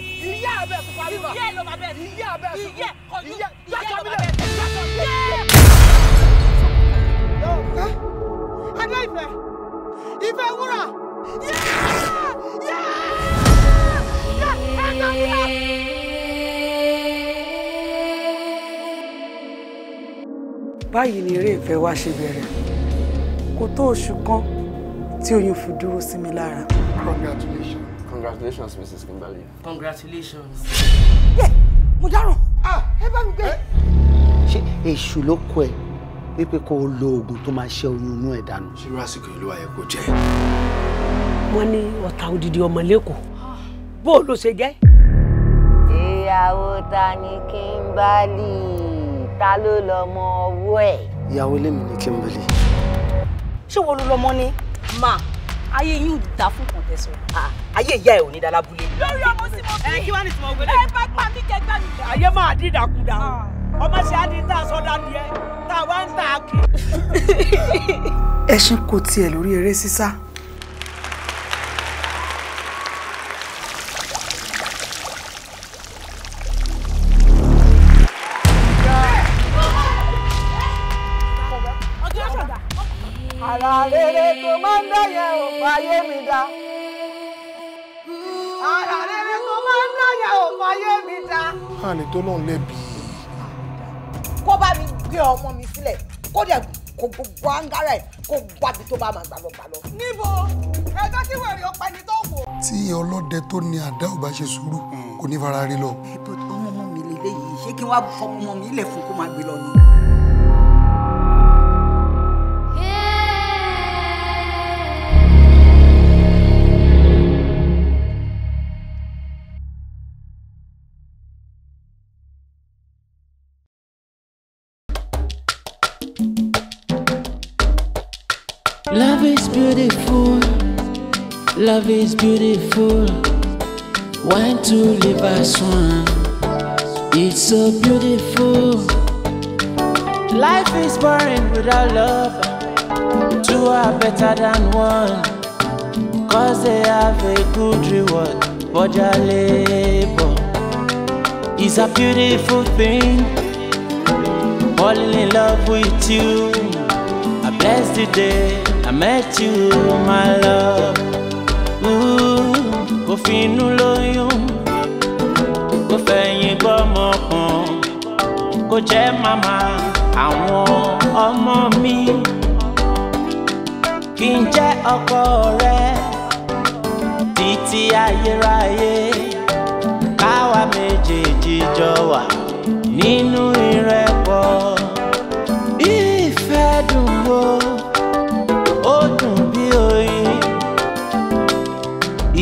ìyá abẹ́ kò parí ma ìyá ló ma bẹ̀ ìyá abẹ́ kò ìyá kọjú ìyá ló ma bẹ̀ ìyá. aláìfẹ́ ìfẹ́ wúrà báyìí ni eré ìfẹ́ wa ṣe bẹ̀rẹ̀ kò tó oṣù kan tí oyún fi dúró sí mi lára. congratulations. Congratulations, Mrs. Kimberly. Congratulations. Yeah, mo Ah, ẹ bá get. Eh? She Ṣé èṣù ló kọ ẹ wípé kó o lo oògùn tó máa ṣe oyún inú ẹ̀ dànù? Ṣé irú àsìkò ìlú ayẹ kò jẹ́? Wọ́n ní ọ̀tá odidi ọmọ lẹ́kọ̀ọ́. Bó o ló ṣe Kimberly? Ta ló lọmọ ọwọ́ ẹ̀? Ìyàwó lèmi Kimberly. She wo ló lọmọ ni? Màá ayé yín ò dá fún ayé ìyá ẹ ò ní dára búlé. lórí ọmọ tí mo bí kí wàá ní tí mo ẹ bá pa mí kẹgbẹ́ mi. ayé máa dín ìdàkudà ah. ọmọ ṣe á di tá a sọdá díẹ̀ tá a wá ń tà kí. ẹṣin kò tiẹ̀ lórí eré sísá. ara rere tó máa ń dáyẹ̀ ò fàyè mi dá. ọmọ ayé mi dá. a lè tó náà lẹ́bi. kó bá mi gbé ọmọ mi sílẹ̀ kó dẹ̀ kó gbogbo angara kó gbàbí tó bá máa gbà lọ gbà lọ. níbo ẹjọ́ tí wèrè ọ̀pẹ ni tó wò. tí ọlọ́dẹ tó ní àdá ò bá ṣe sùúrù kò ní fara rí lọ. ọmọ ọmọ mi lè léyìí ṣé kí n wá fọmọ mi lè fún kó máa gbé lọ ni. beautiful, love is beautiful. One to live as one, it's so beautiful. Life is boring without love. Two are better than one, cause they have a good reward for their labor. It's a beautiful thing, falling in love with you. I bless the day. I met you, my love. Ooh, kò finú lóyún, kò fẹ̀yìn gbọ́mọ kan, kò jẹ́ màmá àwọn ọmọ mi. Kí n jẹ́ ọkọ rẹ títí ayérayé, káwa méjèèjì jọ wà nínú ìrẹ́pọ̀. Ìfẹ́ dùn wò.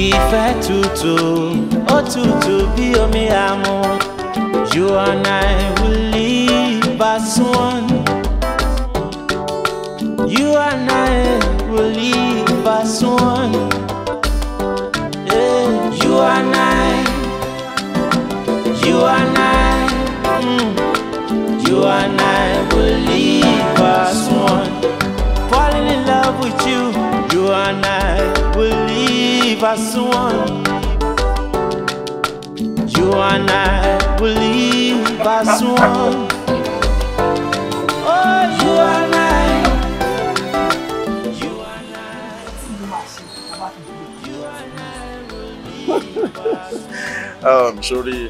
ìfẹ́ tútù ó tútù bí mi àmú you and I will live as one you and I will live as one yeah. you and I you and I mm. you and I will live as one falling in love with you you and I will. us one. You and I will leave us one. Oh, you and I. You and I. You and I. um, sorry,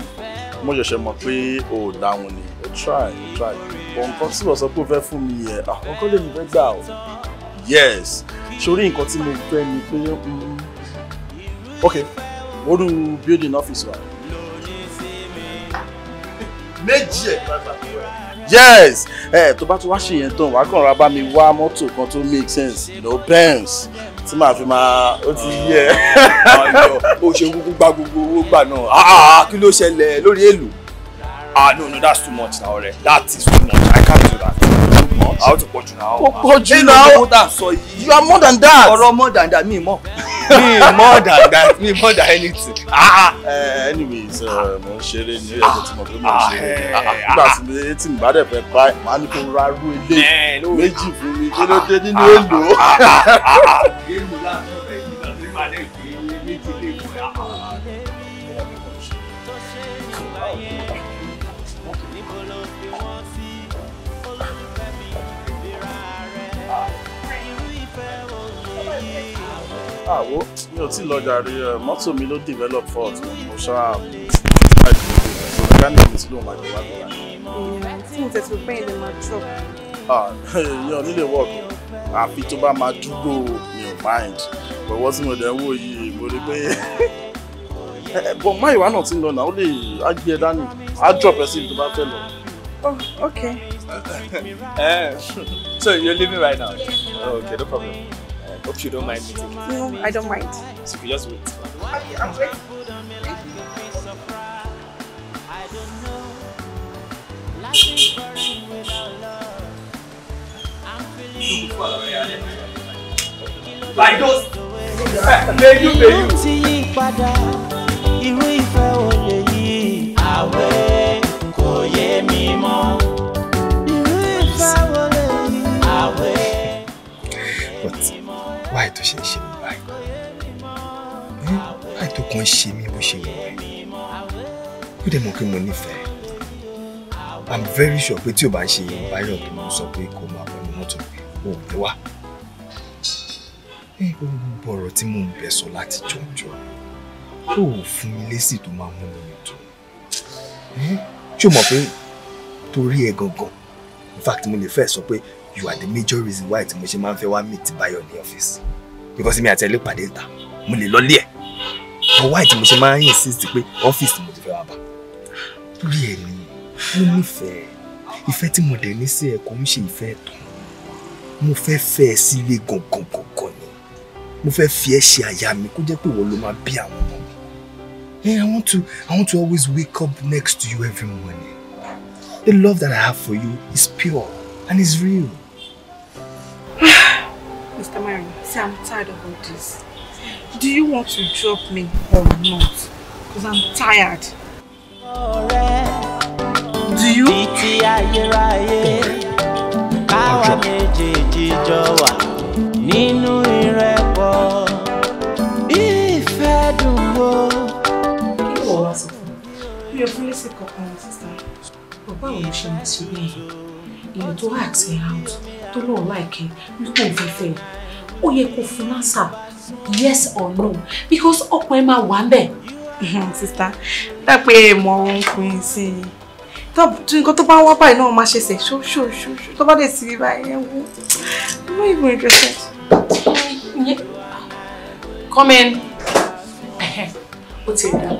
mo ṣẹ̀ṣẹ̀ mọ̀ pé o dáhùn ni o try o try but nǹkan tí wọ́n sọ pé o fẹ́ fún mi yẹn àwọn lè mi fẹ́ gbà o yes sórí nǹkan tí mo fẹ́ ni pé okay do building office wa. méjì ẹ̀ yes ẹ tó bá tún wá ṣe yẹn tán wàá kàn ra bá mi wá mọ́tò kan tó make sense no Benz tí màá fi máa ó ti yẹ. o ah, ṣe gbogbo gba gbogbo owó gbà náà ah, ah, kí ló ṣẹlẹ̀ lórí èlò. ah no no that's too much na ọ̀rẹ́ that is too much i can't do that àwọn ti pọ̀ jù náà. ó pọ̀ jù náà. èlò owó you are more than that. ọ̀rọ̀ more than that Me more me more than that me more than anything. Ah. Uh, ah. eh, so eh, mo ń ṣeré ní ilé ẹ̀kọ́ tí mo fi mo ń ṣeré ah, eh, ah, nígbà tí mo ṣe tí mo bá dẹ̀ fẹ́ pa ẹ̀ máa ní kó ra rú ilé méjì fún mi kí ló dé nínú èlò. àwo mi ò tí ì lọ́jà rí ẹ mọ́tò mi ló develop fault mo ṣáà mechanic mi ti lóun máa gbé wá lọ́la. tí mo tẹ̀sí pé ilé máa tọ̀. èèyàn nílé work àfi tó bá máa dúró mi ò mind pẹ̀wọ́ tí mo dẹ̀ ń wò yìí mo rí pé bọ̀ má ìwà náà ti ń lọ náà ó lè á gbé ẹ e dání á drop ẹ sí ibi tó Oh, okay. Eh, so you're leaving right now? okay, no problem. I hope you don't mind me taking No, I don't mind. So you just wait. I'm waiting. By those, may you, may you. ṣe ń ṣe mí báyìí ní báyìí ṣe mí bó ṣe wù ẹ́ ó dẹ̀ mọ̀ pé mo nífẹ̀ẹ́ i'm very sure pé tí o bá ń ṣe ìbáyọ̀ bí mo sọ pé kò máa bọ́ ní mọ́tò o ò ní wá ẹ gbogbo ọ̀rọ̀ tí mò ń bẹ̀ sọ láti jọjọ ó fún mi lésì tó máa mú mi dùn ṣé o mọ̀ pé torí ẹ gangan in fact mo lè fẹ́ sọ pé you are the major reason why tí mo ṣe máa ń fẹ́ wá meet Báyọ̀ ní ọ́fíìsì because mi àti ẹ lè pàdé ìta mo lè lọ lé ẹ mo wá ìtí mo ṣe máa ń insist pé ọ́fíìsì mo ti fẹ́ wá bá lórí ẹ ni mo nífẹ̀ẹ́ ìfẹ́ tí mo dẹ̀ ní sí ẹ kò ń ṣe ìfẹ́ tán mo fẹ́ fẹ́ ẹ sílé gangan gangan ni mo fẹ́ fi ẹ ṣe aya mi kó jẹ́ pé ìwọ ló máa bí àwọn ọmọ mi I want to I want to always wake up next to you every morning the love that I have for you is pure and is real. Mr. Marion, see, I'm tired of all this. Do you want to drop me or not? Because I'm tired. Do you? káwa méjèèjì jọ wà nínú ìrẹ́pọ̀ ìfẹ́ dùn wò. mi mi ò fún lẹ́sẹ̀ kankan sísá bàbá àwọn ò ṣe mí sí ọkùnrin tó ask her out tó lóun láìké wípé òun fẹ́fẹ́ ó yẹ kó fún lásà yes or no because ọkùnrin máa wà ń bẹ̀. Mhm, sista dápẹ́ ẹ mọ ohun pin sí i tí nǹkan tó bá ń wá báyìí náà máa ṣe ṣe ṣóṣóṣó tó bá dé sí báyìí ẹ wo i'm not even interested. come in. ó ti dà.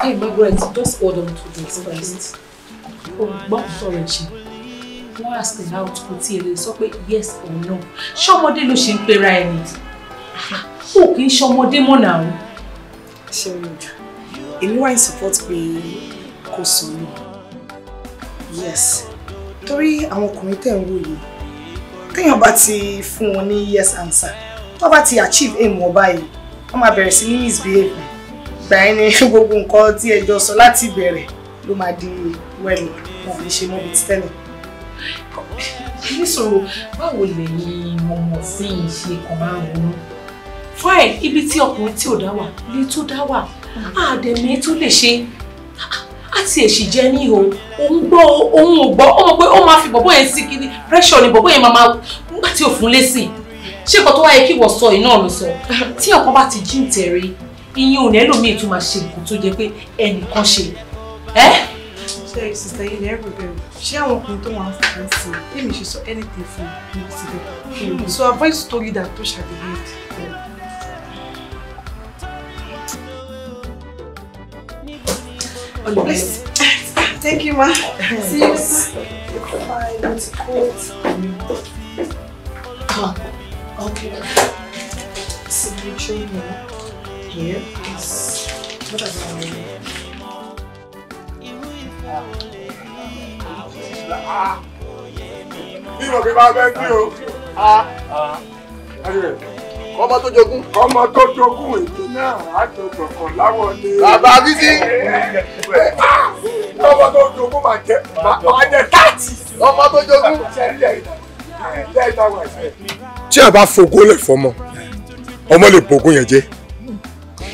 Hey, Margaret, just hold on to this first. Oh, gbọ́ sorry, she. Wọ́n ask me out kò tí èlé sọ yes or no. Ṣé ọmọdé ló ṣe ń pera ẹni? Ó kì í ṣọmọdé mọ̀ náà. Ṣé o yọjú? Èmi support me? kò Yes. Torí I'm a tẹ̀ ń wò yìí, téèyàn bá ti fún yes answer, tó bá ti achieve aim mobile. I'm wọ́n máa bẹ̀rẹ̀ sí gbà ẹ́ ni gbogbo nǹkan tí ẹ jọ sọ láti ìbẹ̀rẹ̀ ló máa di wẹ̀lì wọn lè ṣe mọ́ bíi ti tẹ́lẹ̀. níṣòro báwo lẹ́yìn ọmọ sí ìṣe kan máa ń ronú fine ibi tí ọkùnrin tí ò dá wà lè tó dá wà àdẹ̀mí tó lè ṣe àti èsì jẹ ní òun òun gbọ́ òun ò gbọ́ ó mọ̀ pé ó máa fi bọ̀bọ̀ yẹn sí kiri pressure ni bọ̀bọ̀ yẹn máa máa nígbà tí òfun lé sí ṣé nǹkan tó wáyé kí wọ́n sọ iná ló sọ tí ọkàn bá ti jí ń tẹ̀rí ìyẹn ò nílò míì tún máa ṣe nǹkan tó jẹ pé ẹnìkan ṣe ẹ. ṣe ìsìtà yìí ní ẹrù bẹ̀rù ṣé àwọn ọkùnrin tó wọn fà ń sìn bí mi ṣe sọ anything fún mi síbẹ̀ hmm. so avoid story that tó ṣàdéhùn. Oh, Thank you, ma. See you, ma. Bye. It's cold. Ah, okay. Signature, ma here. It's, what about Bí mo fi máa fẹ́ sí o, ọmọ tó jogún. Ọmọ tó jogún èdè náà á jọ gbọ̀ngàn láwọlé. Bàbá Bísí, ọmọ tó jogún máa jẹ máa jẹ táàtì. Ọmọ tó jogún. Tí a bá fogó lẹ̀ fọmọ, ọmọ lè bogún yẹn jẹ.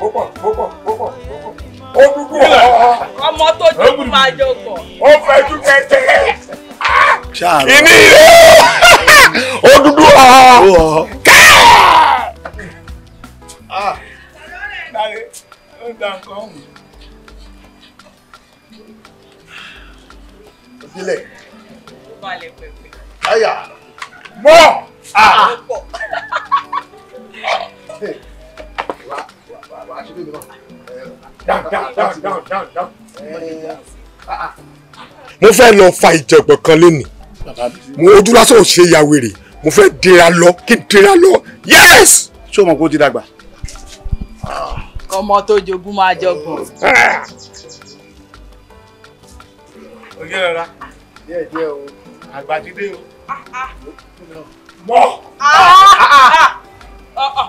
ó pọ̀ ó pọ̀ ó pọ̀ ó dúdú ọ̀họ́. ọmọ tó jókòó máa jókòó. ó fẹjú kẹtẹ. ìní rẹ ó dúdú ọ̀họ́. káà. dáre ó da nǹkan ọ̀hún. ìbílẹ̀. ó balẹ̀ pẹ̀pẹ̀. àyà mọ́. ó ah. pọ̀. mo fẹ́ lọ fa ìjẹ̀gbọ̀n kan lénìí mo ojú lásán ò ṣe ya wèrè mo fẹ́ dira lọ kí n dira lọ yes. ṣé o mọ̀ kó ti dàgbà. ọmọ tó jogún máa jọgbọ̀n. oge rọra díẹ̀ díẹ̀ o àgbàdìde o ah, ah. mọ. Ah, oh, oh.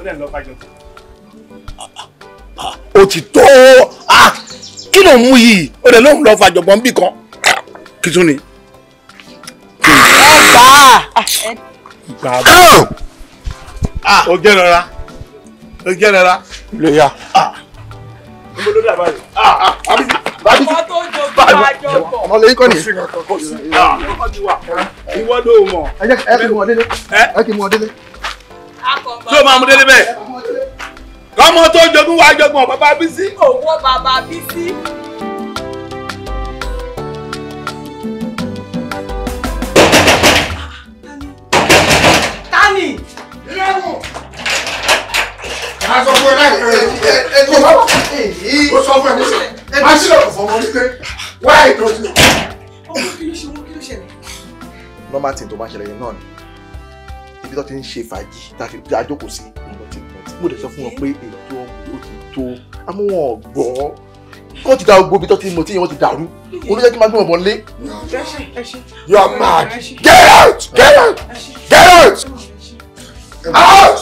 O dẹ̀ ń lọ fàjọ. ó ti tó ah! kí ló ń mú yìí ó dẹ̀ ló ń lọ fàjọ̀gbọ́n bì kan kí tún ni. o ah! jẹ́ rọra o jẹ́ rọra. lè ya. Ah! níbo ọmọ lẹ́yìn kọ́ ni. ìwọ́dọ̀ mọ̀. ẹ jẹ́ kí mú ọ délé tí o máa mú délé bẹ́ẹ̀ kọ́mọ tó jogún wá jogún bàbá bísí. owó bàbá bísí. tani lẹ́wọ̀n. a sọ fún ẹ láì ẹ ẹ ẹ tó bá o sọ fún ẹ níṣẹ ẹ má sílẹ̀ kò fọwọ́ wípé wáyé tó ti. ọmọ kí ló ṣe wọ́n kí ló ṣẹlẹ̀. normal thing tó bá ṣẹlẹ̀ yẹn náà ni ibi tó ti ń ṣe fàájì tàbí àjókòó sí mo dẹ̀ sọ fún wọn pé ètò ó ti tó àmọ́ wọn kó ti da gbogbo ibi tó ti mọ̀ tí yẹn wọ́n ti dàrú olóyè kí n máa gbé wọn bọ̀ lé. you are mad get out get out get out out.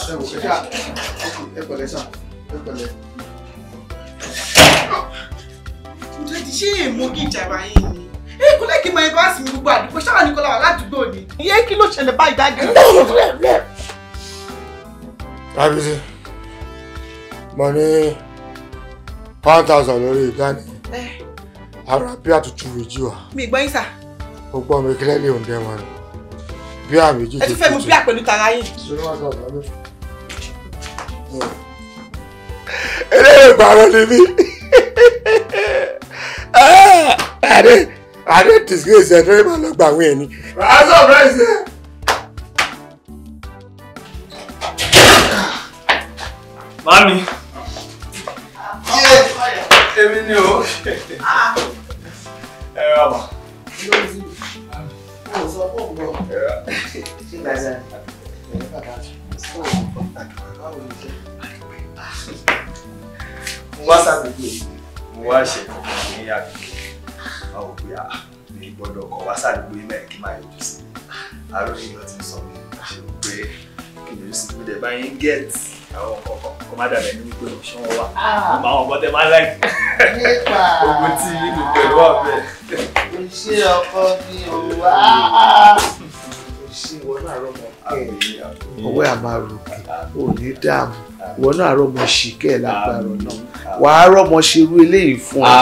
ṣé èèmọ kí ìjàmbá yìí ni ẹ kò lẹ́kì mọ ẹgbẹ́ àsìmí gbogbo àdúgbò ṣáà ní kọlá wà ládùúgbò ni. ìyẹn kí ló ṣẹlẹ̀ báyìí dájú. Kábíyèsí mo ní one thousand lórí ìdáni ara bí àtútù méjì wà. mi gbọ́ yín sà. mo gbọ́ mi kílẹ̀ lè oúnjẹ wọn ni bí àmì jíjẹ. ẹ ti fẹ́ mu bí àpẹlú tara yín. eléyìí gbàrọ̀ ni mí. ẹ̀ẹ́dẹ̀ ààrẹ disgrace ẹ dẹ́rẹ́bà lọ gba àwọn ẹni. aṣọ price ẹ. mami. èmi ni o. ẹ rà wá. What's up with you? What's up with you? wá wò pé ah mi gbọ́dọ̀ kọ̀ wá sàdúgbò yìí mẹ́rin kí n máa yọjú sí mi àròyìn lọ ti sọ mi ṣe wò pé kí n yọjú sí mi bá yín get àwọn kọ̀ọ̀kan kó má dàbẹ̀ ní wípé mo ṣán wá ah. mo máa wọ̀ bọ́tẹ́ má láì ogun tí mi pẹ̀lú ọ̀bẹ. o ṣe ọkọ mi ò wá o ah, ah. ṣe ìwọ náà rọmọ kẹ ọwọ́ àmàròkè ò ní dààmú ìwọ náà rọmọ ṣìkẹ́ lágbára náà wàá rọmọ ṣerú eléyìí fún ọ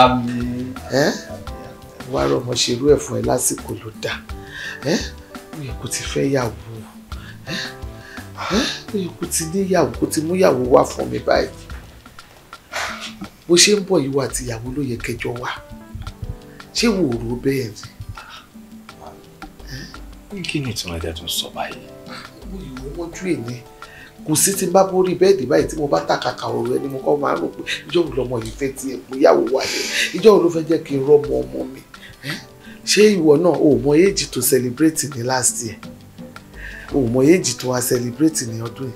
wá rọmọ ṣerú ẹ̀ fún ẹ lásìkò ló dà ẹ́ ó yẹ kó ti fẹ́ yàwó ẹ́ ó yẹ kó ti níyàwó kó ti múyàwó wá fún mi báyìí bó ṣe ń bọ̀ ìwọ àtìyàwó ló yẹ kẹjọ wá ṣé wò ó bẹ́ẹ̀ ni kí ni ìtumọ̀ ẹ̀dẹ̀ tó ń sọ báyìí. mo ìwọ wọ́jú èmi kò sí tí bá borí bẹ́ẹ̀dì báyìí tí mo bá tàkàkà ọ̀rọ̀ ẹni mo kọ́ máa ń rò pé ìjọ lọmọ yìí fẹ́ tiẹ̀ pé ìyàwó wà ní ìjọ ló fẹ́ jẹ́ kí n rọ́mọ ọmọ mi ṣé ìwọ náà ò mọ èjì tó celebrate ní last year ò mọ èjì tó wá celebrate ní ọdún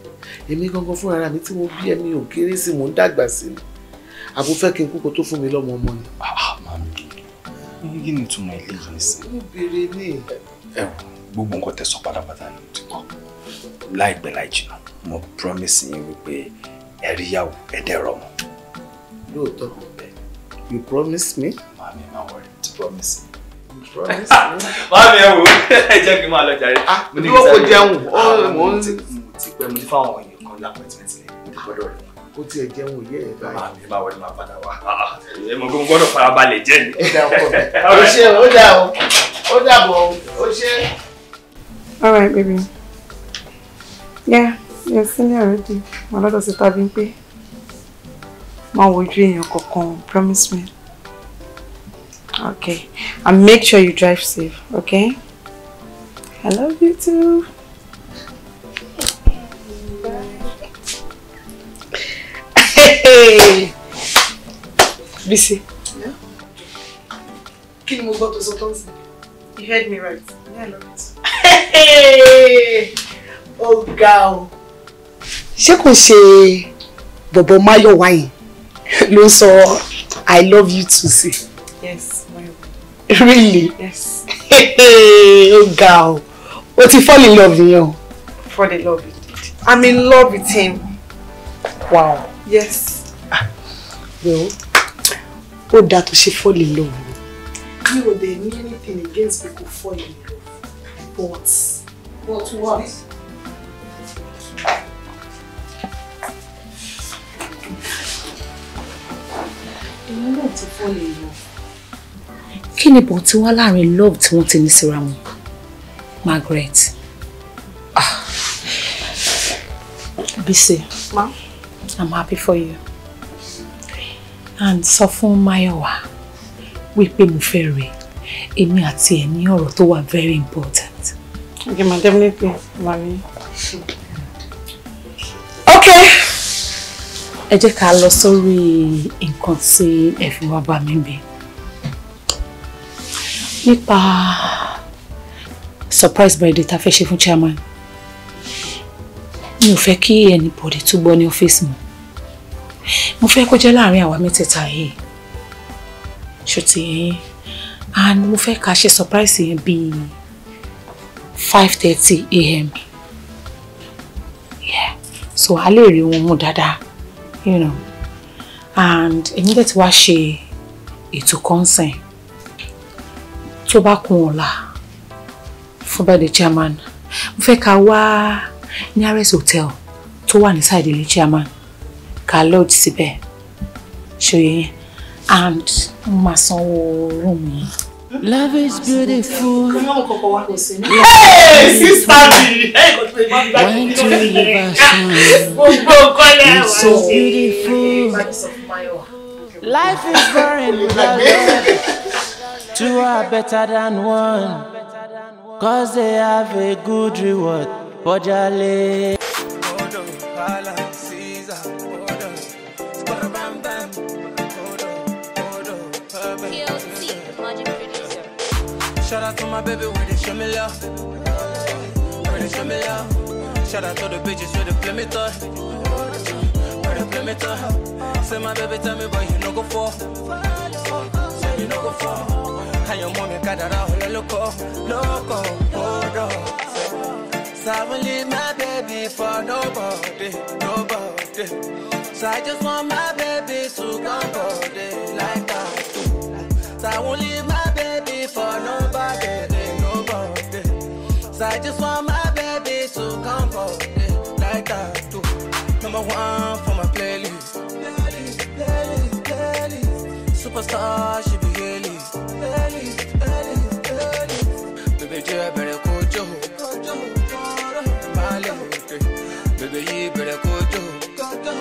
yìí èmi gangan fúnra mi tí mo bí ẹ̀mí ò kéré sí mò ń dàgbà sí ni àbò fẹ́ kí n kúkọ tó fún mi lọ́mọ ọmọ ni. Ah, ah, mami kí ni ìtumọ̀ ilé yìí sí. mo béèrè ní. ẹ wò gbogbo nǹkan tẹ́ sọ pátápátá ni mo ti kọ láìpẹ́ láì jìnnà mo promise yín wípé ẹ rí yàwó ẹ dẹ̀ rọmọ. lóòótọ́ you promise me. mami má worry promise promise. Máa mi ẹ wò ó, ẹ jẹ́ kí n máa lọ jàre. Ah, mo ní kí sáré. Ah, mo jẹun, ó mò ń ti pẹ́, mo ti fáwọn èèyàn kan lápẹ̀tìmẹ̀tì rẹ̀, mo ti gbọ́dọ̀ rẹ̀. Ó ti ẹ̀ jẹun òye ẹ̀ báyìí. Máa mi máa wọlé máa padà wá. Ẹ mọ̀ pé mo gbọ́dọ̀ farabalẹ̀ jẹ́ ni. Ó dà o, ó ṣe ó dà o, ó dàbọ̀ o, ó ṣe. All right, baby. Yeah, you're senior already. Màá lọ́dọ̀ sí tàbí pé máa wojú èèyàn kọ̀ọ̀kan, promise me. Okay. And make sure you drive safe, okay? I love you too. Hey! Bisi. Yeah? Kí ni mo gbọ́ tó sọ You heard me right. Yeah, I love it. Hey! old girl. Ṣé kò ṣe bọ̀bọ̀ Máyọ̀wá yẹn ló ń I love you too sí? Yes. really yes Hey, oh girl what you fall in love with? o fall in love indeed i'm in love with him wow yes well ah. ó that tó ṣe fall in love mi ò dẹ̀ ní anything against people fall in love but but what you náà to fall in love kí ni bọ̀ tí wá láàrin love tí wọ́n ti ní síra wọn Margaret ah Bisi ma I'm happy for you and sọ fún Mayowa wípé mo fẹ́ rè èmi àti ẹ̀ ní ọ̀rọ̀ tó wà very important. okay ma definitely ma okay ẹ jẹ́ ká lọ sórí nǹkan tí ẹ fi wá bá mi bẹ́ẹ̀ nípa surprise birthday ta fẹ́ ṣe fún chairman mi ò fẹ́ kí anybody tún gbọ́ ní ọ́fíìsì mọ́ mo fẹ́ kó jẹ́ láàrin àwa mẹ́tẹ̀ẹ̀ta yìí ṣùtì yẹn and mo fẹ́ ká ṣe surprise yẹn bíi five thirty a.m. yeah so a lè rí wọn mú dáadáa you know and èmi dẹ̀ ti wá ṣe ètò consent tí bá kun ọ̀la fún bá the chairman mo fẹ́ ká wá nearest hotel tó wà ní side ilé chairman ká lodge síbẹ̀ ṣòye yẹn and mo máa sanwó room yẹn. Love is beautiful. Hey, sister mi! When two ah, it's so beautiful. Life is boring without love. Two are better than one. Cause they have a good reward. Bojale. Shout out to my baby when they show me love. When they show me love. Shout out to the bitches with the play me thought. Where they play me thought. Say my baby tell me but you no go for. Say you no go for. And your mommy got her loco, loco, hold So I won't leave my baby for nobody, nobody. So I just want my baby to come for body like that. So I won't leave my baby for nobody, nobody. So I just want my baby to come for body like that too. Number one for my playlist. Playlist, playlist, playlist. Superstar, she jẹ́ bẹ̀rẹ̀ kó jó o. Má lè mú pé bèbè yìí bẹ̀rẹ̀ kó jó o.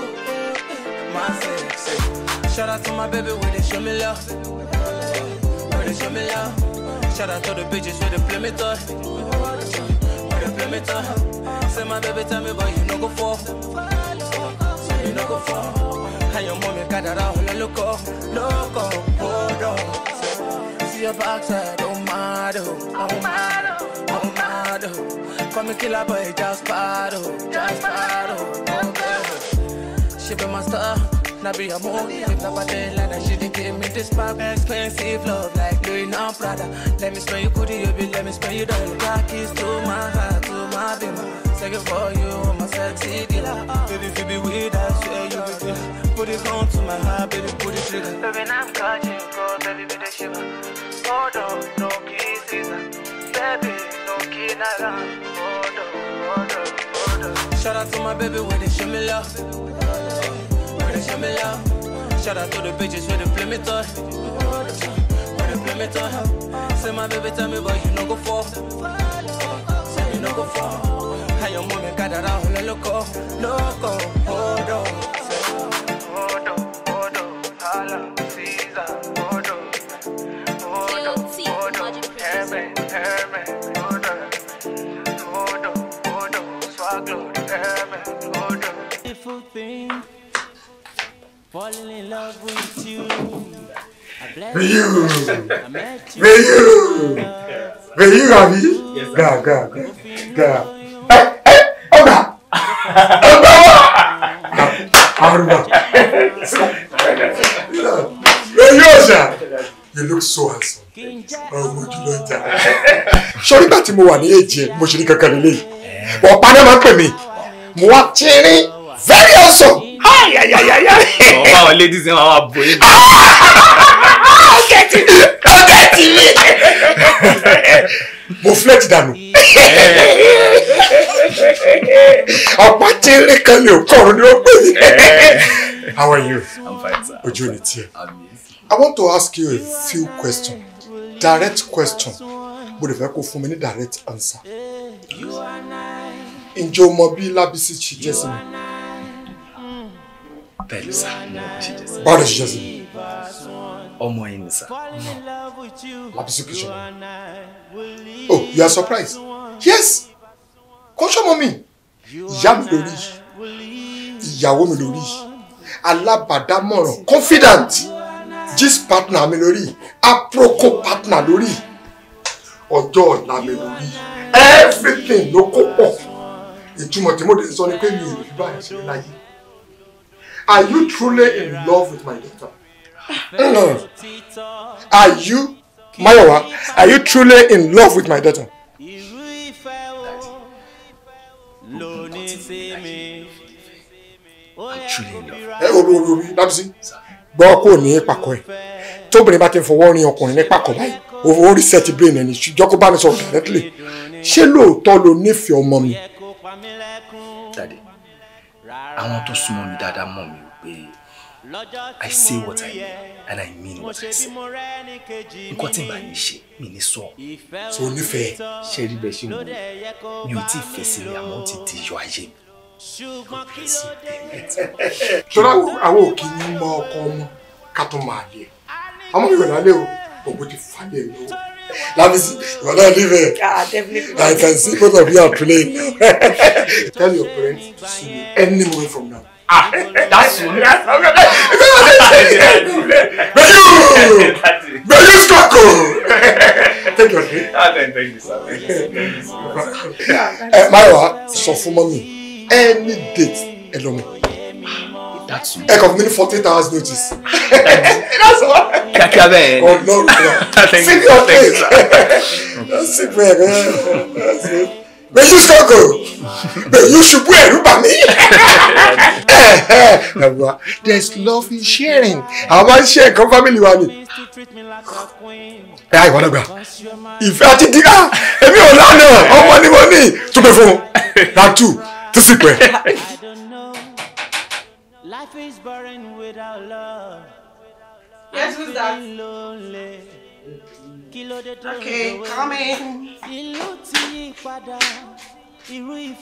Má ṣe ṣe. Shout out to my baby wey dey show me love. Wey dey show me love. Shout out to the bitches wey dey play me toy. Wey dey play me toy. Say my baby tell me but you no go fall. So you no go fall. And your mommy kádàrá ọ̀nà lóko. Lóko, hold on she a boxer, oh not mind who, don't mind don't mind who. Call me killer boy, just bad just bad who, do She be my star, now be a moon. If nobody like that, she didn't give me this pop. Expensive love, like Louis non Prada. Let me spend you goodie, you be, let me spend you dollar. Black is to my heart, to my beamer. Take it for you, I'm a sexy dealer. Baby, if you be with us, yeah, you be killer. Put it on to my heart, baby, put it trigger. Baby, now I'm catching cold, baby, be the shiver. Modo, no kisses, baby, no kinara. Modo, modo, modo. Shout out to my baby where they show me love, where they show me love. Shout out to the bitches where they play me toy, where they play me toy. Say my baby tell me boy you no go fall, say you no go fall. How your mommy got that out, loco, loco, hold on. beautiful thing. Falling in love with you. I you. I you. Will you? Will Ravi? Yes, go, go, go, go. Hey, hey, Oga! Oga! How are you, Osha? You look so handsome. Ọmọ that ọjà. Sọ nígbà tí mo wà ní èjì mo ṣe ní kankan lélẹ́yìí. Eh. Ọ̀pá náà máa ń pè mí. Mo wá tírín very awesome. ọba àwọn ladies ẹ máa bọ yín. ọgẹtì ọgẹtì mi. mo flet dànù. ọ̀pá tí ń rí kan lè kọ̀ọ̀rọ̀ ni eh. How are you? I'm fine, sir. I'm ni I want to ask you a few questions. Direct question. Mo lè fẹ́ kó fún mi direct answer. Ǹjẹ́ o mọ bí Lábísí ṣe jẹ́ sí mi? bẹ́ẹ̀ ni sá báwo lè ṣiṣẹ́ sí i ọmọ yìí ni sá. Labisu kìí oh you are surprised yes kò ṣọmọ mi ìyá mi lórí ìyàwó mi lórí alábàádámọ̀ràn confidant gist partner mi lórí aproko partner lórí ọjọ́ ọ̀la mi lórí everything ló kó pọ̀ ìtumọ̀ tí mo lè sọ ni pé mi ò rí báyìí ṣe láyé. Are you truly in love with my daughter? No. Are you, Mayowa, are you truly in love with my daughter? gbọ́ kò ní pàkọ́ ẹ̀ tóbìnrin bá ti fọwọ́ rin ọkùnrin ní pàkọ́ báyìí owó rí sẹ́ẹ̀tì brain ẹni ṣùjọ́ kó bá mi sọ̀rọ̀ directly ṣé lóòótọ́ lo nífẹ̀ẹ́ ọmọ mi àwọn tó súnmọ́ mi dáadáa mọ̀ mi pé I say what I mean and I mean what I say. Nǹkan tí n bá ní ṣe mi ní sọ. Tó nífẹ̀ẹ́. Ṣé rí bẹ́ẹ̀ ṣe wò ó? Mi ò tí ì fẹ́ sí rẹ̀ àmọ́ ó ti di iyọ̀ ayé mi. Ṣọlá àwọn òkè ń mọ ọkọ ọmọ ká tó máa lé. Ọmọ Yorùbá lé o, òbó ti fà lé lọ́wọ́. Let me see. you're not leaving. Yeah, definitely. I can see both of you are playing. Tell your parents to see me any moment from now. Ah, that's soon. That's soon. That's you. May you scarecrow. Take your drink. Ah, thank you, sir. Thank eh, you. Marwa, sọ fún mọ́mí, any date, ẹ lọ mọ́ that's you. ẹ kàn fún mi forty hours notice. that's all. kíákíá bẹ́ẹ̀. ọlọ́run náà six of eight. six bẹ́ẹ̀ bẹ́ẹ̀. may you struggle may you ṣubú ẹ̀rú bà mí. Eh, eh. there is love in sharing How share? máa ń ṣe nǹkan family wa ni ẹ ah, àìwọ́n lọ́gbà ìfẹ́ àti dìgbà ah, èmi ò lánàá ọmọ money, money, to túnbẹ̀ phone. un tatu tí sì pẹ́. Life is boring without love. Yes, who's that? Lonely. Okay, coming. Ìlú good. yí padà, irú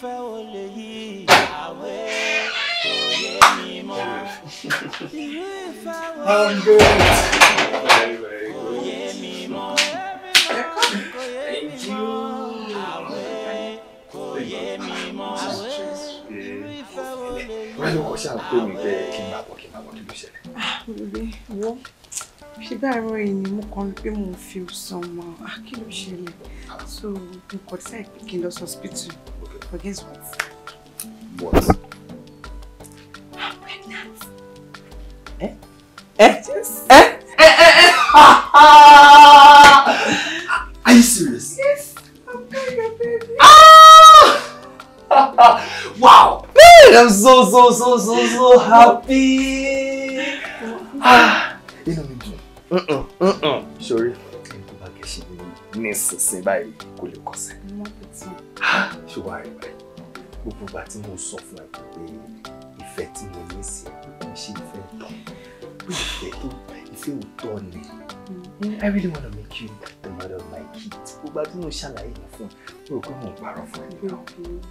wọ́n ní wọ́n ṣáà ń pè mí pé kí n máa bọ̀ kí n máa bọ̀ kí ló ṣẹlẹ̀. àbúrò wọ́n ṣe báyìí ròyìn ni mo kàn pé mo fi sàn mọ́ a kí ló ṣẹlẹ̀ so n kò tí àìpé kí n lọ hospital but guess what. what. I'm pregnant. Eh? Eh? Yes. Eh? Eh? Eh? Eh? Are you serious? wow! Man, I'm so so so so so happy. Ah, Inú mi dùn. Sori, ẹni tó bá gẹ̀ẹ́sì mi ní ìsinsìn báyìí kò lè kọsẹ̀. Ṣùgbọ́n àrẹ̀ báyìí, gbogbo ìgbà tí mo sọ fún ẹ pé ìfẹ́ tí mo ní sí ẹ kì í ṣe ìfẹ́ tán. Ìfẹ́ tó bẹ̀ tí ò ni mm-hmm. I really wanna make you the mother of my kids gbogbo àti mo ṣàlàyé yẹn fún mi rò pé mo ń parọ́ fún ẹ náà.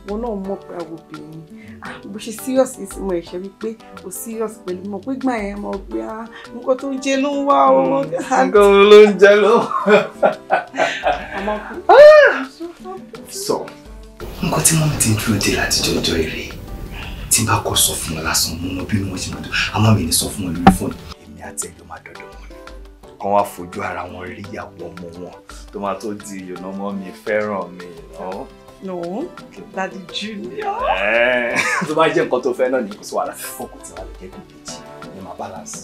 wọn náà mọ̀ pé àwọn obìnrin mm-hmm. ah, bó ṣe serious ní sinmi ẹ̀ṣẹ́ wípé o serious pẹ̀lú mọ̀ pé gbà yẹn mọ̀ pé ah, nǹkan tó ń jẹ ló ń wá o. Mm-hmm. nǹkan ló ń jẹ ló. sọ nǹkan tí mọ́mí ti ń dúró dé látijọ́ ọjọ́ ìrè tí n bá kọ́ sọ fún wọn lásán mo mọ bí wọ́n ṣe máa dùn àmọ́ mi ní sọ fún wọn lórí fóònù àti ẹ̀jọ̀ máa dọ̀dọ̀ wọn ni kan wá fojú ara wọn rí ìyàwó ọmọ wọn tó máa tó di ìyọ̀nà ọmọ mi fẹ́ràn mi. No, Daddy Junior. Tó bá jẹ́ nǹkan tó fẹ́ náà ní kò sí wàhálà. Fọ́ọ̀kù tí wàá lè jẹ́ bíbejì ní màá balance.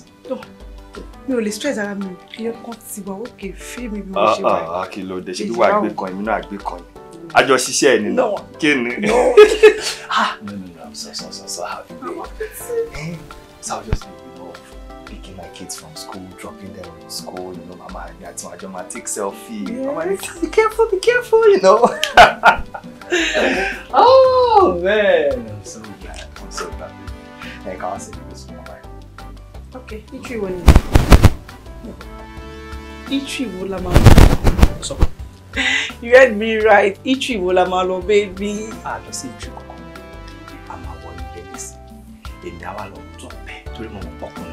Mi ò lè stress ara mi, iye kan ti wà òkè fí mi bí mo ṣe ah, wà. Ah, ah, kí ló dé? Ṣé bí wàá gbé kan yìí, mi kan yìí. Àjọ ṣiṣẹ́ ẹ̀ nínú. Kí ni? No, no, no, I'm so, so, so, so happy. Sáwọ́ eh, just picking my kids from school, dropping them in school, you know, Mama and that's my Joma take selfie. Yes. Mama, ah, be careful, be careful, you know. oh man, I'm so glad. I'm so glad. Like I'll send you this for Mama. Okay, each one. will. Each you will, So, you heard me right. Each you will, Mama, baby. Ah, just each you will. I'm a one baby. Èmi àwa lọ tó bẹ́ẹ̀ torí mo mọ̀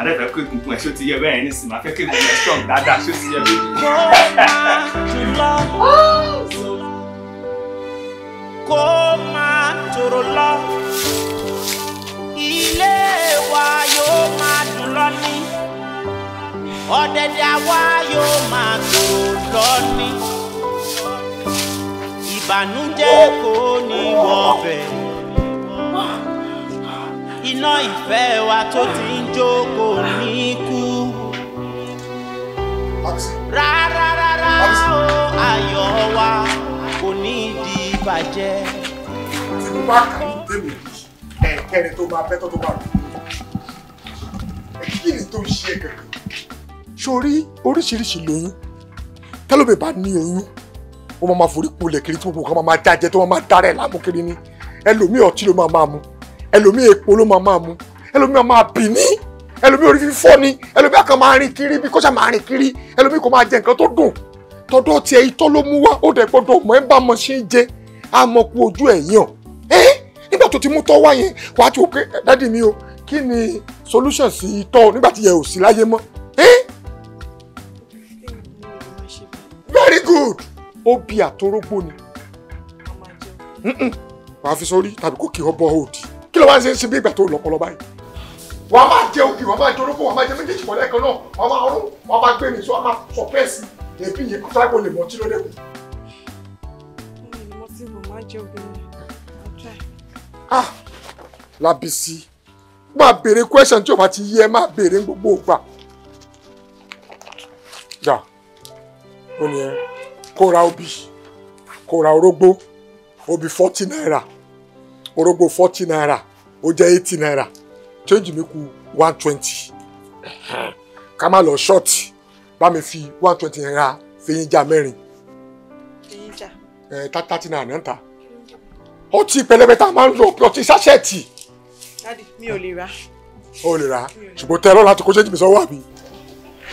má dẹ̀ fẹ́ come egungun ẹ̀ ṣó ti yẹ bẹ́ẹ̀ ní sìn má fẹ́ kó strong dáadáa ṣó ti yẹ bẹ́ẹ̀. kó máa tòrò wa yóò máa dùn lọ́ní ọ̀dẹ̀dẹ̀ àwa yóò máa tòrò lọ́ní ìbànújẹ́ kò iná ìfẹ́ wa tó ti ń jókòó níkú. rárá rárá o ayọ̀ wa kò ní di ìbàjẹ́. tí bá kà ní tèmi ẹ̀ẹ́kẹ́rin tó máa bẹ́tọ̀ tó bá rò kí ni tó ń ṣe kẹ̀kẹ́. sórí oríṣiríṣi lóyún tẹ́lómi bá ní oyún wọ́n máa forí kulẹ̀ kiri tí gbogbo kan máa jájẹ tó máa dárẹ̀ lámú kiri ni ẹlòmíì ọtí ló máa máa mu ẹlòmíì epo ló máa máa mu ẹlòmíì máa bì mí ẹlòmíì orí fífọ́ ni ẹlòmíì àkàn máa rìn kiri bí kọ́sà máa rìn kiri ẹlòmíì kò máa jẹ nǹkan tó dùn tọdọ́ tiẹ̀ itọ́ ló mú wá ó dẹ̀ gbọ́dọ̀ mọ̀ ẹ́ bá mọ̀ ṣe ń jẹ àmọ́ ku ojú ẹ̀ yàn ẹ́ nígbà tó ti mú tọ́ wá yẹn wàá ti òkè dádì mi o kí ni solution sí itọ́ nígbà tí yẹ ò sí láyé mọ́ ẹ́ very good obì àtorógbó ni wàá fi sórí tàbí kò kí ọ bọ́ òdì kí ló wá ń ṣe ń ṣe bí ìgbà tó lọ́pọlọ báyìí. wàá máa jẹ òkè wàá máa jẹ wàá máa jẹ méjèèjì pọ̀ lẹ́ẹ̀kan náà wàá máa rún wàá máa gbé mi sọ wàá máa sọ pẹ́ẹ́sì èbí yẹn kọ́tà kò lè mọ tí ló dé kù. ah Lábísí máa béèrè question tí o bá ti yẹ máa béèrè ń gbogbo ògbà. yà ó ní ẹ kó ra obì orógbó obì forty naira orógbó forty naira ó jẹ́ eighty naira change mi kù one twenty ká má lọ ṣọ́ọ̀tì bá mi fi one twenty naira fẹ́yìnjà mẹ́rin fẹ́yìnjà ẹ̀ tátátí náà náà ó ti pẹlẹbẹ tá a máa ń lo ọtí sáṣẹ́ẹ̀tì. dadi mi ò lè ra. o lè ra ṣùgbọ́n tẹ ẹ lọ́la tó kó ṣéjì mi sọ́wọ́ àbí.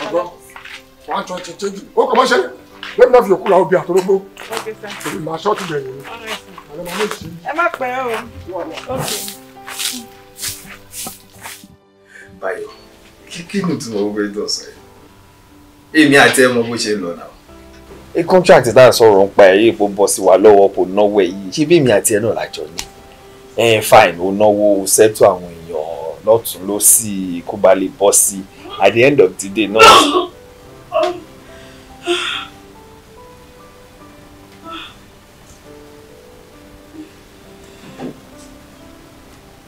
ọgbọ́n wàá tún ọtí ṣéjì ó kọ́ mọ́ ṣe lẹ́yìn náà fi òkú ra obì àtòrógbó. òbí máa ṣọ́ọ̀tì bẹ̀rẹ̀ ni. ẹ má pẹ́ o. Báyọ̀, kí ni ìtumọ̀ gbogbo ètò ọ̀sán yìí? Èmi àti ẹ mọ bó ṣe ń lọ náà. Ẹ kọ́ńtrákìtì tá à ń sọ̀rọ̀ ń pa ẹ̀yẹ epo bọ́ sí wa lọ́wọ́ kò náwó ẹ̀ yìí. Ṣé bí èmi àti ẹ náà lájọ ni? Ẹ fine, ó náwó sẹ́tù àwọn èèyàn lọ́tún lọ́sì kó ba lè bọ́ sí at the end of the day náà.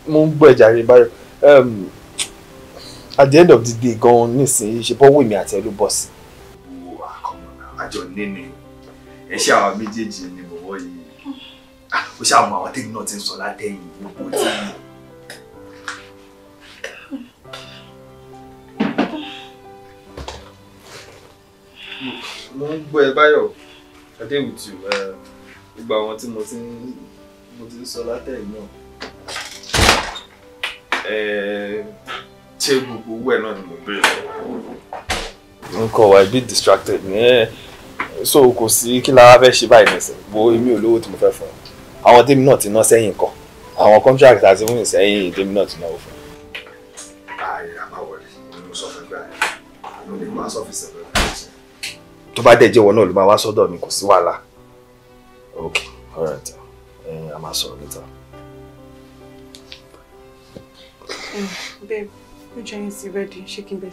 mo ń gbọ́ ẹ̀jà rẹ̀ báyọ̀ at the end of the day gan-an nísìnyí ṣe bọ́wọ́ èmi àti ẹ ló bọ̀ sí. wo àkọ́mọ̀nà àjọ níní ẹ ṣe àwọn méjèèjì ni bọ̀bọ̀ yìí ah, ó ṣe àwọn àwọn tèmi náà ti ń sọ látẹ̀yìn gbogbo tí. mo ń gbọ́ ẹ báyọ̀ adéwìtì gbogbo àwọn tí mo ti ń sọ látẹ̀yìn náà ṣé gbogbo owó ẹ̀ náà ni mo béèrè. nǹkan wà bí distracted ní ẹ so kò sí kí lára fẹ́ ṣe báyìí nìsín bo èmi ò lówó tí mo fẹ́ fún ọ àwọn tèmi náà ti ná sẹ́yìn kan àwọn contract àti wíìn sẹ́yìn tèmi náà ti náwó fún. tó bá dẹ̀ jẹ́ wọn náà ló máa wá sọ́dọ̀ mi kò sí wàhálà ok alright ẹ a máa sọ̀rọ̀ níta. Eh, babe, ó jẹ́ yín sí rẹ́dí, ṣé kí n bẹ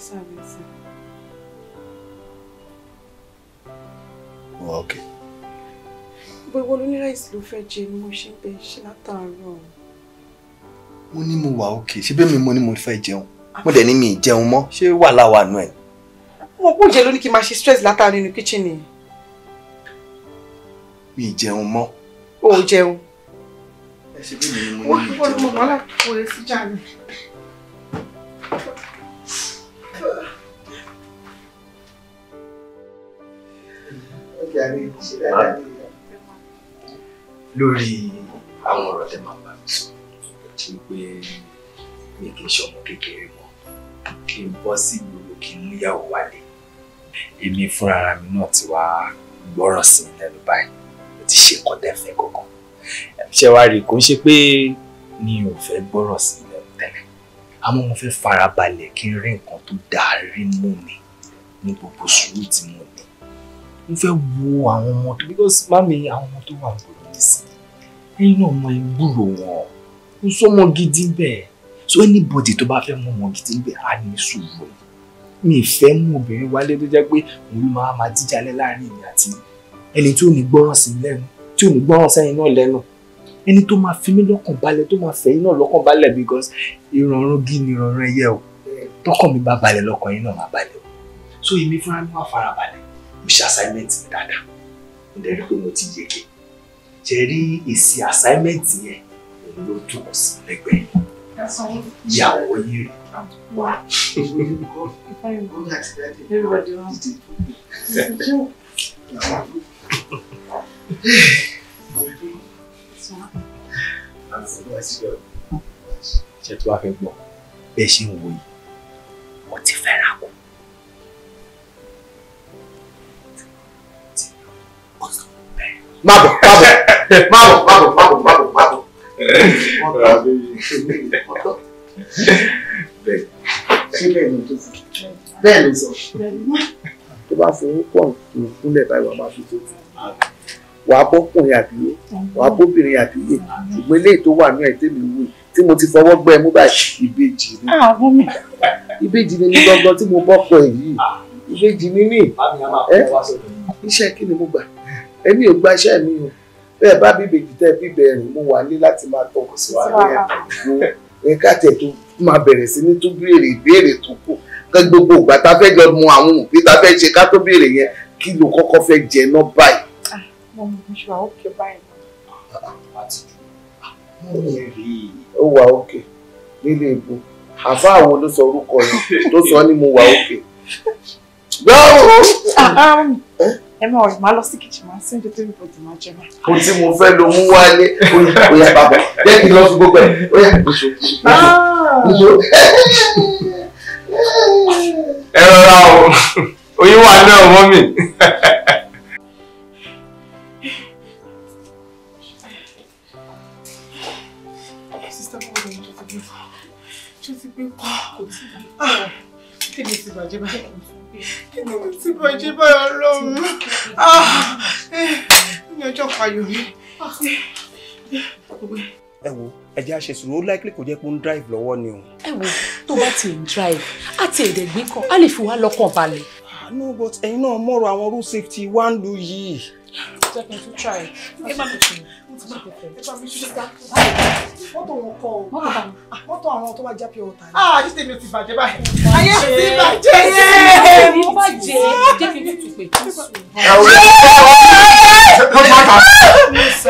Okay. But Wà ókè. Gbogbo olóníráìsì ló fẹ́ jẹ ni mo not ń bẹ ṣe látàárọ̀. Mo ní mo wà ókè, ṣé bẹ́ẹ̀ mi mo ní mo ah. Mo dẹ̀ ní mi ì jẹun mọ́, ṣé wà láwa nù ẹ̀? Mo kú jẹ lóní kí n máa ṣe stress látàárọ̀ nínú kíchìnì. Mi ì jẹun mọ́. O ò jẹun. Ẹ ṣe bí mi mo ní mi jẹun mọ́. Wọ́n mọ̀ mọ́lá kò lè e sí jàre ṣe dáadáa ah. ní ìyá. lórí àwọn ọ̀rọ̀ tẹ́ máa ń bá mi sọ tí pé mi kì í ṣe ọmọ kékeré mọ́ kí n bọ́ sí ìgboro kí n múyàwó wálé èmi fúnra mi náà ti wá gbọ́ràn sí i lẹ́nu báyìí mo ti ṣe nǹkan tẹ́fẹ́ kankan ṣé wàá rí i kò ń ṣe pé mi ò fẹ́ gbọ́ràn sí i lẹ́nu tẹ́lẹ̀ àmọ́ mo fẹ́ farabalẹ̀ kí n rí nǹkan tó dáa rí mú mi ní gbogbo sùúrù tí mo ní mo fẹ́ wo àwọn ọmọ tó because mami àwọn ọmọ tó wà gbòòrò nísìnyí ẹ̀yin náà mọ ìgbúrò wọn mo sọmọ gidi bẹ́ẹ̀ so anybody tó bá fẹ́ mọ ọmọ gidi bẹ́ẹ̀ á ní sùúrù mi fẹ́ mú obìnrin wálé tó jẹ́ pé òun ló máa máa díjalẹ̀ láàrin èmi àti ẹni tí ò ní gbọ́ràn sí lẹ́nu tí ò ní gbọ́ràn sẹ́yìn náà lẹ́nu ẹni tó máa fi mí lọ́kàn balẹ̀ tó máa fẹ́ yín náà lọ́kàn balẹ̀ because ìrọ̀rùn gí ni ìrọ̀rùn ẹyẹ o tọkàn mi bá balẹ̀ lọ́kàn yín náà máa balẹ̀ o so èmi fúnra mi wá fara balẹ̀ mo ṣe assignment mi dáadáa mo dẹ̀ rí pé mo ti yege ṣe rí èsì assignment yẹn òun ló dùn ọ́ sí lẹ́gbẹ̀ẹ́ ìyàwó yìí rẹ̀ wá. ṣe tó wá fẹ́ gbọ́ bẹ́ẹ̀ ṣe ń wo yìí wọ́n ti fẹ́ràn kù. má bọ̀ má bọ̀ má bọ̀ má bọ̀ sọ tó bá fowó pọ̀ ìkúnlẹ̀ báyìí wàá máa fi tó wàá bọ́kùnrin àbíyé wàá bóbìnrin àbíyé ṣùgbọ́n eléyìí tó wà ní ẹ̀ tẹ́mi wù tí mo ti fọwọ́ gbẹ́ mú báyìí ìbejì ni ah, ìbejì ni mi gbọ́ngàn tí mo bọ́kọ̀ yìí ìbejì ni mí iṣẹ́ kí ni mo gbà èmi ò gba iṣẹ́ mi o bẹ́ẹ̀ bá bíbè jù tẹ́ bíbè ẹ̀rìn mo wà ní láti máa tọkọ sí wa ní ẹ̀ ká tẹ̀ tó máa bẹ̀rẹ̀ sí ní tún béèrè ìbéèrè tó kù kẹ́ gbogbo ìgbà tá a fẹ́ jọ mu àwọn òbí tá a fẹ́ ṣe ká tó béèrè yẹn kí ló kọ́kọ́ fẹ́ jẹ náà báyìí. Ah, ah, ah, ó wà òkè nílé ìbò àfa àwọn ló sọ orúkọ yẹn tó sọ ni mo wà òkè. ẹ máa ọ̀rẹ́ máa lọ sí kìtì máa sí oúnjẹ tó yẹ bọ̀dọ̀ máa jẹ máa. ohun tí mo fẹ́ ló mú wálé oyè bàbá jẹ́ kí n lọ fún gbogbo ẹ̀ oyè ìṣó ìṣó. ẹ rọra o oyún wà náà mọ́ mi. ṣé ti gbé kọ́ kò tí ì kí ni mo ti bọ̀ jí báyọ̀ lóhùn ah, ní ọjọ́ payò mi. ẹ wo ẹjẹ àṣesùn ó láìpẹ́ kò jẹ́ pé ó ń drive lọ́wọ́ ni o. ẹ wo tó bá ti ń drive àti èdègbé kan á lè fi wá lọ́kàn balẹ̀. Ah, no but ẹ̀yin náà mọ̀rọ̀ àwọn rule safety wá ń lu yìí. jẹ́ kí n tún try ẹ má mi tì í mọ́tò wọn kọ ah, o ah ṣé tèmi ti bàjẹ́ báyìí. ayé mi ti bàjẹ́ yé. mo bá jẹ jẹ́ kí n tutù pé. ẹ ò lè fẹ́ ọ ló má ta. ẹ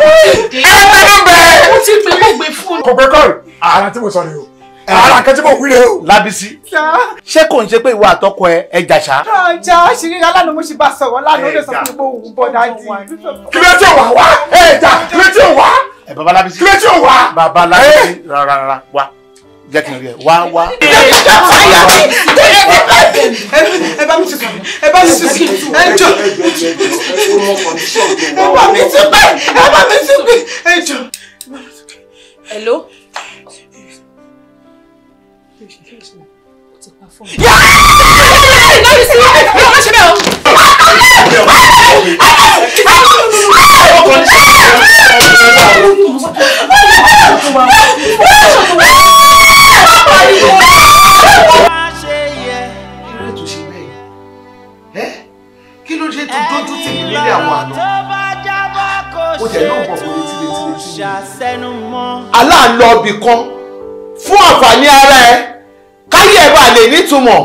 bẹ́ẹ̀ bẹ́ẹ̀. mo ti pè é mo gbé fóònù. kò gbé Eh. ara kan tí mo wí rè o. Lábísí ṣé kò ń ṣe pé ìwọ àtọkọ ẹ ẹ jàṣà. ọjà ṣìrí alánà mo ṣì bá sọ̀rọ̀ lánàá ó lè sọ fún mi pé òun bọ̀ dájú. kí ló tí ò wá wá ẹ jà kí ló tí ò wá. ẹ eh, baba Lábísí kí ló tí ò wá. baba Lábísí eh. rárá rárá wá jẹ́ kí n rí ẹ wá wá. ẹ bá mi tún sọ ẹ bá mi tún sọ ẹ jọ ẹ bá mi tún pẹ ẹ bá mi tún pẹ ẹ jọ. hello kí ló dé tó dójú tì mí nílé àwọn àná ó tẹ̀ náà bọ̀ kó létí létí létí aláàlọ́ọ̀bì kan fún àǹfààní ara ẹ káyé ẹ bá lè nítumọ̀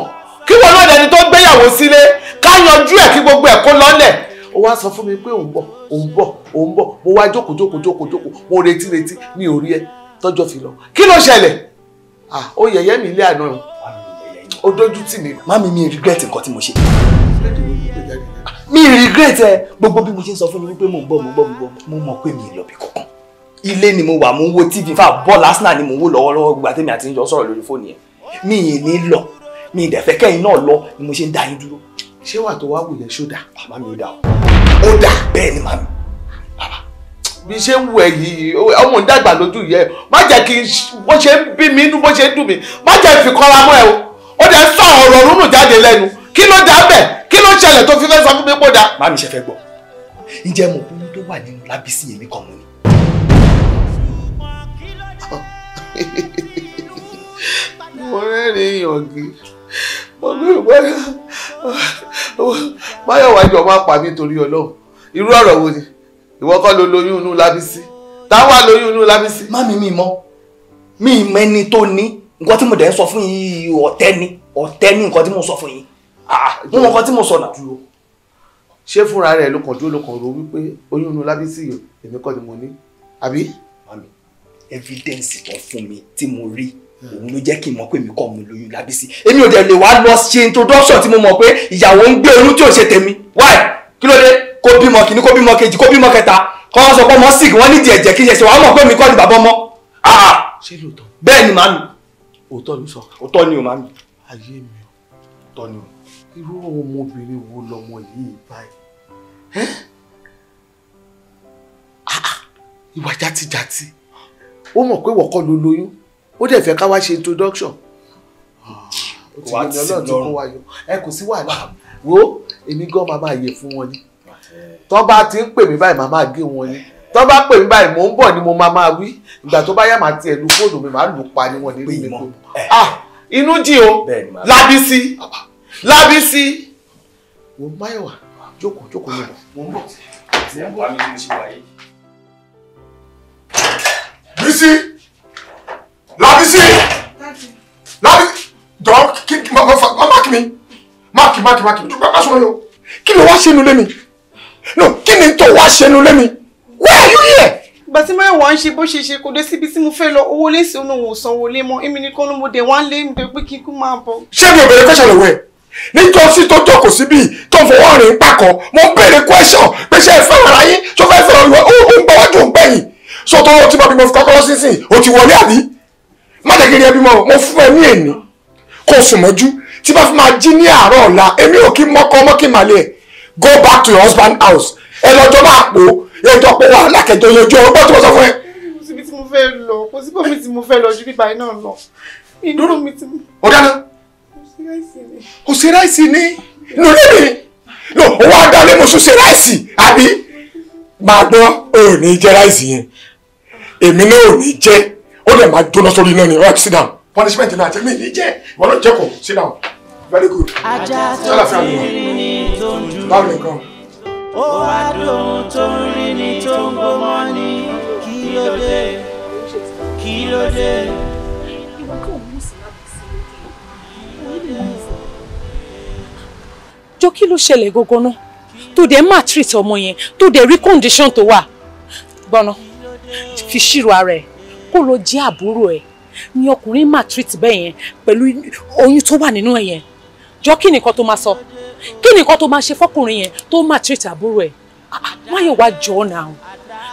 kí wọn náà lẹni tó gbéyàwó sílé ká yanjú ẹ kí gbogbo ẹ kó lọ́lẹ̀ ó wá sọ fún mi pé òun bọ̀ òun bọ̀ òun bọ̀ mo wá jókòó jókòó jókòó jókòó mo retí retí ní orí ẹ tọ́jọ́ fi lọ kí ló ṣẹlẹ̀ ah ó yẹ̀yẹ́ mi ilé àná ó dójú tì mí. mami mi regret nǹkan tí mo ṣe ah, mi regret ẹ gbogbo bí mo ṣe ń sọ fún mi wípé mò ń bọ̀ mò ń bọ̀ mò ń bọ̀ mo mọ̀ pé mi ì lọ bí kankan ilé ni mo wà mo ń wo tv fà bọ́ọ̀lù arsenal ni mo ń wo lọ́wọ́lọ́wọ́ gbogbo àtẹ́mi àti ìjọ sọ̀rọ̀ lórí fóònù yẹn mi ì ní lọ mi ì dẹ̀fẹ́ kẹ́yìn náà lọ ni mo ṣe ń da yín dúró. ṣé wàá tó wá wù yẹn ṣó dà. màmá mi ò dà o ó dà bẹ́ẹ̀ ni màmí bàbá. bí ṣe ń wù ẹ yìí ọmọ ń dàgbà lójú yẹ má jẹ́ kí bó ṣe ń bí mi inú bó ṣe ń dùn mí má jẹ́ fi kọ́ra mọ́ ẹ o ó dẹ̀ sọ ọ̀rọ̀ rúnrún jáde lẹ́nu kí ló dà bẹ́ẹ̀ kí ló ṣẹlẹ̀ tó fi fẹ́ sọ fún mi pò dà. màmí ṣe fẹ́ gbọ́ ǹjẹ́ mo kú tó wà nínú lábísí èmi mo rẹ́rìn yàngí mo gbé bóyá máyọ̀wá jọ máa pa mí torí ọlọ́run irú ọ̀rọ̀ wo ni ìwọ kọ́ ló lóyún inú lábísí táwa lóyún inú lábísí. má mi mi mọ mi mọ ẹni tó ní nǹkan tí mo dẹ̀ ń sọ fún yìí ọ̀tẹ̀ ni ọ̀tẹ̀ ni nǹkan tí mo sọ fún yìí ah, mo mọ nǹkan tí mo sọ nà. ṣé fúnra rẹ̀ ló kàn dúró ló kàn rò wípé oyún inú lábísí yìí èmi kọ́ ni mo ní àbí evidence tó fún mi tí mo rí hmm. òun ló jẹ́ kí n mọ̀ pé mi kọ́ mo lóyún Lábísí èmi ò dẹ̀ lè wá lọ ṣe introduction tí mo mọ̀ pé ìyàwó ń gbé oyún tí ò ṣe tèmi why kí ló dé kó bímọ kìíní kó bímọ kejì kó bímọ kẹta kọ́ wọ́n sọ pé ọmọ sick wọ́n nídìí ẹ̀jẹ̀ kí n ṣe ṣe wàá mọ̀ pé mi kọ́ ni bàbá ọmọ. Ah! ṣé lóòótọ́ bẹ́ẹ̀ ni màmí. òótọ́ ló sọ. òótọ́ ni o màmí. ayé mi ò tọ́ ni o. irú ọmọbìnrin wo lọmọ yìí báyìí ah, ah. ìwà jàtijàti ó mọ̀ pé wọ́kọ́ ló lóyún ó dẹ̀ fẹ́ ká wá ṣe introduction ah, ó ti yẹn ọlọ́run tó kún wa yọ ẹ kò sí wàhálà wo èmi gan máa máa yẹ fún wọn ni eh. tó bá ti ń pè mí báyìí máa máa gé wọn ni tó bá pè mí báyìí mò ń bọ̀ ni mo máa máa wí ìgbà tó bá yá máa tiẹ̀ lu fóònù mi máa lù pa ni wọn ní ilé kò eh. ah inú jì o Lábísí Lábísí wò ó Máyọ̀wá jókòó jókòó mi bọ̀ mo ń bọ̀. Lábísí Lábísí Lábísí jọ kí ma ma ma máàkì mi máàkì mark, mark, dùgbà bá sọ̀rọ̀ yìí o kí ni wàá ṣe nu lémi no kí ni tó wàá ṣe nu lémi where are you here. ìgbà tí máa wà ń ṣe bó ṣe ṣe kò dé síbi tí mo fẹ́ lọ owó lẹ́sìn òun òun ò sanwó lé mọ́ èmi nìkan ló mo dé wá ń lé mi pé kí n kú máa bọ̀. ṣé mi ò bèrè kẹ́sàn lọ́wọ́ ẹ̀ nítòsí tó jókòó síbí tó fọwọ́ rìn pàkọ́ mo ń bèrè question pé ṣé ẹ fẹ́ràn ara yín tó fẹ́ fẹ́ràn olùwẹ́ ó ń bọ̀ wájú ń gbẹ̀yìn so tọ́wọ́ tí bàbí mo fi kọ́kọ́rọ́ sí sìn o ti wọlé àbí má jẹ́ kiri ẹbí mọ́ mo fún ẹ ní èní kó o sùn mọ́jú tí bá fi máa jí ní àárọ̀ ọ̀la èmi ò kí mọ́kọ́ mọ́ kí màlẹ́ go back to your husband house ẹ lọ́jọ́ máa pò ẹjọ́ pé wàhálà kẹjọ yẹjọ́ ọgbọ́n tí mo sọ fún ẹ. kò síbi tí mo fẹ́ lọ kò síbi omi tí mo fẹ́ lọ ju bíbá iná lọ inú mi ti. ó dáná kò sí ráìsì ní inú ilé mi no owó àgbà lé mo sùn sí ráìsì àbí màá gbọ́ òní jẹ ráìsì yẹn èmi náà ò ní jẹ́ ó dẹ̀ máa jóná sórí iná ni right sit down punishment náà jẹ́ mi ní jẹ́ ìwọ náà jẹ́kọ̀ọ́ sit down very good sọ́dà fún mi báwo ni nǹkan. ó wá dùn tó ń rí ni tó ń gbọmọ ni kí ló dé kí ló dé. jọ kí ló ṣẹlẹ̀ gógó tó dẹ̀ máa treat ọmọ yẹn tó dẹ̀ rí condition tó wà gbọ́nà fi ṣírò ara ẹ̀ kó lọ jẹ́ àbúrò ẹ̀ ni ọkùnrin máa treat bẹ́ẹ̀ yẹn pẹ̀lú oyún tó wà nínú ẹ̀ yẹn jọ kí nìkan tó máa sọ kí nìkan tó máa ṣe fọkùnrin yẹn tó máa treat àbúrò ẹ̀ wáyé wá jọ ọ́ náà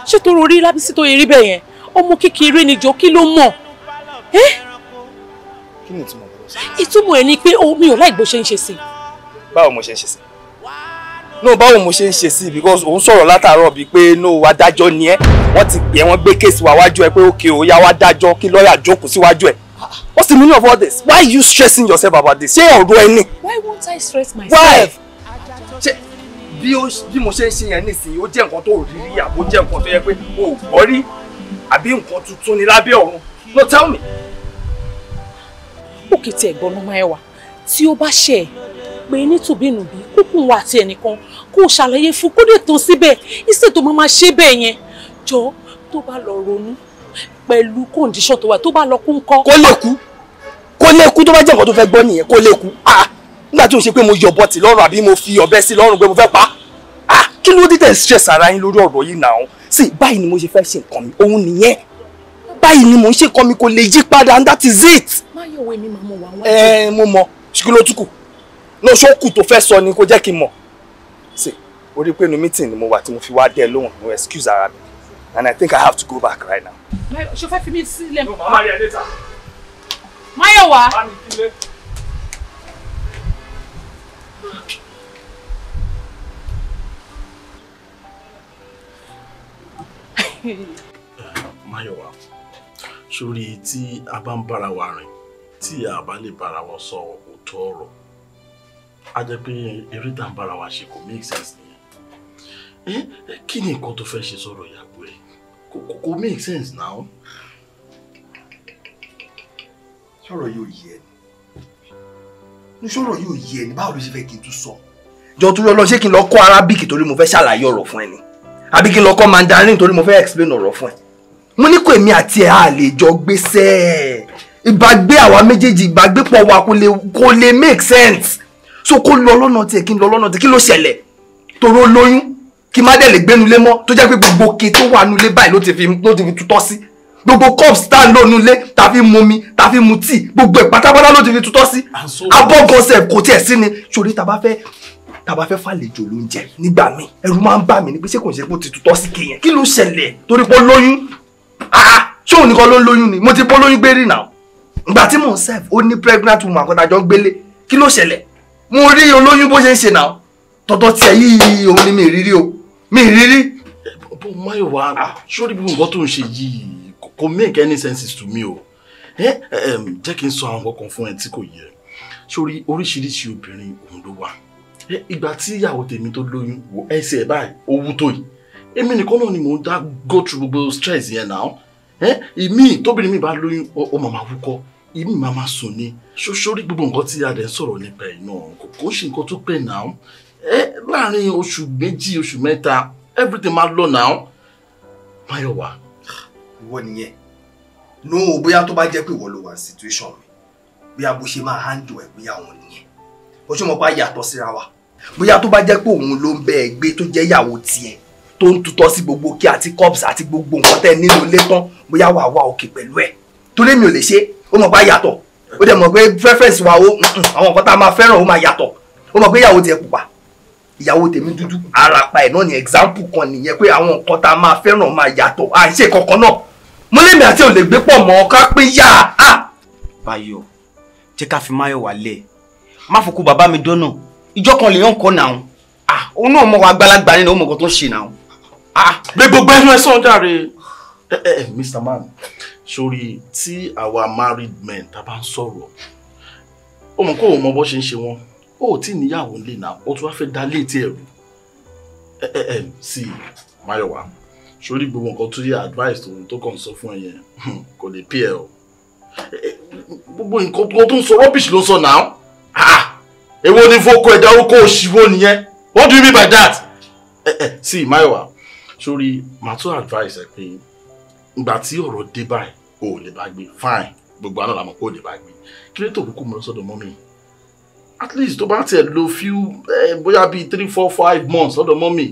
ṣé tó rí lábísí tó rí bẹ́ẹ̀ yẹn ọmọ kékeré ni jọ kí ló mọ̀ ẹ́. ìtumọ̀ bọ̀rọ̀ ni pé mi ò láì gbọ́ ṣe ń ṣe sí. báwo mo ṣe ń ṣe sí no báwo mo ṣe ń ṣe sí because òun sọ̀rọ̀ látàárọ̀ bíi pé no adájọ́ ni ẹ́ wọ́n ti pè wọ́n gbé kéèsì wá wájú ẹ pé okay ó yá wá dájọ́ kí lọ́ọ̀yà jókòó síwájú ẹ̀ what's the meaning of all this why are you stressing yourself about this ṣé ọ̀rọ̀ ẹni. why won't I stress myself. why ṣe bí ó bí mo ṣe ń ṣe yẹn nísìnyí ó jẹ́ nǹkan tó rí rí àbó jẹ́ nǹkan tó yẹ pé o ò gbọ́ rí àbí nǹkan tuntun ni lábẹ́ ọ̀run no tell me. òkè tí ẹ̀gbọ́n ló máa ń wà tí ó bá ṣe é pé nítòbínú bíi pípùn wa àti ẹnìkan kó ṣàlàyé fún kó lè tó síbẹ̀ iṣẹ́ tó máa máa ṣe bẹ́ẹ̀ yẹn jọ tó bá lọ ronú pẹ̀lú kọ́ndíṣọ̀n tó wà tó bá lọ kó ń kọ́. kó lè kú kó lè kú tó bá jẹ́ nǹkan tó fẹ́ gbọ́ nìyẹn kó lè kú ah nígbà tí o ṣe pé mo yọ̀bọ̀ tì lọ́rùn àbí mo fi ọ̀bẹ sí lọ́rùn pé mo fẹ́ pa ah kí ló dé tẹ̀ stress ara yín lórí ọ̀rọ̀ yìí náà sí báyìí ni mo ṣe fẹ́ ṣe nǹkan mi òun nìyẹn báyìí ni mo ń ṣe nǹkan mi kò lè yí padà and that is it. má yọ̀wé mi máa mọ̀ wá ẹ mo mọ ṣùgbọ́n ló tún náà ṣókù to fẹ́ sọ ni kò jẹ́ kí n mọ̀ ṣe orí pé inú meeting ni mo wà tí mo fi wá dé lóhùn no excuse ara mi and I think I have to go back right now. Máyọ̀ ṣe fẹ́ fi mí sílẹ̀. Màmá rẹ̀ létà. Máyọ̀ wá. Má mi kílé. Máyọ̀wá sórí tí a bá ń bára wa rìn tí a bá lè bára wa sọ òótọ́ ọ̀rọ̀ a jẹ́ pé eré tá à bára wa ṣe kò make sense nìyẹn kí ni nǹkan tó fẹ́ ṣe sọ̀rọ̀ ìyàwó ẹ̀ kò make sense now. sọ̀rọ̀ yóò yẹ ni sọ̀rọ̀ yóò yẹ ni báwo ló ṣe fẹ́ kí n tún sọ jọ tó lọ lọ ṣé kí n lọ kọ́ arábìkì torí mo fẹ́ ṣàlàyé ọ̀rọ̀ fún ẹ ni àbí kí n lọ kọ́ mandarin torí mo fẹ́ explain ọ̀rọ̀ fún ẹ mo ní kò èmi àti ẹ̀ á lè jọ gbéṣẹ́ ìbágbé àwa méjèèjì ìbágbépọ̀ wa kò lè make sense so kó lọ lọ́nà tiẹ̀ kí n lọ lọ́nà tiẹ̀ kí ló ṣẹlẹ̀ toró lóyún kí má dẹ̀ lè gbénu lé mọ́ tó jẹ́ pé gbogbo òkè tó wà nulẹ̀ báyìí ló ti fi ló ti fi tutọ́ sí gbogbo cups tá ń lò nulẹ̀ tá fi mu mi tá fi mu tíì gbogbo ẹ̀ pátápátá ló ti fi tutọ́ sí abọ́gọ́sẹ̀ kò tiẹ̀ sí ni sori tá bá fẹ́ tá bá fẹ́ fàlejò ló ń jẹ nígbà míì ẹ̀rù máa ń bà mí ni pé ṣé kò ń ṣe pé ó ti tutọ́ sí kéèyàn kí ló ṣẹlẹ̀ torí pé lóyún ah ṣé òun nìkan ló ń lóyún ni mo ti bó lóyún gbé rí nà ìgbà tí mò ń sẹ́f ó ní pregnant woman kan tàjọ ń gbélé kí ló ṣẹlẹ̀ mo rí olóyún bó ṣe ń ṣe náà tọ́tọ́ tí ẹ yìí òun ni mi rírí o mi rírí. bó má yóò wá sórí bí nǹkan tó ń ṣe yìí kò make any sense to me o jẹ́ kí n sọ àwọn kankan fún ẹ tí kò yẹ sórí oríṣiríṣi obìnrin òun ló wà ìgbà tí ìyàwó tèmi tó lóyún wò ẹsẹ̀ ẹ̀ báyìí owó tó yìí èmi nìkan náà ni mò ń dá go through gbogbo stress yẹn náà ìmíì tóbìnrin mi bá lóyún ó màmá wúkọ́ èmi máa ma sùn ni ṣoṣorí gbogbo nǹkan tí a dẹ̀ ń sọ̀rọ̀ nípa ẹ̀ náà kò kò ń ṣe nǹkan tó pẹ́ náà ẹ láàárín oṣù méjì oṣù mẹ́ta everything máa lọ náà Máyọ̀wá. ìwọ nìyẹn nù ó bóyá tó bá jẹ́ pé ìwọ ló wà situation mi bóyá bó ṣe máa handle ẹ̀ bóyá òun nìyẹn bó ṣe mọ̀ pé a yàtọ̀ síra wa bóyá tó bá jẹ́ pé òun ló ń bẹ ẹ gbé tó jẹ́ ìyàwó tiẹ̀ tó ń tutọ́ sí gbogbo kí àti cups àti gbogbo nǹkan tẹ́ nínú ilé tán bóyá wàá wà òkè pẹ̀lú ẹ̀ tó lé mi ò lè ṣe é o mọ̀ pa yàtọ̀ ó dẹ̀ mọ̀ pé preference wa ó mm, mm, àwọn nǹkan tá a máa fẹ́ràn o máa yàtọ̀ ó mọ̀ pé ìyàwó tiẹ̀ pupa ìyàwó tèmi dúdú arapa ẹ̀ náà ni example kan nìyẹn pé àwọn nǹkan tá a máa fẹ́ràn máa yàtọ̀ à ń ṣe kankan náà mo lè mi àti ò lè gbé pọ̀ mọ́ ká pé yá a. Báyọ̀ jẹ́ ká fi máyọ̀ wà lẹ̀ má fòkú bàbá mi dọ́nà ìjọ kan lèèyàn kọ́ náà òun náà mọ̀ wá gbalagbà nínú òun mọ̀ kan tó ń ṣe náà. gbé gbogbo ẹnu ẹ sọ̀rọ̀ jàre. ẹ eh, eh, eh, Man sórí tí àwa married men ta bá ń sọ̀rọ̀ ó mọ̀ kó o mọ bó ṣe ń ṣe wọn ó tí níyàwó ńlẹ̀ náà ó tún wá fẹ́ dá léètì ẹ̀rù ẹ̀ẹ́m sí Máyọ̀wá sórí gbogbo nǹkan tó yẹ advice tòun tó kàn sọ fún ẹ yẹn hmm, kò lè pay ẹ o gbogbo nǹkan tó ń sọ rubbish ló ń sọ náà èwo ni fọkọ ẹ̀dá oko òṣìwò nìyẹn what do you mean by that? ẹ ẹ sí Máyọ̀wá sórí màá tún advice ẹ pé ìgbà tí ọ̀rọ̀ dé báyìí o ò lè bá gbé fine gbogbo àná làmọ̀ pé o lè bá gbé kí ló tó kúkú mọ́ sọ́dọ̀ at least tó bá tiẹ̀ lo few eh, bóyá bíi three four five months sọ́dọ̀ mọ́mì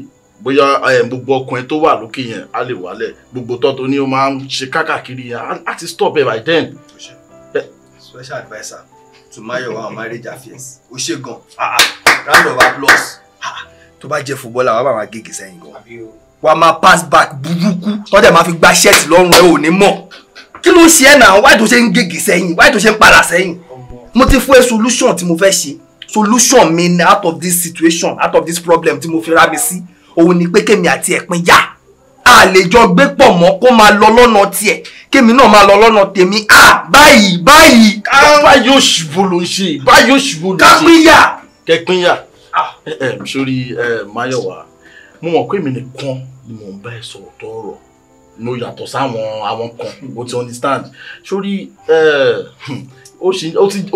bóyá eh, gbogbo ọkùnrin tó wà lókè yẹn á lè wálẹ̀ gbogbo tọ́ tó ní o máa ń ṣe káàkiri yẹn á ti stop ẹ̀ by then. special adviser to Mayowa on marriage affairs o ṣe gan ah, ah, round of applause ah, tó bá jẹ́ footballer wàá bá wa gègé sẹ́yìn gan wàá máa pass back burúkú tọ́jà máa fi gba ṣẹ́ẹ̀tì lọ́rùn ẹ ò ní mọ̀ kí ló ṣe ẹ́ náà wáyé tó ṣe ń gègé sẹ́yìn wáyé tó ṣe ń para sẹ́yìn mo ti fún ẹ solution tí mo fẹ́ ṣe solution mi ni out of this situation out of this problem tí mo fi rá mi sí òun ni pé kémi àti ẹ̀pin yá a lè jọ gbé pọ̀ mọ́ kó máa lọ lọ́nà tiẹ̀ kémi náà máa lọ lọ́nà tèmi à báyìí báyìí. báyìí òṣìbò ló ń ṣe báyìí òṣìbò ló ń ṣe kápínyà. kẹpínyà sórí Máyọ̀wá mo mọ̀ pé èmi nìkan ni mò ń bá ẹ sọ̀rọ̀ tó ọ̀rọ̀ no yàtọ̀ sáwọn àwọn kan o ti understand sórí hmm,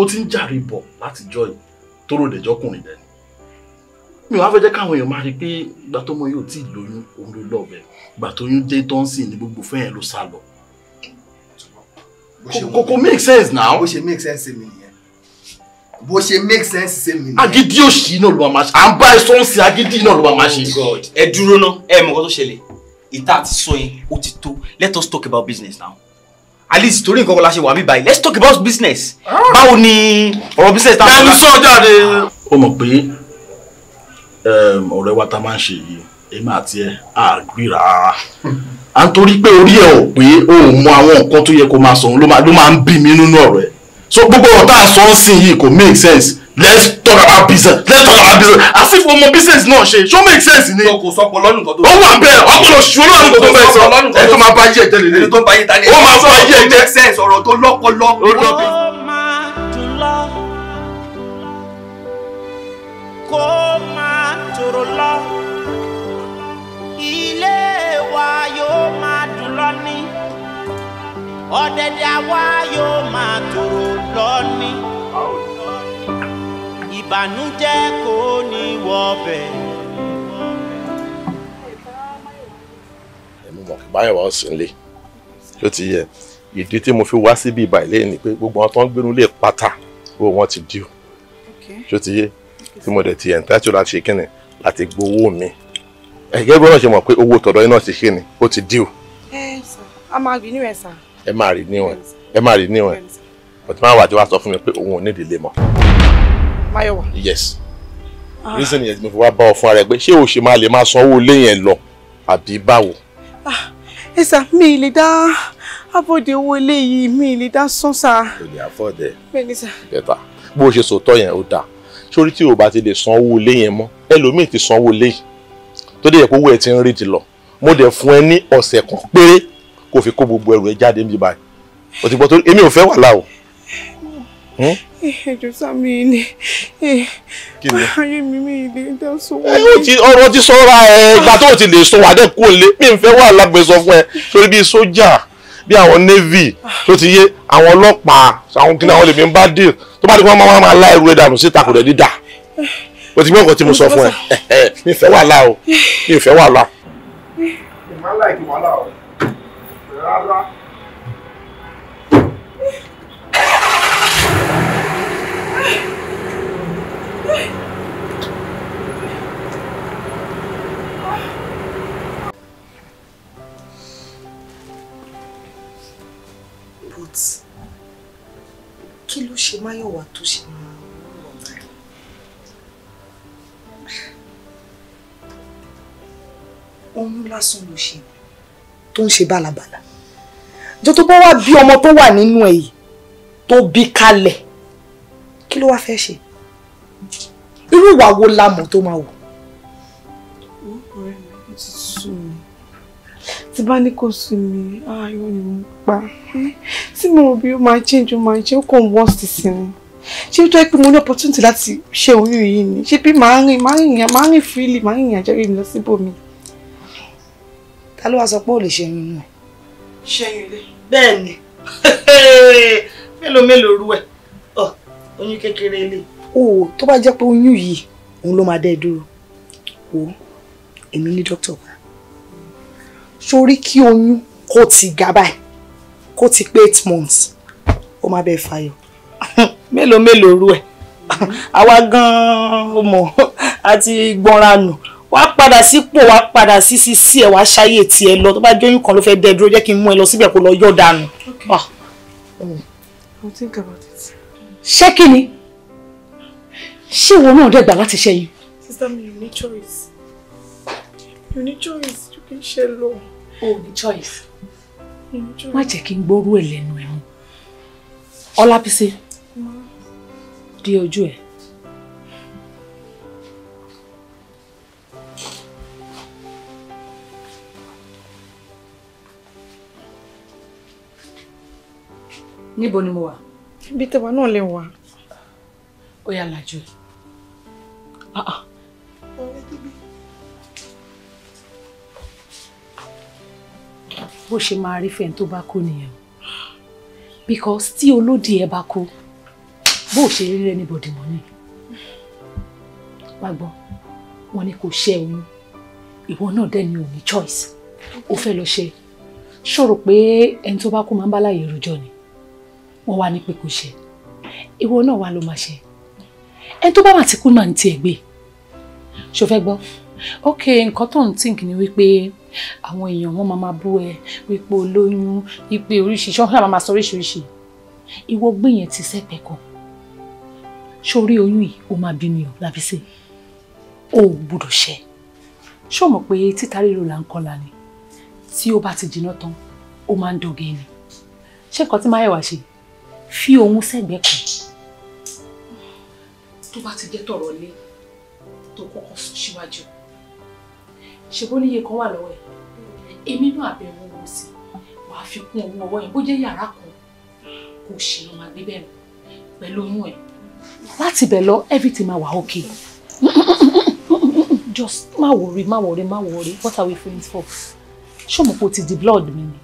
ó ti ń jàre bọ̀ láti jọ yìí tó rò dẹjọ́kùnrin dẹni mi wá fẹ́ jẹ́ káwọn èèyàn máa rí i pé ìgbà tó mọ yóò tí ì lóyún òun ló lọ́ọ̀bẹ ìgbà tó yún dé tó ń sìn ní gbogbo fẹ́yẹn ló sá lọ kò kò make sense now. bó ṣe make sense mi nìyẹn bó ṣe make sense ṣe mi. agídí òṣì náà ló máa máa ṣe à ń bá ẹsọ ń ṣe agídí náà ló máa máa ṣe. Oh god ẹ dúró ná ẹ mọ nǹkan tó ṣẹlẹ̀ ìta àti sọ ó ti tó let us talk about business now at least torí nǹkan kan la ṣe wà mí báyìí let's talk about business ah. báwo ni ọ̀rọ̀ business ta. bẹ́ẹ̀ni sọ jáde. ó mọ̀ pé ehm, ọ̀rẹ́ wa ta máa ń ṣe yìí èmi àti ẹ àgbì rárá à ń torí pé orí ẹ ò pé o ò mọ àwọn nǹkan tó yẹ kó máa sọ ló máa ń bí mi nínú ọ̀rọ̀ ẹ so gbogbo ọ̀rọ̀ tá a sọ ọ́ sìn yìí kò make sense let's talk about business let's talk about business as if ọmọ business náà ṣe ṣó make sense ni. kò sọpọ lọ́nù kan tó. ó wà bẹ́ẹ̀ ọpọlọ ṣùgbọ́n náà ló tó fẹ́ sọ ẹni tó máa bá yí ẹ̀jẹ̀ lélẹ̀. ẹni tó bá yí ta ni ẹni tó bá yí ẹ̀jẹ̀ ọ̀rọ̀ tó lọ́pọlọ. kó máa tòrò lọ ilé wa yóò máa dùn lọ ní ọ̀dẹ̀dẹ̀ àwa yóò máa tòrò lọ́ní ìbànújẹ́ kò ní wọbẹ̀. ẹ̀mú mọ̀ báyọ̀ wá sí ilé ló ti yẹ ìdí tí mo fi wá síbi ìbà ilé ni pé gbogbo àwọn tó ń gbénu lè pátá owó wọn ti dì ó ṣó ti yé tí mo dẹ̀ ti ẹ̀ ń tẹ́tù láti ṣe kíni láti gbowó mi ẹ̀gẹ́ bí wọ́n ṣe mọ̀ pé owó tọ̀dọ̀ iná ti ṣe ni ó ti dì ó. Eh, ẹ sà á máa gbìn ní rẹ ẹ máa rí níwọ̀n ẹ máa rí níwọ̀n but máa wà tí wàá sọ fún mi pé òun ò ní ìdílé mọ́. Máyọ̀wá. yes ah. reason yẹn mo fi wá bá ọ fún ara ẹ pé ṣé o ṣe máa lè máa sanwó ilé yẹn lọ àbí báwo. Ah, ẹ sà mi ì lè dá abọ́dé owó ilé yìí mi ì lè dá sán sà. o lè afọ́dẹ. bẹ́ẹ̀ni sà. bẹ́ẹ̀ta bó o ṣe sòótọ́ yẹn ó dáa sórí tí o bá ti lè sanwó ilé yẹn mọ́ ẹlòmíì ti sanwó ilé yìí tó dé yẹ kó owó ẹ ti ń rí ti lọ mo dẹ̀ fún ẹ ní ọ̀sẹ̀ kan péré kó fi kó gbogbo ẹrù ẹ jáde níbi báyìí o ti gbọ́ tó èmi ò fẹ́ wàhálà o. Hmm? ẹjọ sami ni ayé mi mi ìdè dá sówó. ẹ o ti ọ̀rọ̀ ti sọra ẹ ìgbà tó o ti lè sọ wà dẹ kó lé mi ń fẹ́ wàhálà gbé sọ fún ẹ torí bíi sójà bí àwọn navy tó ti yé àwọn ọlọ́pàá àwọn kí ni àwọn lèmi ń bá dé tó bá dé kí wọ́n máa máa lá ẹrù rẹ dànù síta kò rẹ̀ dídà o ti gbọ́ nǹkan tí mo sọ fún ẹ mi fẹ́ wàhálà o mi fẹ́ wàhálà. ìmọ̀ aláìkú wàhálà o rárá. but kí ló ṣe máyọ̀wá tó ṣe máa wúrọ̀ báyìí. oyún lásán ló ṣe tó ń ṣe bálabàla jọ tó bá wá bí ọmọ tó wà nínú ẹ yìí tó bí kalẹ̀ kí ló wá fẹ́ ṣe irú ìwà wo la mọ̀ tó máa wò. tí bá ní kò sí mi ayọ̀ ah, ni mo pa tí mo rò bí ó máa change ó máa ṣe ó kàn wọ́n sì sí ni ṣé ó jẹ́ pé mo ní opportunity láti ṣe òun yìí ni ṣé bí màá rìn màá rìn yàn màá rìn freely màá rìn yàn jẹ́rìí mi lọ síbòmí. ta ló wá sọ pé ò lè ṣe irun rẹ̀ ṣẹ́yìn ilé. bẹ́ẹ̀ni mélòó mélòó rú ẹ oyún kékeré ilé. o tó bá jẹ́ pé oyún yìí òun ló máa dẹ́ dúró o èmi ní dókítà kan sórí kí oyún kó ti ga báyìí kó ti pé eight months ó máa bẹ́ẹ̀ fayọ̀ mélòó mélòó rú ẹ mm-hmm. àwa gan-an ó mọ̀ àti gbọ́nranù wàá padà sípò wàá padà sí sí sí ẹ wàá ṣayé tiẹ̀ lọ tó bá jóyún kan ló fẹ́ dẹ dúró jẹ́ kí n mú ẹ lọ síbẹ̀ kó lọ yọ dànù. ṣé kí ni ṣé ìwọ náà dẹ̀gbà láti ṣẹ́yìn. sister mi you need choice you need choice you can í ṣe lọ. o ní choice má jẹ́ kí n gbóòrú ẹ̀ lẹ́nu ẹ̀ mú ọlápísí di ojú ẹ̀. níbo ni mo wà. ibi tẹwa náà lè wà. ó yà lájú ẹ. Ah, ah. bó ṣe máa rí fẹ́ni tó bá kú nìyẹn because tí olódì ẹ bá kú bó ṣe rí rẹ níbọdì mọ́ ni wá gbọ́ wọn ni kò ṣe oyún ìwọ náà dẹ̀ ni ò ní choice ó fẹ́ lọ ṣe ṣòro pé ẹni tó bá kú máa ń bá láàyè rojọ́ ni wọ́n wá ní pé kò ṣe ìwọ náà wá ló máa ṣe ẹni tó bá wà tí kú náà ní tiẹ̀ gbé ṣo fẹ́ gbọ́ ok nǹkan tó ń tink ni wípé àwọn èèyàn wọn máa máa bú ẹ wípé olóyún wípé oríṣiríṣi wọn sábà máa sọ oríṣiríṣi ìwọ gbé yẹn ti sẹ́pẹ̀ kan sórí oyún yìí ó máa bí mi ò lábísí ó gbọ́dọ̀ ṣe ṣó mọ̀ pé títa ríro là ń kọlà ni tí ó bá ti jiná tán ó máa ń doge ni ṣé nǹkan tí máa yẹ̀ wá ṣe fi òun sẹ́gbẹ́ kan. tó bá ti jẹ́ tọ̀rọ̀ lé tó kọ́kọ́ sọ síwájú ṣèbó níye kan wà lọ́wọ́ ẹ̀ èmi náà àbẹ̀wò wò sí wàá fi kún owó ọwọ́ yẹn bó jẹ́ yàrá kan kò ṣe ló máa gbé bẹ́ẹ̀ pẹ̀lú oyún ẹ̀. láti bẹ̀ lọ everything máa wà okay just má wọrí má wọrí má wọrí what are we friends for ṣé mo kò ti di blood mi ni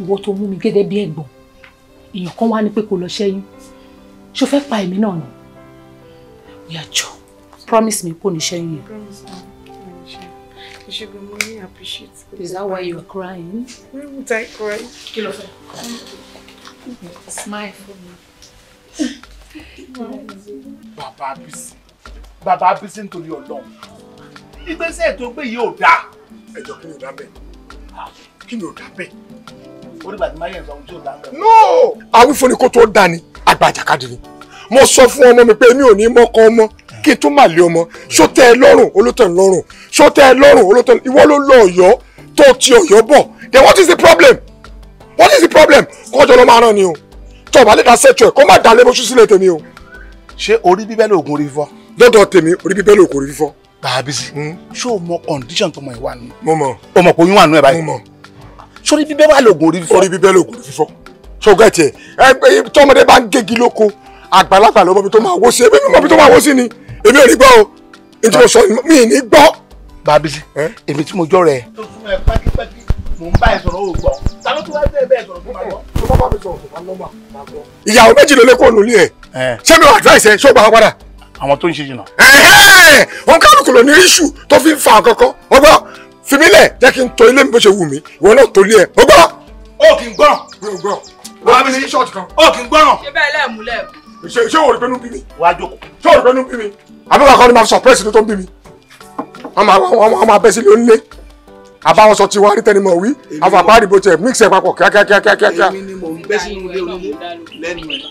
ìwọ tó mú mi gẹ́gẹ́ bí ẹ̀gbọ́n èèyàn kan wá ní pé kó lọ ṣẹ́yún ṣó fẹ́ pa èmi náà nù ìyá jọ promise me kò ní ṣẹ́yún yẹn. Ishigo money appreciate. Is that why you are crying? Why would I cry? fẹ́. Smile for me. Bàbá Bísí. Bàbá Bísí nítorí Ọlọ́run. Ìgbésẹ̀ tó gbé yìí ò dáa. Ẹ̀jọ̀ kí ni ò dá bẹ́ẹ̀? Kí ni ò dá bẹ́ẹ̀? onígbà tí mariam sọ no awífúnni kó tó dá ni àgbà àjàkadì ni mo sọ fún ọmọ mi pé mi ò ní mọ́kọ ọmọ kí n tún mà lé ọmọ ṣó tẹ́ ẹ lọ́rùn olótọ́ ń lọ́rùn ṣó tẹ́ ẹ lọ́rùn olótọ́ ń ìwọ ló lọ ọ̀yọ́ tó ti ọ̀yọ́ bọ̀ then what is the problem what is the problem kọjọ ló máa ràn ni o tó o bá lè dá sẹ́tù ẹ̀ kó má dá lé bóṣù sílẹ̀ tèmi o. ṣé orí bíbẹ́ lóògùn orí fífọ́. dọ́dọ̀ tèmi orí bíbẹ́ lóògùn orí fífọ́. bàbá bísí hmm? ṣé o mọ condition tó mọ ìwà ni. mo mọ. o mọ pé oyún wà nù ẹ báyìí. mo mọ sórí bíbẹ́ wà lóògùn orí fífọ́. orí bíbẹ́ lóògùn fífọ́ ṣọgbẹ́ tiẹ̀ ẹ tọmọdé bá ń gégi lóko àgbàlagbà ló mọbi tó máa wó sí ebi mi mọbi tó máa wó sí ni èmi ò ní gbọ́ o èyí tí mo sọ mi ní gbọ́. babisi èmi tí mo jọ rẹ. ìyàwó méjì ló lé kó lórí ẹ ṣé mi ò advice ẹ ṣó gbà wá padà. àwọn tó ń ṣe jìnnà. wọn kálukú ló ní iṣu tó fi ń fa àkọ́kọ́ ọgbọ́n fìmílẹ̀ jẹ́ kí n tọ́ ilé mi bó ṣe wù mí ìwọ náà tó ilé ẹ̀ ó gbọ́. ó kì í gbọ́ràn. mi ò gbọ́ràn. wàá mi ní ṣọ́ọ̀tì kan. ó kì í gbọ́ràn. ṣé bẹ́ẹ̀ lẹ́ẹ̀múlẹ̀. ṣé ṣé wò ó rí pé inú bí mi. wàá jókòó. ṣé wò ó rí pé inú bí mi. àbúrò akọni máa sọpẹ́sì tó tó ń bí mi. wọ́n máa bẹ́ sílé ó ń lé àbáwọn sọ ti wá rí tẹnumọ wí àwọn àbá àdìbò tẹ mix ẹ papọ̀ kíákíákíákíá. èmi ni mò ń bẹ́ sínú ilé onímọ̀ lẹ́nu ẹ̀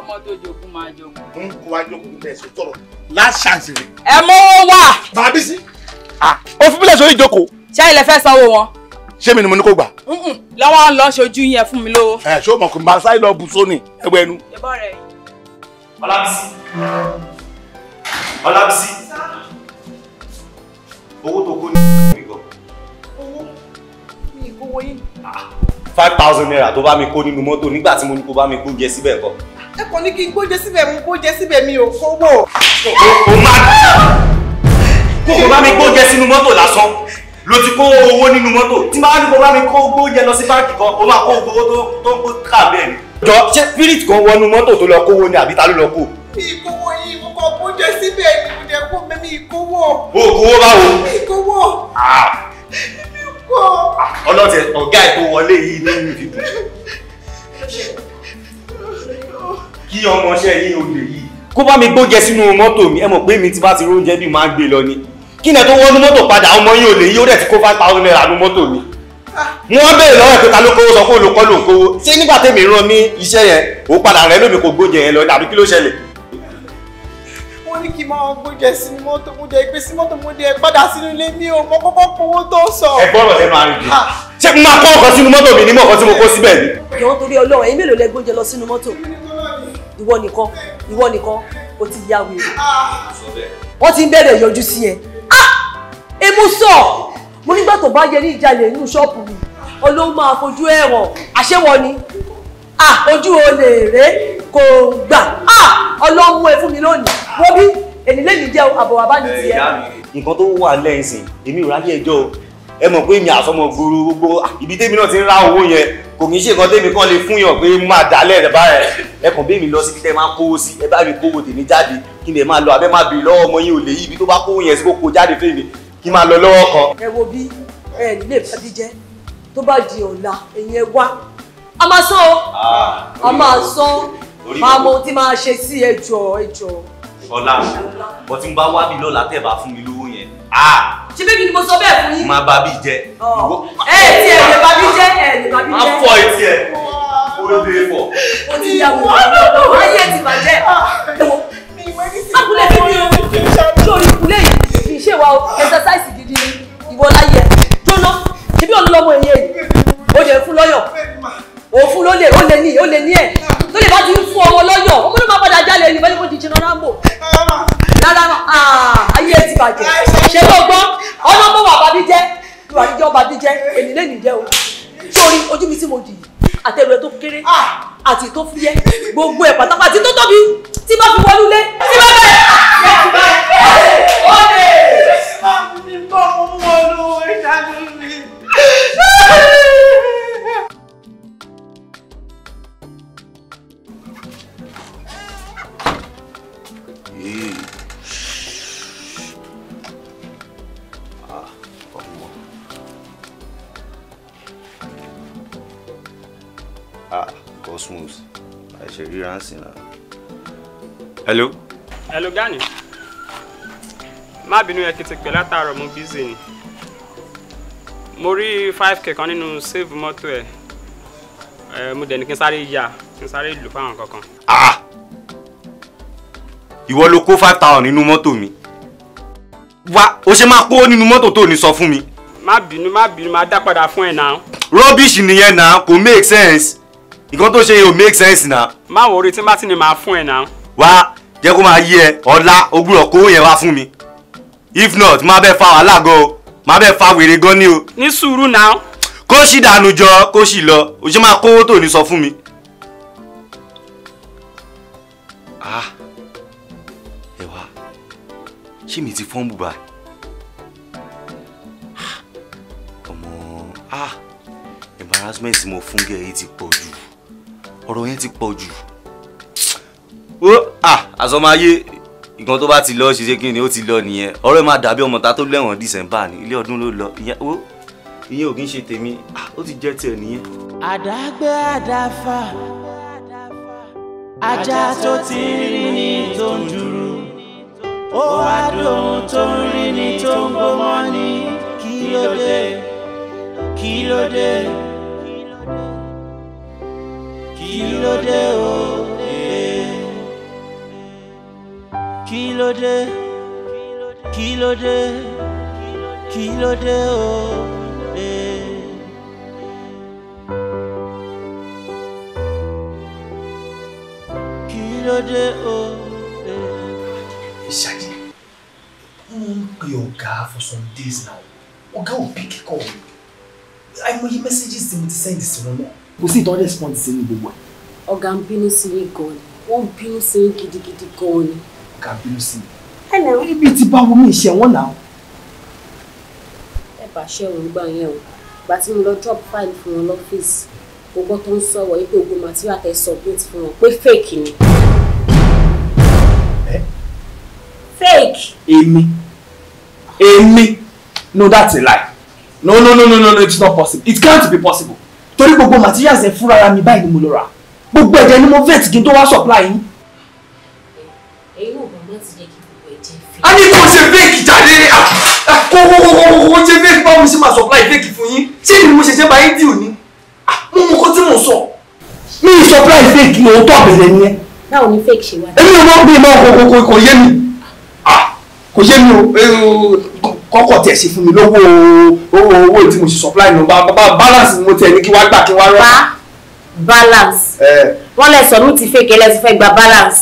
ọmọ tó jogún máa jogún. n kò wá jogún bẹ́ẹ̀ sọ tọrọ last chance rẹ. ẹ mọ owó wà. bàbí sí o ah, fi bílẹ̀ sórí ìjókòó. ṣé ilẹ̀ fẹ́ sanwó wọn. ṣé mi ni mo ní kó gbà. lọ́wọ́ ń lọ ṣojú yẹn fún mi lówó. ẹ ṣó mọ̀ kò máa sáré lọ bu sóni ẹgbẹ́ ẹnu. ìbọn rẹ̀. ọlábísí ọlábísí owó tó kó ní ìgbọ̀. owó mi kò wọ yín. Ah, five thousand naira To bá mi kó nínú mọ́tò nígbà tí mo ní kó bá mi kó jẹ síbẹ̀ kọ́. ẹ kàn ní kí n kó jẹ síbẹ̀ mo kó jẹ síbẹ̀ mi ò kówó. Ah, o máa kó kó bá mi kó jẹ sínú mọ́tò lásán ló ti kó owó nínú mọ́tò tí máa ní kó bá mi kó gbóúnjẹ lọ sí báńkì kan ó máa kó owó tó tó ń kó ká bẹ́ẹ̀ ni. jọ ṣé spirit kan wọnú mọ́tò tó lọ kówó ni àbí ta ló lọ kó. mi ìkówó yìí mo kọ gbóúnjẹ síbẹ̀ ni mo jẹ kó mi ìkówó. o kówó báwo. mi ìkówó. mi kò. ọlọ́tẹ̀ ọ̀gá ẹ̀ tó wọlé yìí lẹ́yìn ìfipò kí ọmọọṣẹ́ yìí olè yìí kó bá mi gbóúnjẹ sínú mọ́tò mi ẹ mọ̀ pé mi ti bá ti róúnjẹ bí máa gbé lọ ni kí ni ẹ tó wọnú mọ́tò padà ọmọ yín ò lè yí ó dẹ̀ ti kó five thousand naira nu mọ́tò mi ah. wọ́n béèrè lọ́wọ́ ẹ̀ pé ta ló kówó sọ pé olùkọ́ ló ń kówó ṣé nígbà tèmi rán ní iṣẹ́ yẹn ò padà rẹ lómi kò gbóúnjẹ yẹn lọ dàbí kí ló ṣẹlẹ̀. wọ́n ní kí n máa gbóúnjẹ sí mọ́tò mo jẹ́ ìpè sí mọ́tò mo jẹ́ padà sínú ilé mi ò mọ kọ́kọ́ kówó tó sọ. ẹ gbọ́dọ̀ lẹ́nu àrídì ah. ṣé n máa kọ́ ọkọ̀ sínú mọ́tò mi ní mọ̀ọ́kọ́ tí mo kó síbẹ̀ ni. jọ̀wọ́ torí Ọlọ́run ẹ̀yin mélòó lẹ gbóúnjẹ lọ sínú mọ́tò ìwọ nìkan ìwọ nìkan ó ti yá wèrè ah. wọ́n ti ń bẹ̀rẹ̀ yọjú sí ẹ Ah! èmu sọ mo nígbà tó bá yẹ ní ìjàlè inú ṣọ́ọ̀bù mi olóhùn máa fojú ẹ̀wọ̀n àṣẹwọ̀ ni ah! ojú olè rèé kò gbà ah! ọlọ́run ẹ fún mi lónìí wọ́n bí ènìlẹ́yìn jẹ́ àbọ̀wá bá ní tiẹ̀. nǹkan tó wà lẹ́yìn sìn èmi ò ráyè ẹjọ́ o ẹ mọ̀ pé mi àsọmọ gbòòrò gbogbo ibi tèmi náà ti ń rá owó yẹn kò ní ṣe nǹkan tèmi kan lè fún yàn pé máa dálẹ̀ ẹ̀ bá ẹ kàn bẹ́ẹ̀ mi lọ síbi tẹ́ máa kówó sí ẹ bá mi kówó tèmi jáde kí n lè máa lọ abẹ́ máa bèrè lọ́wọ́ ọmọ yín ò lè yí ibi tó bá kówó yẹn sí kó kó jáde fún mi kí n máa lọ lọ́wọ́ kan. ẹ wo bí ẹ nílé ìbàdíjẹ tó bá di ọ̀la ẹ̀yin ẹ wá a máa sán o ah, a máa sán máa mọ ohun tí máa ṣe sí ẹjọ́ ẹjọ́. ọ̀la bọ̀ tí mo bá wá bí lọ́la tẹ̀ bá fún mi lówó Ah, ṣe bébí ni mo sọ bẹ́ẹ̀ fún yín. máa bá bí jẹ. ẹ ẹ tiẹ̀ lè bá bí jẹ ẹ lè bá bí jẹ. máa fọ etí ẹ o lè fọ. o ti yà wò ó ayé ẹ ti bàjẹ́. abúlé ah. bíbí o sórí ìkúlẹ̀ yìí kì í ṣe wa o exercise gidi ìwọ láyé ẹ jóná ṣe bí ọlọ́mọ ẹ̀yẹ yìí o yẹ fún lọ́yọ̀ òfun ló lè ó lè ní ó lè ní ẹ tó lè bá ti ń fún ọmọ lọ́yọ̀ ọmọ ló máa padà jálè ẹni bẹ́ẹ̀ ló ti jìnnà rambo rárá ayé ti bàjẹ́ ṣe ló gbọ́ ọmọ mọ́ wà bàbí jẹ́ wà ní jẹ́ ọba bí jẹ́ èmi lè nìjẹ́ o sórí ojú mi tí mo dì àtẹ̀rù ẹ̀ tó kéré àti tó fúyẹ́ gbogbo ẹ̀ pátápátá tó tóbi tí bá fi wọlú lé tí bá bẹ̀rẹ̀ ó lè má mi bọ́ mo mú ọ lọ́wọ́ ìdájọ́ ah Cosmos àìṣe ríra ń sìn náà. hello. hello Gani Ma bínú yẹn kí n ti pè látàárọ̀ mo busy ni mo rí five k kan nínú save mọ́tò ẹ̀ ẹ̀ mo dẹ̀ ní kí n sáré yá kí n sáré lò kankan. ah ìwọ ló ko five thousand nínú mọ́tò mi wa o ṣe máa kó nínú mọ́tò tó ní sọ fún mi. ma bínú má bínú má dá padà fún ẹ̀ náà. rubbish nìyẹn náà ko make sense nǹkan tó ṣe yìí ò make sense na. má wo orí tí bá ti ní máa fún ẹ náà. wá jẹ́ kó máa yí ẹ ọ̀la ogúnrọ̀ kó yẹn wá fún mi if not má bẹ́ẹ̀ fa wàhálà gan o má bẹ́ẹ̀ fa wèrè gan ni o. ní sùúrù náà. kó sì dànù jọ kó sì lọ o ṣe máa kówó tó ní sọ fún mi. ah ẹ wá ṣé mi ti fọ́n bùbá ah. ọmọ ah embarrassment mo fún gẹ̀ẹ́ yìí ti pọ̀ jù ọ̀rọ̀ yẹn ti pọ̀ jù. ó àsọmáyé nǹkan tó bá ti lọ ṣe ṣe kí ni ó ti lọ nìyẹn ọ̀rọ̀ ẹ máa dàbí ọmọ ta tó lẹ́wọ̀n dísẹ̀mbà ní ilé ọdún ló lọ ìyẹn ó ìyẹn ò kí ń ṣe tèmi ó ti jẹ́ tiẹ̀ nìyẹn. àdágbé àdáfà ajá tó ti rí ni tó ń dúró ó wá dóhun tó ń rí ni tó ń gbó mọ́ ni kí ló dé kí ló dé kí ló dé o kí ló dé kí ló dé kí ló dé o. kí ló dé o. Ṣadé, mo ń pe ọ̀gá for some days now. Ọ̀gá ò pick call. Àìmọye messages tí mo ti send sí wọn náà kò sí ìtọ́ response sí ní gbogbo ẹ̀. ọ̀gá ń bínú sí yín gan ni ó ń bínú sí yín gidigidi gan ni. ọ̀gá ń bínú sí mi. ibi tí báwo mi ṣe wọ́n náà. ẹ bá ṣe gbà yẹn o ìgbà tí mo lọ drop file fún wọn lọ́fíìsì gbogbo tó ń sọ̀rọ̀ yìí pé ogun material tẹ submit fún wọn pé fake ni. fake. èmi èmi no that's a lie no no no no no it's not possible it can't be possible torí gbogbo materials ẹ fúnra mi báyìí ni mo lọ rà gbogbo ẹ̀jẹ̀ ni mo vet kí n tó wá supply yín. a ní kó o ṣe fake jáde kó kó kó kó kó ṣe fake báwo ṣe máa supply fake fún yín ṣé ni mo ṣe ṣe báyìí dì ò ní mo mọ kó tí mo sọ. mi ì supply fake mo tọ́ àbẹ̀rẹ̀ ni ẹ. báwo ni fake ṣe wá. èmi ò mọ̀ bí mo kò kò kò yé mi kò yé mi o kọ́kọ́ tẹ̀ sí fún mi lówó owó owó tí mo ṣe supply nù bá balance mo tẹ̀ ní kí wá gbà kí wá rọ. bá balance wọ́n lẹ sọ̀rọ̀ ti fẹ́ kí ẹ ti fẹ́ gba balance.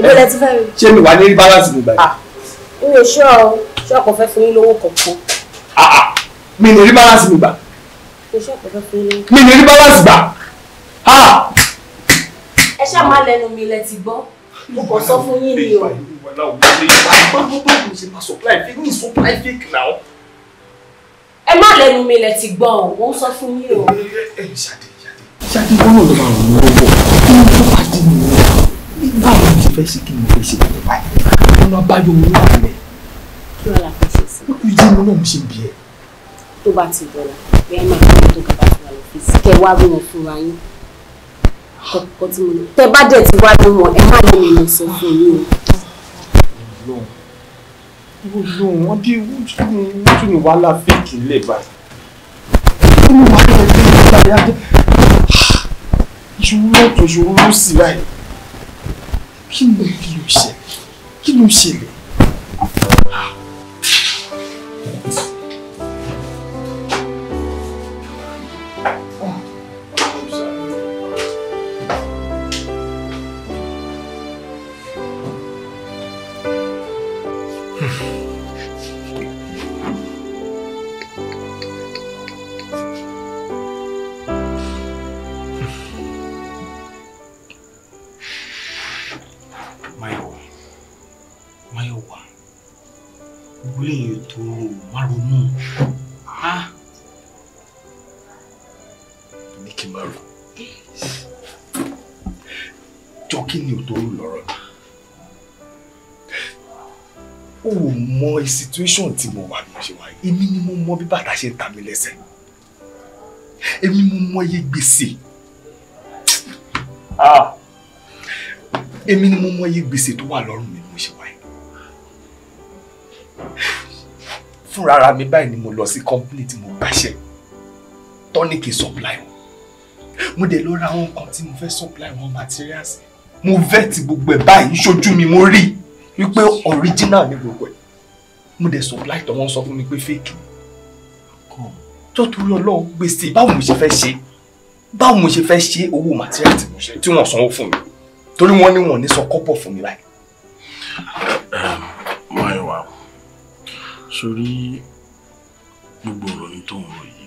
ìwé lẹ ti fẹ́ rí. ṣé mi wà ní balance mi gbà. Ah, mi ò ṣọ́ ọ ṣọ́ kò fẹ́ fún yín lówó kankan. Ah, ah, mi ní rí balance mi gbà. ní rí balance gbà. ẹ ṣáà má lẹnu mi lẹ ti gbọ́ mo kàn sọ fún yín ni o. gbogbo ṣe máa supply fake ní supply fake náà. ẹ má lẹnu mi lẹ ti gbọ́ ọ wọ́n sọ fún yín o. ṣáde ṣáde wọn náà ló máa ràn mí lọ́wọ́ kí n tó bá dì mí lọ báwo ni mo fẹ́ sí kí n fẹ́ ṣe tẹ̀lé báyìí ọ̀nà àbáyọ owó wà lẹ̀. kí wọ́n la fẹ́ ṣe sí. ó kì í jẹ́ inú náà mo ṣe bí ẹ. tó bá ti dọ̀la bẹ́ẹ̀ máa ń tó kaba fún wa lọ́fíìsì kẹ́ wá bí wọ́n fún wa yín ọkọ tí mo ní tẹ bá dẹ̀ ti wá ní wọn ẹ má lè mọ̀ sọ fún mi o. wọn bí ojú ni wàhálà fèkì lè bá inú wàhálà fèkì lè bá ìṣòro ọ̀tọ̀ ìṣòro ló sì báyìí kí ló ṣẹlẹ̀ kí ló ṣẹlẹ̀. wá ronú ha? ní kí n máa rò jọ kí ni òtòrò lọ́rọ̀ mi o mọ situation tí mo wà mo ṣe wà èmi ni mo mọ bí bàtà ṣe ń ta mi lẹ́sẹ̀ èmi mo mọ iye gbèsè ah. èmi ni mo mọ iye gbèsè tó wà lọ́rùn mi. fúnra ara mi báyìí ni mo lọ sí company mo báṣẹ tọ́nìkì supply wọn mo dẹ̀ lọ ra àwọn nǹkan tí mo fẹ́ supply wọn materials mo vẹ́ẹ̀tì gbogbo ẹ̀ báyìí ṣojú mi mo rí wípé original ni gbogbo ẹ̀ mo dẹ̀ supply tọ́ wọ́n sọ fún mi pé fake tó torí ọlọ́run gbèsè báwo mo ṣe fẹ́ ṣe báwo mo ṣe fẹ́ ṣe owó material tí mo ṣe tí wọ́n sanwó fún mi torí wọ́n ní wọ́n ní sọ kọ́pọ̀ fún mi báyìí sórí gbogbo ọ̀rọ̀ ni tó ń rò yìí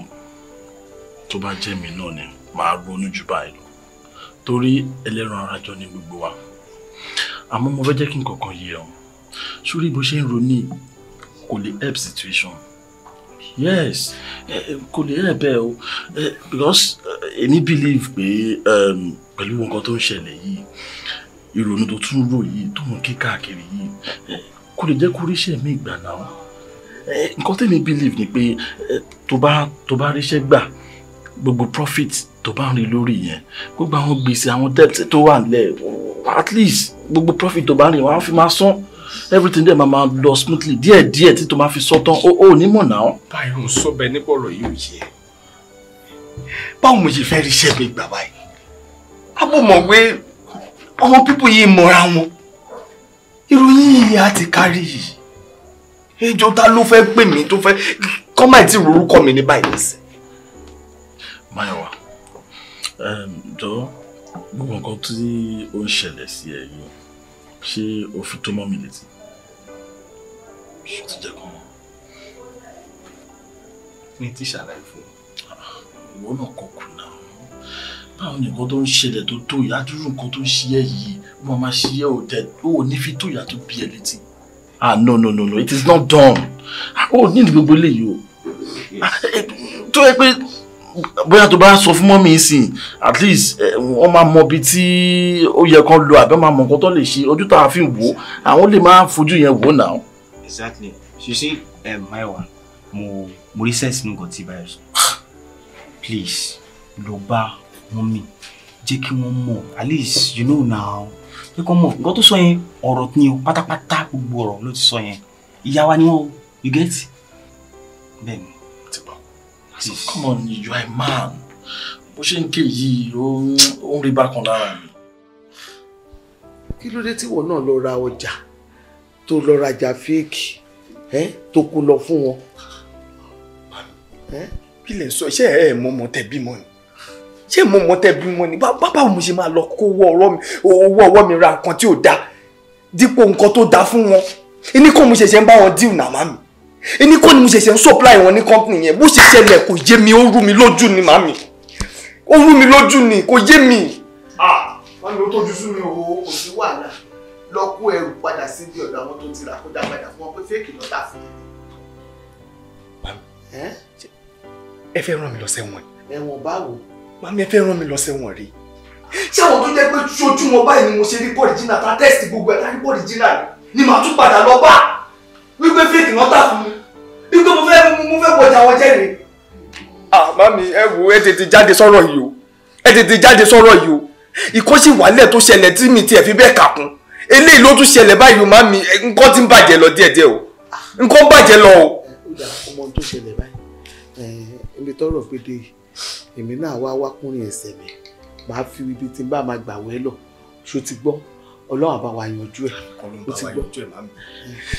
tó bá jẹ́ mi náà ni màá ronú jù báyìí lọ torí ẹlẹ́ran ara jọ ní gbogbo wa àmọ́ mo fẹ́ jẹ́ kí n kọ̀ọ̀kan yé ọ sórí bó ṣe ń ronú kò lè help situation yes kò lè help ẹ o because èmi believe pé um, pẹ̀lú nǹkan tó ń ṣẹlẹ̀ yìí ìrònú tó tún rò yìí tó ń kí káàkiri yìí kò lè jẹ́ kó ríṣẹ́ mi ìgbà náà nǹkan tèmi believe ni pé tó bá tó bá ríṣẹ́ gbà gbogbo profit tó bá ń rí lórí yẹn gbogbo àwọn gbèsè àwọn debt tó wà nílẹ̀ at least gbogbo profit tó bá ń rí wọn á fi máa san everything dẹ̀ máa lọ smoothly díẹ̀díẹ̀ tí tó máa fi sọ tán ó ò ní mọ̀ náà. báyọ̀ ń sọ bẹ́ẹ̀ nípa ọ̀rọ̀ yìí ò yẹ báwo mo ṣe fẹ́ ríṣẹ́ mi gbà báyìí àbò mọ̀ pé ọmọ pípọ̀ yìí mọ̀ra wọn ìròyìn yìí á ti kárí yìí ìjọ ta ló fẹ́ pè mí tó fẹ́ kọ́ máì tí orúkọ mi ní báyìí nísìn. Máyọ̀wá jọ gbogbo nǹkan tí ó ń ṣẹlẹ̀ sí ẹ yìí ṣé o fi tó mọ́ mi létí? ṣó ti jẹ́ kán mọ́. ní tí ṣàlàyé fún mi. ìwọ náà kò kù náà báwo ni nǹkan tó ń ṣẹlẹ̀ tó tó ìyá dúró nǹkan tó ń ṣe ẹ yìí wọ́n máa ṣe ẹ ò ní fi tó ìyá tó bí ẹ létí ah no no no no it is not done ah, o oh, ní ní gbogbo eléyìí o ah, eh, tó yẹ We have to buy sọ fún mọ́mí ìsìn at least eh, wọ́n máa mọ ibi tí ó yẹ kán lọ àbí wọ́n máa mọ nǹkan tó lè ṣe ojú tá a fi wò àwọn lè máa fojú yẹn wò exactly you see eh, my one. mo rí sẹ́ǹsì nù kan tí báyọ̀ sọ please lọ bá mọ́mí jẹ́ kí wọ́n at least you know now pé kọ́ mọ̀ nǹkan tó sọ yẹn ọ̀rọ̀ ni o pátápátá gbogbo ọ̀rọ̀ ló ti sọ yẹn ìyá wa ni wọn o you get bẹ́ẹ̀ ni. ti bọ̀ so come on you are a man bó ṣe ń ké yìí ó ń rí bákan lára mi. kí ló dé tíwọ náà lọ ra ọjà tó lọ rajà fíìkì ẹ tó kú lọ fún wọn. kí lè sọ iṣẹ́ ẹ̀ mọ́mọ́ tẹ̀ bímọ ni ṣé mo mọ tẹ bímọ ni báwo mo ṣe máa lọ kó owó ọwọ́ mi owó ọwọ́ mi ra nǹkan tí ò da dípò nǹkan tó dáa fún wọn ẹni kò mo ṣẹ̀ṣẹ̀ ń bá wọn díù nàmá mi ẹni kò ni mo ṣẹ̀ṣẹ̀ ń supply wọn ní company yẹn bó ṣe ṣẹlẹ̀ kò yé mi ó rú mi lójú ni màmí ó rú mi lójú ni kò yé mi. wọ́n ní ó tójú mi o. kò sí wàhálà lọ kó ẹrù padà síbi ọ̀dọ̀ àwọn tó ti rà kó dá padà fún wọn pé fẹ́ẹ̀kì lọ́tà fún mi. ẹ fẹ́ ràn mí lọ sẹ́wọ̀n. ẹ̀wọ̀n báwo màmí ẹ fẹ́ rán mi lọ sẹ́wọ̀n rí. ṣé àwọn tó jẹ́ pé sojúmọ́ báyìí ni mo ṣe rí pọ́ọ̀dìjìnà ta tẹ́sítì gbogbo ẹ̀ ta rí pọ́ọ̀dìjìnà ni màá tún padà lọ bá wípé fíìkì náà tà fún mi wípé mo fẹ́ mo fẹ́ bọjà wọn jẹ́ rèé. Ah, màmí ẹ wo ẹ tètè jáde sọ̀rọ̀ yìí o ẹ tètè jáde sọ̀rọ̀ yìí o ìkọ́sí wàhálẹ̀ tó ṣẹlẹ̀ tí mi tiẹ̀ fi bẹ́ẹ̀ kà kún eléyìí ló tún ṣẹlẹ̀ báyìí o màmí nǹkan ti ń bàjẹ́ lọ díẹ̀díẹ̀ o nǹkan bàjẹ́ lọ o. ọmọ tó ṣẹlẹ̀ báyìí ibi tọrọ péde yìí èmi náà wá wá kúnrin ẹsẹ̀ mi màá fi ibi tí n bá máa gbà wẹ́ lọ ṣó ti gbọ́ ọlọ́run àbáwá yanjú ẹ̀ ó ti gbọ́.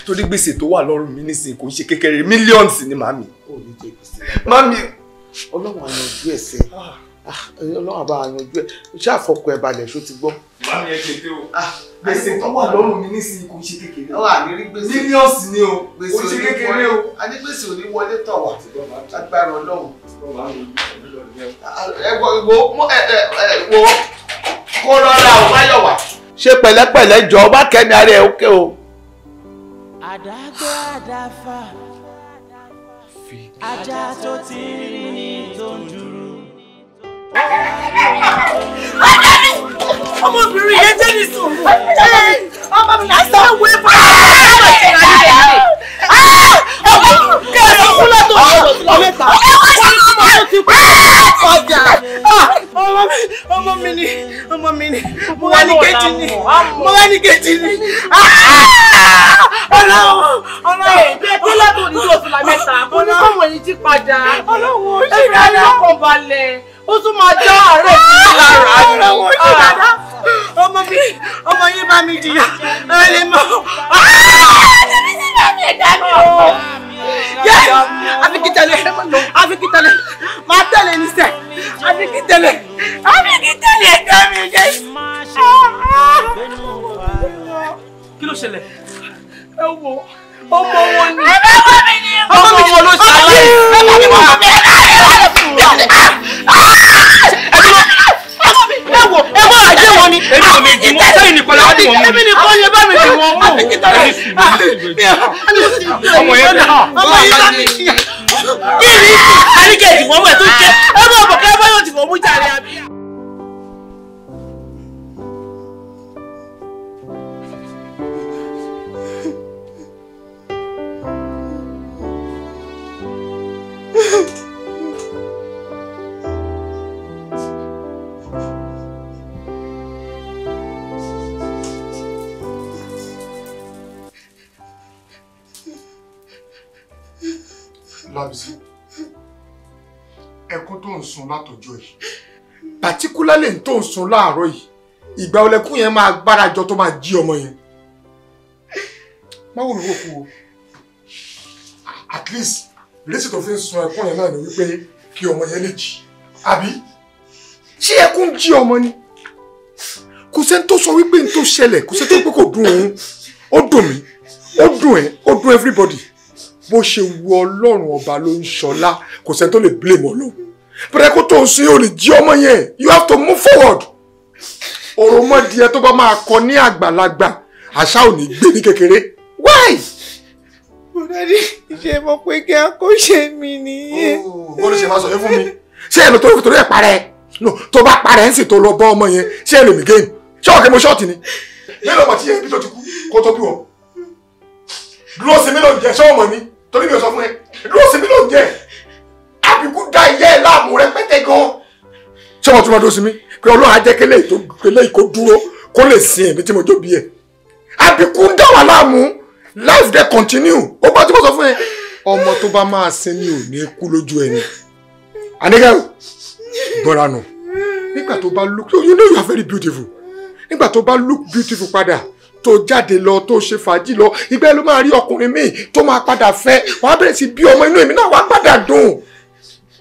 torí gbèsè tó wà lọ́rùn mi nísìnyí kò ń ṣe kékeré mílíọ̀nù ni màmí. ó ní jẹ gbèsè lágbàá. màmí. ọlọ́run àyanjú ẹ̀ sẹ́ ṣáà fọkọ ẹ̀ balẹ̀ ṣó ti gbọ́. màmí ẹ tètè o. Ah gbèsè tó wà lọ́rùn mi nísìnyí kò ṣe kékeré o mílíọ̀sì ni o kò ṣe kékeré o. adigbèsè ò ní wọlé tọ̀ wá agbára ọlọ́run. wo kó rọra o má yọ̀ wá. ṣe pẹ̀lẹ́pẹ̀lẹ́ jọ ọba kẹ́mi ara ẹ̀ òkè o. àdágbé àdáfà ajá tó ti rí ni tó ń dúró. ọmọbìnrin yẹn jẹ́ ní sùúrù ọmọ mi náà sọ wé bá ọmọ mi náà yẹ ọmọ kẹrẹ kúlẹ̀ tó yẹ lọ mẹ́ta ọmọ tó ti kú ọjà ọmọ mi ọmọ mi ni ọmọ mi ni mo wá ní kejì ni mo wá ní kejì ni ọlọ́wọ́ ọlọ́wọ́ ẹgbẹ́ kúlẹ̀ tó ní lọ́sùn la mẹ́ta mo ní kọ́mọ yìí ti padà ọlọ́wọ́ ṣe é ní ọkọ̀ balẹ̀ ó tún máa jọ àárẹ̀ sí lára ah, rẹ̀ wọ́n ṣe dáadáa ọmọ mi ọmọ yín bá mi jìyà ẹ lè mọ. ẹbí ah! sí bá mi ẹ̀dá mi ọ̀pọ̀. Ah. àfikítẹ̀lẹ̀ àfikítẹ̀lẹ̀ máa tẹ̀lé ní sẹ̀ àfikítẹ̀lẹ̀ àfikítẹ̀lẹ̀ ẹ̀dá mi jẹ́. kí ló ṣẹlẹ̀ ẹ wò ó ọmọ wọn ni. kíta ọmọ yẹn náà kí ni àríkèjì wọ́n mọ̀ tó jẹ́ ọmọ ọ̀bọ̀kẹ́ báyọ̀ ti fọ́ mú jáde. sun látọjọ́ yìí pàtíkúlálẹ̀ tó ń sun láàárọ̀ yìí ìgbà ọlẹ́kùn yẹn máa gbárajọ tó máa jí ọmọ yẹn má wò o at least ìrẹsì tó fi ń sun ẹkún yẹn náà ni wípé kí ọmọ yẹn lè jí àbí ṣé ẹkún jí ọmọ ni kò sẹ́ni tó sọ wípé n tó ṣẹlẹ̀ kò sẹ́ni tó pé kò dùn òun ó dùn mí ó dùn ẹ́ ó dùn everybody bó ṣe wu ọlọ́run ọba ló ń ṣọlá kò sẹ́ni tó lè blame ọlọ́run pẹ̀lẹ́kù tó ń sin ò lè jí ọmọ yẹn you have to move forward òròmọdìẹ tó bá máa kọ ní àgbàlagbà àṣà ò ní gbé ní kékeré why. bùrọ̀dì ṣe mọ̀ pé kí a kó ṣe mí nìyẹn. Oh, bó ló ṣe máa sọ yẹn fún mi ṣé ẹ lọ tó torí ẹ parẹ́ no tó bá parẹ́ ń sì tó lọ bọ́ ọmọ yẹn ṣé ẹ lè mí géèmù ṣé ọ̀kẹ́ mo ṣọ́ọ̀tì ni mélòó mọ̀ tí yẹn bí tó ti kú kó tó bí wọ̀ dúró àbíkú da ìyá ẹ̀ láàmú rẹpẹtẹ gan. ṣé wọn tún máa dó sí mi pé ọlọ́run á jẹ́ kí eléyìí kó dúró kó lè sin èmi tí mo jó bí ẹ̀. àbíkú dá wà láàmú life dey continue ó bá tí mo sọ fún ẹ. ọmọ tó bá máa sin ni ò ní kú lójú ẹni. anigẹ́rù gbọ́ra nù nígbà tó bá look you know you are very beautiful nígbà tó bá look beautiful padà tó jáde lọ tó ṣe fàájì lọ ìgbà ló máa rí ọkùnrin míì tó máa padà fẹ́ wàá bẹ̀rẹ̀ sí bí ọmọ inú èmi náà wàá padà dùn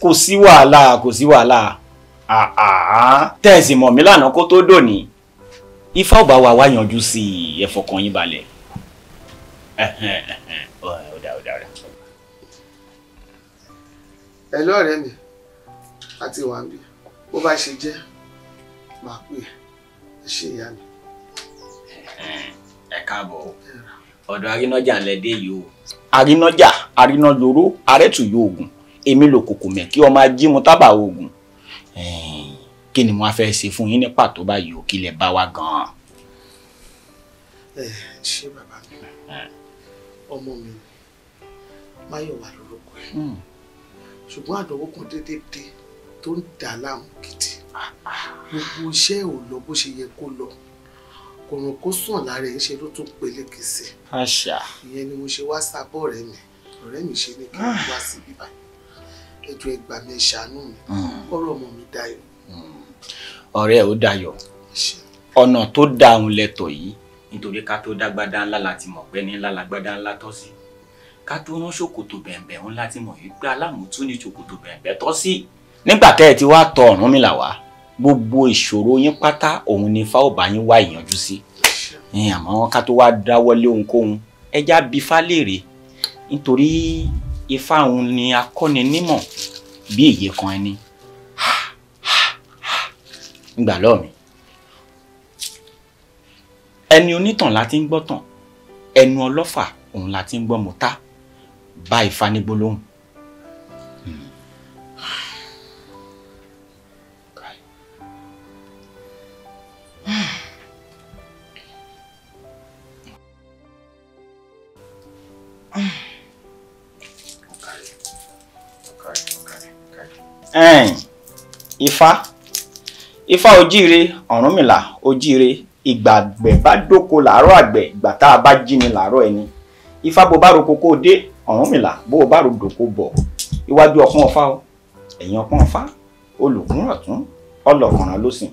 kò sí wàhálà kò sí wàhálà tẹ̀sí mọ̀ mí lánàá kó tó dòní ifá ò bá wa wá yanjú sí i ẹ fọkàn yín balẹ̀ ẹ lọ́ọ̀rẹ́ mi àti wàmí bó bá ṣe jẹ́ màá pè é ṣe ìyá mi. ẹ káàbọ̀ o ọ̀dọ̀ arínájà ńlẹ̀ dé yìí o. arínájà arínájoró arẹ́tùyó ogun èmi lò kòkò mẹ́ kí ọmọ ajímu tábà ogun kí ni mo fẹ́ ṣe fún yín ní pàtó báyìí ò kí lè bá wa gan-an. ẹ ṣé bàbá mi ọmọ mi máyọ̀wá lórúkọ ẹ̀ hmm. ṣùgbọ́n àdánwò kan déédéé dé tó ń dà á láàmú gidi ah, ah. gbogbo iṣẹ́ ò lọ bó ṣe yẹ kó lọ kòrùn kó sàn lára ẹ̀ ń ṣe ló tún peléke sí. àṣà. ìyẹn ni mo ṣe wá sábọ̀ ọ̀rẹ́ mi ọ̀rẹ́ mi ṣe ni kí n wá sí bíbá ẹjọ́ ẹgbà mi ẹ ṣàánú mi hmm. kọ́rọ̀ ọmọ mi dayọ̀. Hmm. ọ̀rẹ́ ẹ̀ ó dayọ̀ ọ̀nà tó dáhùn lẹ́tọ̀ yìí nítorí ká tó dágbádá ńlá láti mọ̀ pé ní ńlá lágbádá ńlá tọ́ sí ká tó rán ṣòkòtò bẹ̀m̀bẹ̀ ńlá ti mọ̀ yìí pé alámùtún ni ṣòkòtò bẹ̀m̀bẹ̀ tọ́ sí nígbà tẹ́ ẹ ti wá tọ Ọ̀rúnmìlà wá gbogbo ìṣòro yín pátá òun ni fáwọ̀bá yín wá ìyànjú sí àmọ́ ká tó wá dáwọ́lé ohunkóhun ẹja bí fálèrè nítorí ifá òun ni akọ́ni nímọ̀ bí èyí kan ẹni nígbà lọ́ọ̀ mi ẹni onítàn la ti ń gbọ́ tàn ẹnu ọlọ́fà òun la ti ń gbọ́ mọ́ta bá ifá ní gbólóhùn. ifá ifá ojíire ọ̀rúnmìlà ojíire ìgbàgbẹ́ bá dóko làárọ̀ àgbẹ̀ ìgbà tá a bá jí ni làárọ̀ ẹni ifá bó bá roko kó o dé ọ̀rúnmìlà bó o bá rodò kó bọ̀ iwájú ọpọ́n ọ̀fá o ẹ̀yìn ọpọ́n ọ̀fá olùkúnrọ̀tún ọlọ́kànrán ló sìn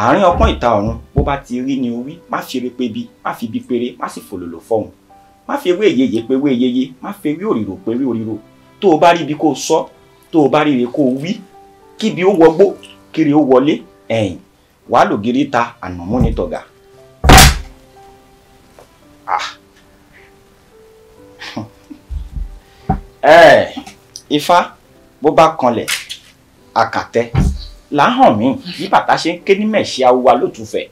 àárín ọpọ́n ìta ọ̀run bó bá ti rí ni orí má fi eré pé bí má fi bí péré má sì fòlòlò fọ̀hùn má fi ewé èyeyè pé ewé èyeyè má fi ewé òrìrò pé ewé òrìrò tó o bá rí ibi kó o sọ tó o bá rí ire kó o wí kíbi ó wọgbó kiri ó wọlé ẹ̀yìn wàá lògiri ta ànàmú ní tọ̀gà. Ah. Eh, ifá bó bá kanlẹ̀ àkàtẹ́ láhàn mi bí bàtà ṣe ń ké ní mẹ̀ṣẹ́ awúwa lótùfẹ́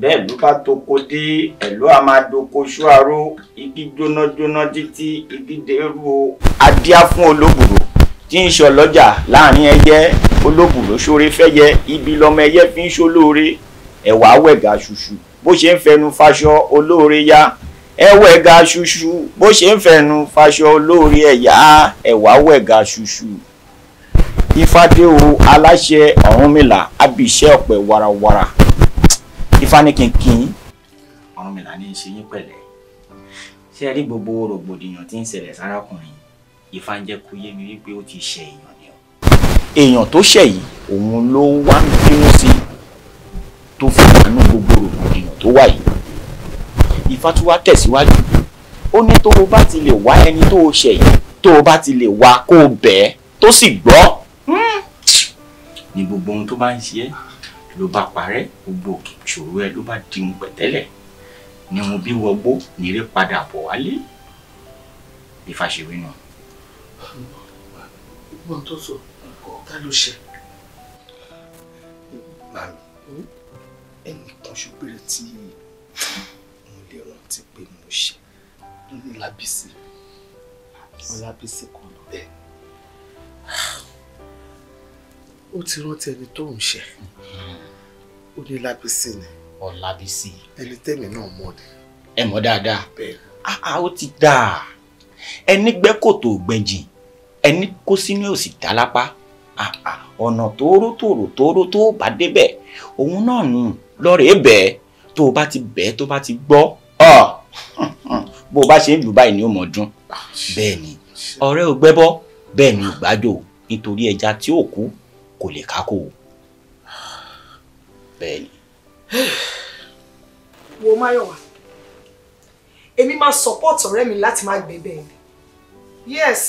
bẹ́ẹ̀ ló bá toko dé ẹ̀lú a máa igi jónájóná títí igi dèrú adíá fún olóbùrò tí ń ṣe ọlọ́jà láàrin ẹyẹ olóbùrò ṣoore fẹ́yẹ ibi lọmọ ẹyẹ fi ń ṣolóore ẹ̀wà wẹ̀gà ṣùṣù bó ṣe ń fẹnu faṣọ olóore yá ẹwẹ́ ga ṣuṣu bó ṣe ń fẹnu faṣọ olórí ẹ̀yà ẹ̀wà wẹ̀ga ṣuṣu ifádéo aláṣẹ ọ̀rúnmìlà abiṣẹ́ ọ̀pẹ warawara ifánikínkín ọ̀rúnmìlà ní í ṣe yín pẹ̀lẹ́ ṣé ẹ rí gbogbo rògbòdìyàn tí ń ṣẹlẹ̀ sárákùnrin ifá mi wípé ó ti ṣe èèyàn ni ọ. èèyàn tó ṣẹ̀ yìí òun ló wá ń bínú sí tó fi wà nú gbogbo rò Ifá tún tẹ̀síwájú ó ní tó o bá ti lè wá ẹni tó o ṣẹ̀ yìí tó o bá ti lè wá kó o bẹ̀ẹ́ tó sì gbọ́ hmm. ní gbogbo ohun tó bá ń ṣe ẹ́ ló bá parẹ́ gbogbo ìṣòro ẹ ló bá dihun pẹ̀tẹ́lẹ̀ ni mo bí wọgbó nírè padà bọ̀ wálé Ifá nù. ìgbọ́n tó sọ ọ̀gá ló ṣe. màmí hmm? ẹnì kan ṣùgbọ́n tí rántí pé mo ṣe lábísí lábísí kan lọ bẹ́ẹ̀. ó ti rántí ẹni tó ń ṣe hmm. ó ní lábísí ni. ọlábísí. ẹni tẹ́mi náà mọ̀ ni. ẹ mọ̀ dáadáa. bẹ́ẹ̀ ah ó ti dáa ẹni gbẹ́ kòtò gbẹ̀jìn ẹni kó sínú ẹ̀ ò sì dá lápá ọ̀nà tóóró tóóró tóóró tó bá débẹ̀ òun náà nù lọ́rẹ̀ẹ́ bẹ́ẹ̀ tó bá ti bẹ́ẹ̀ tó bá ti gbọ́ bó o bá ṣe ń lù báyìí ni ó mọ̀ dún bẹ́ẹ̀ ni ọ̀rẹ́ ò gbẹ́bọ́ bẹ́ẹ̀ ni ìgbàjò nítorí ẹja tí ò kú kò lè kákò bẹ́ẹ̀ ni. wo Máyọ̀wá èmi máa support ọ̀rẹ́ mi láti máa gbẹ̀bẹ̀ ẹ̀ yes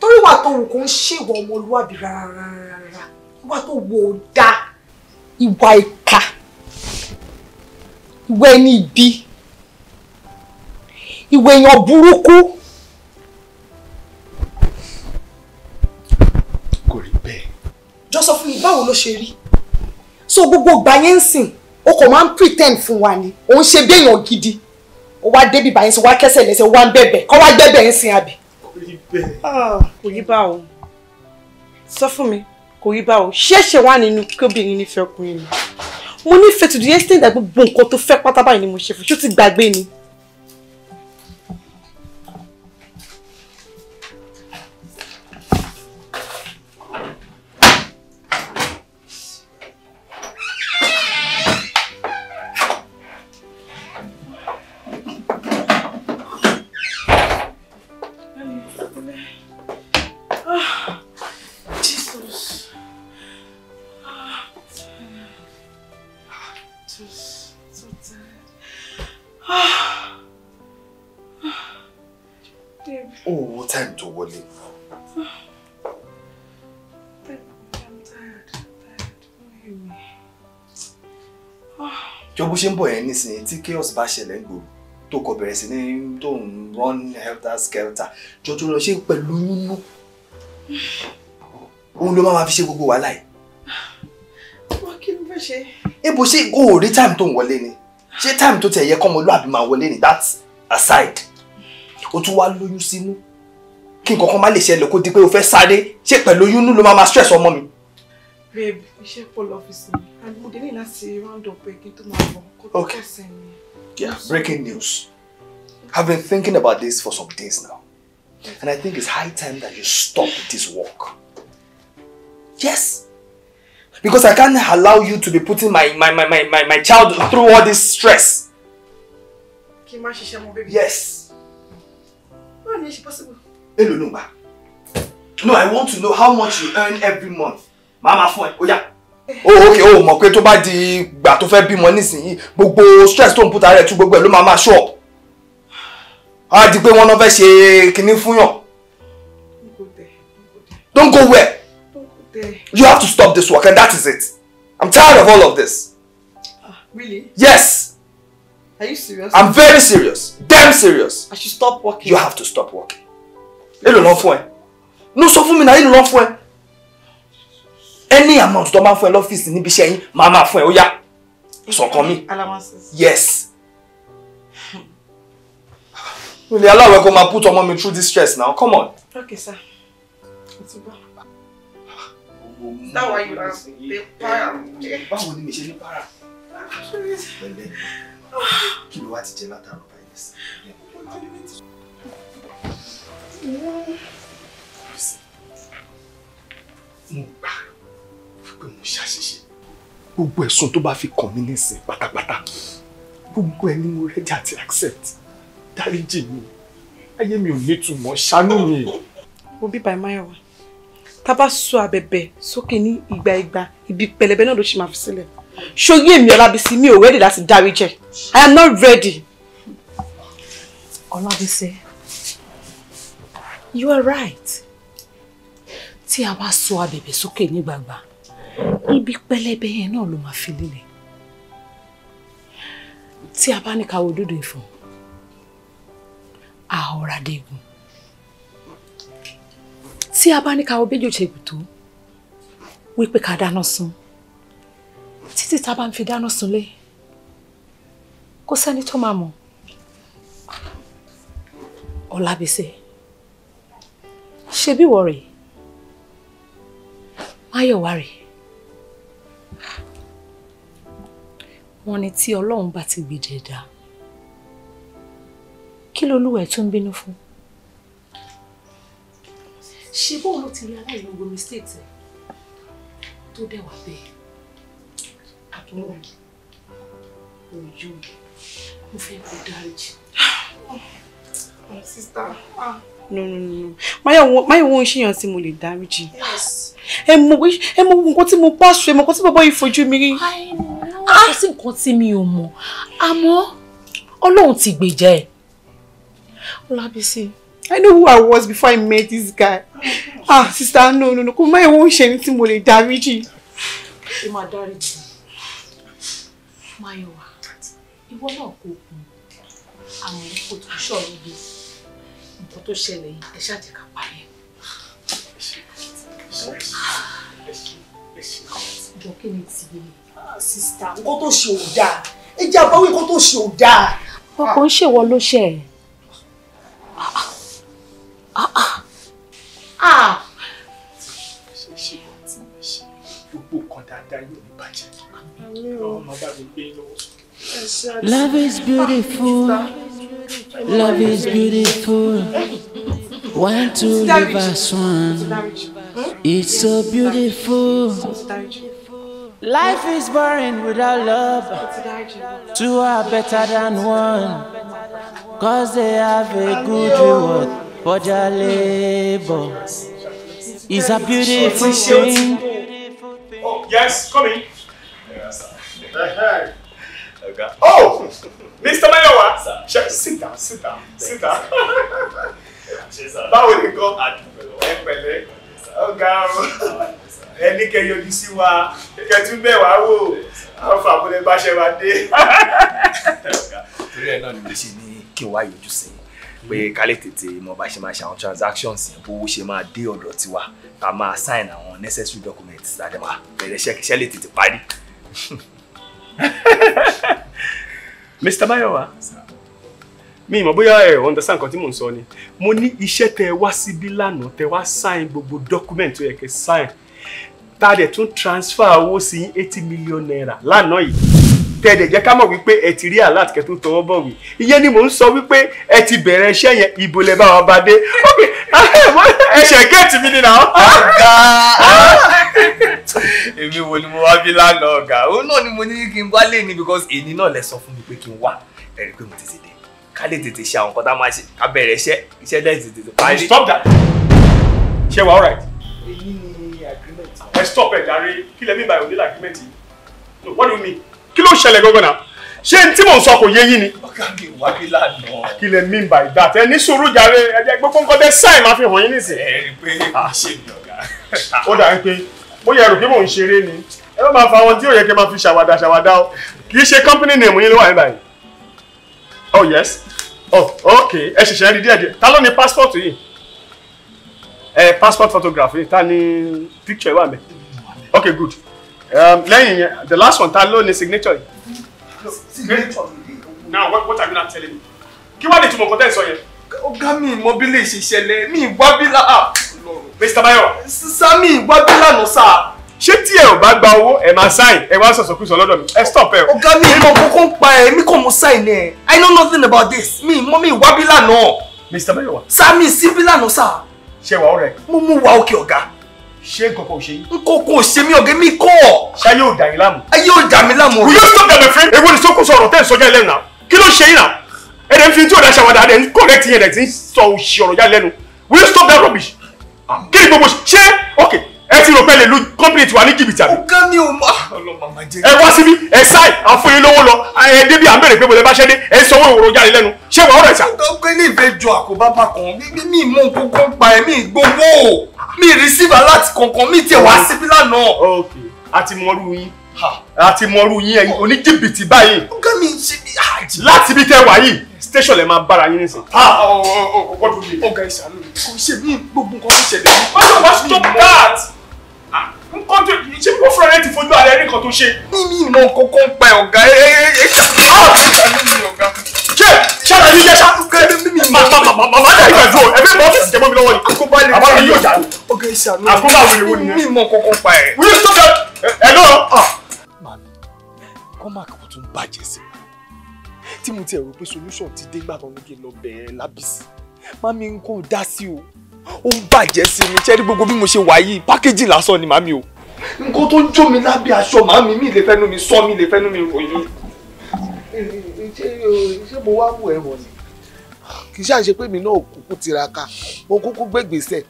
torí wà tó wù kó ń ṣèwọ ọmọlúwàbí rárá wà tó wò ó dáa ìwà ìkà ìwà ẹni ìbí ìwé èèyàn burúkú. kò rí bẹ́ẹ̀. jọ fún mi báwo ló ṣe rí so gbogbo gbà yẹn ń sìn o kò máa ń pretend fún wa ni òun ṣe bí èèyàn gidi o wá débi bàyẹn sí wá kẹsẹ̀ lẹ́sẹ̀ wá ń bẹ̀bẹ̀ kọ́ wá gbẹ̀bẹ̀ ń sin àbí. kò rí bẹ́ẹ̀. Ah, kò rí bá o sọ fún mi kò rí bá o wà nínú kí nífẹ̀ẹ́ ọkùnrin mi mo nífẹ̀ẹ́ to the extent that gbogbo nǹkan tó fẹ́ pátá báyìí ni mo ṣe fún ṣó ti gbàgbé ni. ṣe ń bọ̀ yẹn nísìnyí tí chaos bá ṣẹlẹ̀ gbòòrò tó kọ bẹ̀rẹ̀ sí ní tó ń run helter skelter jọjọ lọ ṣe pẹ̀lú nínú òun ló máa fi ṣe gbogbo wàhálà yìí. wọ́n kí ló fẹ́ ṣe. ibo ṣé o ò rí time tó ń wọlé ni ṣé time tó tẹ̀ yẹ kọ́mọlúàbí máa wọlé ni that aside o tún wá lóyún sínú kí nǹkan kan má lè ṣẹlẹ̀ kó di pé o fẹ́ sáré ṣé pẹ̀lú oyún ló máa ma stress ọmọ mi. babe iṣẹ́ pọ̀ lọ́fíìsì mi and mo dé ní láti round up ẹ̀kí tó máa bọ̀ kó tó kẹsẹ̀ yeah breaking news I've been thinking about this for some days now and I think it's high time that you stop this work yes because I can't allow you to be putting my my my my my, my child through all this stress. baby. yes. báwo it possible. no I want to know how much you earn every month. màá máa fún ẹ ó yá. o oh, ok o oh, mọ̀ pé tó bá di ìgbà tó fẹ́ bímọ nísìnyí gbogbo stress tó ń puta rẹ̀ tú gbogbo ẹ̀ ló máa máa ṣọ́ á di pé wọ́n náà fẹ́ ṣe kinní fún yàn. don't go where you have to stop this work and that is it i'm tired of all of this. Ah, really? yes. Are you serious? I'm very serious. Damn serious. I should stop working. You have to stop working. Èló ló ń fún ẹ. No, sọ fún mi náà, èló ló fún ẹ any amount tó máa fún ẹ lọ́fíìsì níbi iṣẹ́ yín máa máa fún ẹ ó yá sọ̀kan mi yes. We you allow her to put her mommy through this stress now? Come on. Okay, sir. It's okay. Now why you are the para? Báwo ni mi ṣe ní para? Pẹ̀lẹ́. Kí ló wá ti jẹ látàrọ báyìí sí? Mo gbà pé mo ṣàṣìṣe gbogbo ẹ̀sùn tó bá fi kàn mí nísìn pátápátá gbogbo ẹ̀ ni mo rẹ́dí àti accept dáríjì mi ayé mi ò nítumọ̀ ṣàánú mi. mo bí bàí máyọ̀wá tá a bá sọ abẹ̀bẹ̀ sókè ní ìgbà ìgbà ibi pẹlẹbẹ náà ló ṣe máa fi sílẹ̀ ṣòye èmi ọlábísí mi ò rẹ́dí láti dáríjẹ i am not ready. ọlábísí you are right tí a bá sọ abẹ̀bẹ̀ sókè ní gbàgbà ibi pẹlẹbẹ yẹn náà ló máa fi lílẹ̀ tí a bá ní ká wo dúdú ìfọ̀n àhọ́ra tí a bá ní ká wo béjò ṣègùn tó wípé ká dáná sun títí tá a bá ń fi dáná sunlé kò sẹ́ni tó máa mọ̀ ọ̀làbẹ̀sẹ̀ ṣebí wọ̀ rèé wọ́n ní tí Ọlọ́run bá ti gbèjẹ̀ dá kí lolúwẹ̀ tó ń bínú fún. ṣé bóun ló ti rí aláìlógo mistake ẹ tó dẹ̀ wá bẹ́ẹ̀ àbúrò òòjú mo fẹ́ kó dáríjì. Ah, sísá ah no no no máyọ̀ wọ́n ń ṣèyàn tí mo lè dáríjì ẹ mọ̀ nǹkan tí mo bá ṣe ẹ mọ̀ nǹkan tí bàbá yìí fojú mi rí. I know. Ah! kò sí nǹkan tí mi ò mọ̀ àmọ́ ọlọ́run ti gbèjà ẹ̀. Ọlábísí I know who I was before I met this guy. Ah, sister, no, no, no. Kò má ìwọ̀n ṣe ní tí mo lè dáríjì. Ṣé máa dáríjì? Máyọ̀wá, ìwọ náà kò kún. Àwọn kò tún ṣọ̀rọ̀ ibi. Nǹkan tó ṣẹlẹ̀ yìí, ẹ ṣáà jẹ́ ká parí ẹ̀. Ah! kí ni tìbílẹ̀? sista nǹkan tó ṣe ò dáa ẹ àbáwí nǹkan tó ṣe ò dáa. ọkọ ń ṣèwọ ló ṣe ẹ. Ah, ah, ah. Love is beautiful. Love is beautiful. When two rivers one, it's so beautiful. Life is boring without love. Two are better than one. Cause they have a good reward for their labor. It's a beautiful thing. Oh, yes, coming. Oh, Mr. Mayowa. Sir. Sit down, sit down, sit down. Báwo ni nǹkan? Ẹ pẹ̀lẹ́. Ọ̀gá o ẹni kẹyọdí sí wa kẹtún bẹ̀ wá wò àwọn fàbọlẹ báṣẹ wa dé. torí ẹ náà ni mo ṣe ní kí n wá yọjú sí i pé ká lè tètè mọ bá ṣe máa ṣe àwọn transactions yẹn bó ṣe máa dé ọ̀dọ̀ tiwa ká máa sign àwọn necessary documents láti máa bẹ̀rẹ̀ ṣẹ́kẹ́ṣẹ́ lè tètè parí. Mr. Mayowa mi mọ̀ bóyá ẹ understand nǹkan tí mò ń sọ ni mo ní iṣẹ́ tẹ wá síbí lánàá tẹ wá sign gbogbo document tó yẹ kẹ́ sign tá a dẹ̀ tún transfer owó sí eighty million naira lánàá yìí tẹ̀dẹ̀ jẹ́ ká mọ̀ wípé ẹ ti rí alert kẹ́ tó tọwọ́ bọ̀wé ìyẹn ni mò ń sọ wípé ẹ ti bẹ̀rẹ̀ iṣẹ́ yẹn ìbò lẹ bá wa bá dé ẹsẹ̀ gẹ́ẹ̀tì mi ni nà ọ́. ọ̀gá èmi wo ni mo wá bí lánàá ọ̀gá òun náà ni mo ní kí n wálé ni because èyí náà lẹ sọ fún mi pé kí n wá ẹ̀rí pé mo tètè dé ká lè tètè ṣe àwọn nǹkan tá a máa ṣe ká bẹ̀rẹ̀ iṣẹ́ iṣẹ́ lẹ́yìn tètè parí. stop that ṣé wàá all right. èyí ni ẹ stop ẹ jàre kí lẹ́mí báyìí ò ní làgímẹ́ǹtì no what do you mean kí ló ṣẹlẹ̀ gangan náà ṣé n tí mò ń sọ kò yé yín ni. ọ̀gá mi wá bí lánàá. kí lẹ mean by that ẹ ní sùúrù jàre ẹ jẹ́ gbogbo nǹkan tẹ sáì máa fi hàn yín nísìnyí. ẹ rí i pé ah. ṣé mi ọ̀gá. ó dà ń pé bóyá ẹ rò pé mò ń ṣeré ni ẹ má máa fa àwọn tí ò yẹ kí ẹ máa fi ṣàwàdà ṣàwàdà o kì í ṣe company name yín ló wà ní báyìí. oh yes oh okay ẹ ṣẹ̀ṣẹ̀ rí díẹ̀díẹ̀ ta ló ní passport yìí ẹ eh, passport photography ta ni picture wà me. Okay, good um, lẹ́yìn yẹn the last one ta ló ní signature yìí. now what, what are you not telling me kí wàá lè túmọ̀ kọ́tẹ́ sọ yẹn. ọ̀gá mi mọ bí lè ṣe ṣẹlẹ̀ mi wá bí là. Ah! mr bayo. Sami mi wá bí lànà sá. ṣé tí ẹ ò bá gba owó ẹ máa sáìn ẹ wá sọ̀sọ̀kúsọ lọ́dọ̀ mi ẹ stop ẹ. ọ̀gá mi mọ kókó ń pa ẹ mi kò mọ sáìn ẹ i know nothing about this mi mọ mi wá bí lànà. mr bayo wa. sá mi sí bí lànà sá ṣe wà ọ̀rẹ́. mo mú wa òkè ọ̀gá. ṣé nǹkan kan ò ṣe yín. n kò ṣe mí ọ̀gá mi kọ́. ṣáyé ò dà yín láàmú. ayé ò dà mí láàmú. will you stop that my friend. ewu ni sókun sọ̀rọ̀ tẹ́ ẹ̀ sọ́jà ẹlẹ́nu náà kí ló ṣe yín náà. ẹ̀rẹ̀ ń fi tí ò dá ṣàwádà ẹ̀ ń correct yẹn ẹ̀ ti sọ òṣì ọ̀rọ̀ yá lẹ́nu will you stop that rubbish. kí ni gbogbo ṣe ok ẹ ti rò pé lè lu company tiwa ní jìbìtì àbí. ọ̀gá mi ò má. ẹ wá síbí ẹ sáì àfún yín lówó lọ ẹ débi à ń bèrè pé bọ̀dẹ̀ bá ṣẹ́ dé ẹ sọ owó ìwòrò jáde lẹ́nu ṣé wàá ọ̀rọ̀ ẹ̀sà. ọgbẹ́ ilé ìfẹ́ jọ àkóbá bá kan bí mi mú gbogbo ń pa ẹ̀mí gbogbo mi rìsíbà láti kankan mi tiẹ̀ wá oh. síbí lánàá. ok àti mọ́rú yín àti mọ̀rú yín ẹ̀yin oníjìbìtì báyìí. ọ̀gá mi ń ṣe máa bára yín nísìn. Ah, oh, oh, ọ̀gá ìṣàlùmí kò ṣe mí gbogbo nǹkan tó ṣẹlẹ̀. ọ̀gá wa stop that nǹkan tó ṣe kó fúnra rẹ ti fojú ara ẹni kan tó ṣe. mímí ìmọ̀ kókó ń pa ọ̀gá ẹ ẹ ẹ ẹ ṣe ṣáà ní yẹsà màmá náà yóò dùn ẹbí mọ ọfíìsì jẹmọ mi lọ́wọ́ yìí àkóbá lè bá yóò jà ọgá ẹsẹ àná àkóbá àwọn èèwọ nìyẹn mímọ kókó ń pa ẹ. wíyí tó fẹ ẹ lọ. màmí kọ́mà kan tún bàjẹ́ sí i tí mo ti ẹ̀rọ pé solution ti dé gbàgbọ́n ní lọ bẹ̀rẹ̀ lábìsí màmí ń kó dá sí o ó ń bàjẹ́ sí mi ṣé rí gbogbo bí mo ṣe wà yìí pákéjì lásán ni màmí o. nǹkan tó ń jó mi lábẹ́ aṣọ màmí mi lè fẹ́nu mi sọ mi lè fẹ́nu mi ròyìn. ṣé mo wá wù ẹ́ wọ̀ ni kì í ṣàṣe pé mi náà kúkú tiraka mo kúkú gbé gbèsè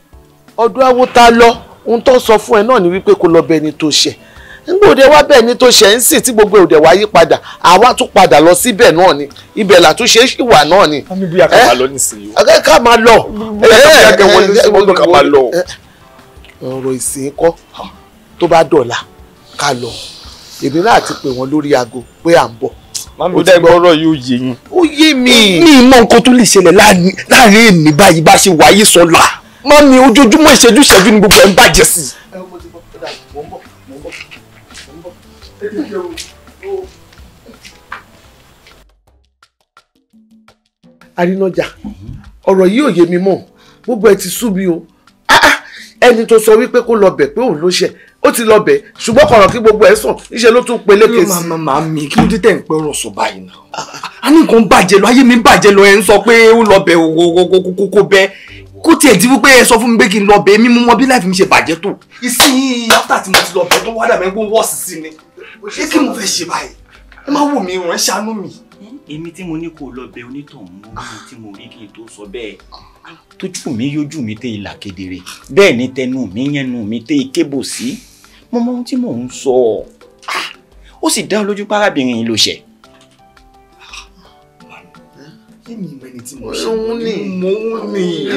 ọdún awo ta lọ ohun tó sọ fún ẹ náà ni wípé kó lọ bẹ tó ṣẹ nígbà òde wá bẹ́ẹ̀ ni tó ṣe ń sìn tí gbogbo òde wá yí padà àwa tún padà lọ síbẹ̀ náà ni ibẹ̀ làtúnṣe ṣì wà náà ni. wọ́n ní bóyá ká máa lọ nísìnyí. ká máa lọ. bóyá ká máa lọ. ọ̀rọ̀ ìsìn kọ́ tó bá dọ̀la ká lọ èmi náà ti pè wọ́n lórí aago pé à ń bọ̀. Mami dẹ́ gbọ́rọ̀ yóò yé yín. Ó yé mi. Mi mọ nǹkan tó lè ṣẹlẹ̀ láàrin èmi báyìí bá ṣe wáyé sọ́la. Mami ojoojúmọ́ ìṣẹ́jú ìṣẹ́jú ni gbogbo ẹ̀ ń bàjẹ́ sí. Ẹ mo ti gbọ́ pé dàbí mò ń bọ̀ ètò ìjẹun o. arínájà ọ̀rọ̀ yìí ò yé mi mọ́ gbogbo ẹ ti sú mi o ah, ah, ẹni tó sọ wípé kó lọ bẹ̀ pé òun ló ṣe ó ti lọ bẹ̀ ṣùgbọ́n kọ̀rọ̀ kí gbogbo ẹ̀ sàn níṣẹ́ ló tún peléke sí. màmá màmá mi kí ló dé tẹ̀ ń pẹ́ ọ̀rọ̀ sọ báyìí náà. a ní nǹkan bàjẹ́ lọ ayé mi bàjẹ́ lọ ẹ̀ ń sọ pé ó lọ bẹ̀ kókó bẹ́ kó tiẹ̀ di wípé ẹ sọ fún mi pé kí n lọ bẹ̀ mí mú wọn bí láìfi mi ṣe bàjẹ́ tó. ìsìn yìí after tí mo ti lọ bẹ̀ tó wádà mẹ́gbó wọ́ọ̀sì sí mi ṣé kí mo fẹ́ ṣe báyìí ẹ má wò mí ràn ṣàánú mi. èmi tí mo ní kó lọ bẹ onítọ̀hún mú mi tí mo rí kí n tó sọ bẹ́ẹ̀ tójú mi yójú mi tẹ ìlà kedere bẹ́ẹ̀ ni tẹnu mi yẹnu mi tẹ ìkébò sí mo mọ ohun tí mò ń sọ ó sì dá lójú párábìnrin yìí ló ṣẹ. èmi ìmọ̀ ẹni tí mo ṣe mo ń ní. òun ni.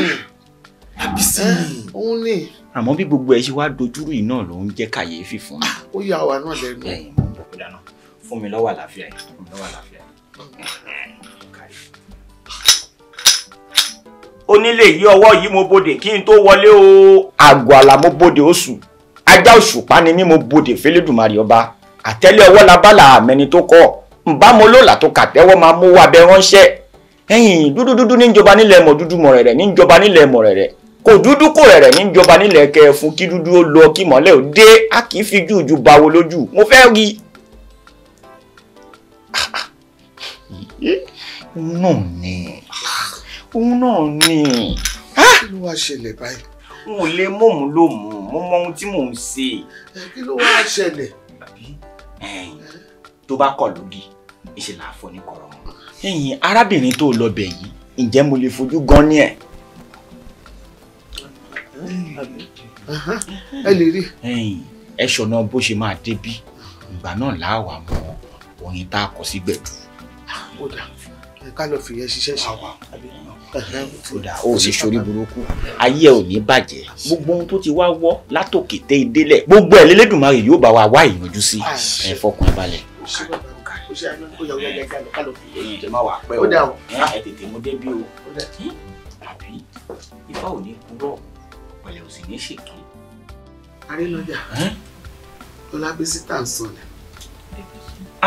òun ní àmọ́ bí gbogbo ẹ ṣe wá dojúrú yìí náà ló ń jẹ́ kàyéfì fún mi. Ah, ó yà wá náà lẹ́nu. ẹ̀yin mo ń bọ̀ kúdà náà fún mi lọ́wọ́ àlàáfíà yìí fún mi lọ́wọ́ àlàáfíà yìí. onílé yìí ọwọ́ yìí mo bodè kí n tó wọlé o. àgọ́ àlà mo bodè oṣù ajá òṣùpá ni mí mo bodè fẹ́lẹ́dùmarè ọba àtẹ́lẹ̀ ọwọ́ labálà àmẹ́ni tó kọ́ ǹbámu lọ́la tó kàtẹ́wọ́ máa mú wa bẹ ránṣẹ́ ẹ̀yìn dúdú dúdú níjọba nílẹ̀ mọ̀ dúdú mọ̀ rẹ̀rẹ̀ níjọba nílẹ̀ mọ̀ rẹ̀rẹ̀ kò dúdú kò rẹ̀rẹ̀ ní jọba nílẹ̀ kẹfún kí dúdú ó lọ kí mọ́lẹ̀ ó dé a kì í fi jùjú bawo lójú mo fẹ́ rí i. òun náà ni òun náà ni. kí ah! ló wá ṣẹlẹ̀ báyìí. n ò lè mọ̀mú lòmù mo mọ ohun tí mò ń ṣe. kí ló wá ṣẹlẹ̀. tó bá kọ̀ lódì ìṣẹ̀lẹ̀ àfọ̀ ní ẹ̀yìn arábìnrin tó lọ bẹ̀ yìí ǹjẹ́ mo lè fojú gan ni ẹ̀ ẹ lè rí. ẹ ṣọ̀nà bó ṣe máa débí ìgbà náà láwà mọ oyin tá a kọ sí gbẹ̀dú. ó dà ká lọ fìyẹn ṣiṣẹ́ ṣe wà. ó dà ó ṣe sórí burúkú ayé ò ní bàjẹ́ gbogbo ohun tó ti wá wọ́ látòkè tẹ́ ìdélẹ̀ gbogbo ẹ̀ lélẹ́dùnmáyè yóò bá wa wá ìyanjú sí ẹ fọkàn balẹ̀ ó ṣe àná ó yà ó yà gàgà lọ ká lọ fi èyí jẹ máa ẹ tètè mú débi o àbí ò ní kúrò ọ̀pẹ̀lẹ̀ ò sì ní ṣèké. arínájà lọlábísí tá ń sọlẹ̀.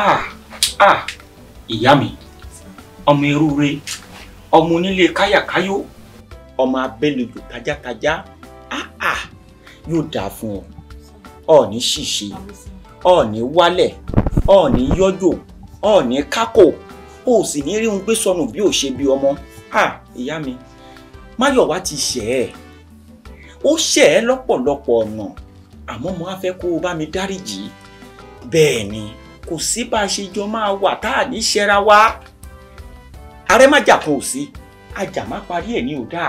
ah ah ìyá mi ọmọ erúre ọmọ onílé káyàkáyò ọmọ abẹ́lẹ̀jò tajátajá ah ah yóò dáa fún ọ ọ̀ọ́ni ṣìṣe ọ̀ọ́ni wálẹ̀ ọ̀ọ́ni yọ́jò ọ̀ọ́ni kákò o sì ní rí ohun gbé sọnù bí ò ṣe bí ọmọ ah ìyá mi máyọ̀wá ti ṣẹ̀ ẹ́ ó ṣẹ̀ ẹ́ lọ́pọ̀lọpọ̀ ọ̀nà àmọ́ mo á fẹ́ kó o bá mi dáríjì bẹ́ẹ̀ ni kò sí bá a ṣe jọ máa wà tá à ní ṣẹra wa ààrẹ má jà kan ò sí ajá má parí ẹ̀ ní òdà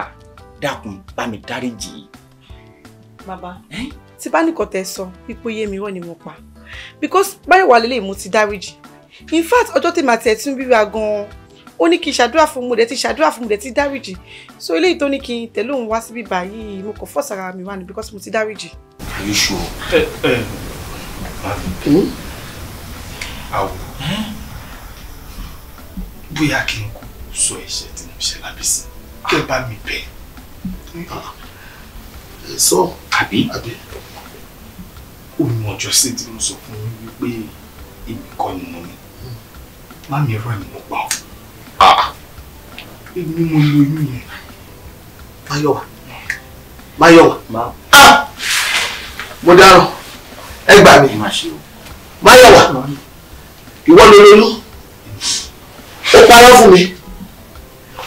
dákun bá mi dáríjì. bàbá tí bá tẹ sọ ipò yé mi wọ́n ni mo pa because báyọ̀ wà lélẹ̀ mo ti dáríjì in fact ọjọ́ tèmi àti ẹ̀ tún bíra gan ó ní kí n ṣàdúrà fún mo dẹ̀ ti ṣàdúrà fún mo dẹ̀ ti dáríjì so eléyìí tó ní kí n tẹ̀lé òun wá síbí báyìí mo kàn fọ́ọ̀sì ara mi wá ni because mo ti dáríjì. are àwọ̀ eh, eh. hmm? bóyá kí n kú sọ ẹ̀ṣẹ̀ tí mo ṣe lábẹ́sí kẹ́ bá mi bẹ̀. sọ àbí ó ọjọ́ sí tí mo sọ fún yín wípé èmi kọ́ ni mo ní hmm. má mi rán ìmọ̀ pa ọ́ èmi mo lo oyún yẹn. Máyọ̀wá Máyọ̀wá mo dáràn ẹ gbà mí Máyọ̀wá ìwọ ló lóyún ó parọ́ fún mi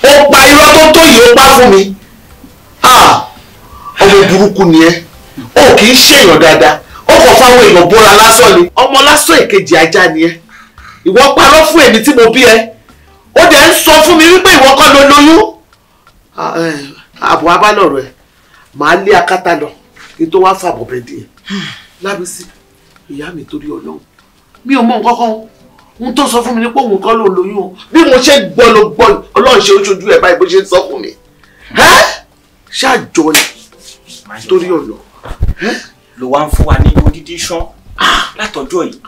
ó pa irọ́ tó tó yìí ó pa fún mi ọmọ burúkú ni ẹ ó kì í ṣèyàn dáadáa ó kàn fáwọn èèyàn bóra lásán ni ọmọ lásán èkejì ajá ni ẹ ìwọ parọ́ fún èmi tí mo bí ẹ ó dẹ̀ ń sọ fún mi wípé ìwọ kọ́ ló lóyún àbọ̀ abálọ̀rọ̀ ẹ̀ màá lé akátá lọ kí n tó wá fàbọ̀ bẹ́ẹ̀ díẹ̀ lábísí ìyá mi torí ọlọ́run mi ò mọ nǹkan kan ohun tó sọ fún mi ni pé òun kọ́ ló lóyún o bí mo ṣe gbọ́ ló gbọ́ ọlọ́run ṣe ojú ẹ̀ báyìí bó ṣe ń sọ fún mi ṣáàjọ ni torí ọlọ́run. ló wá ń fún wa ní odidi ṣán ah! látọjọ́ yìí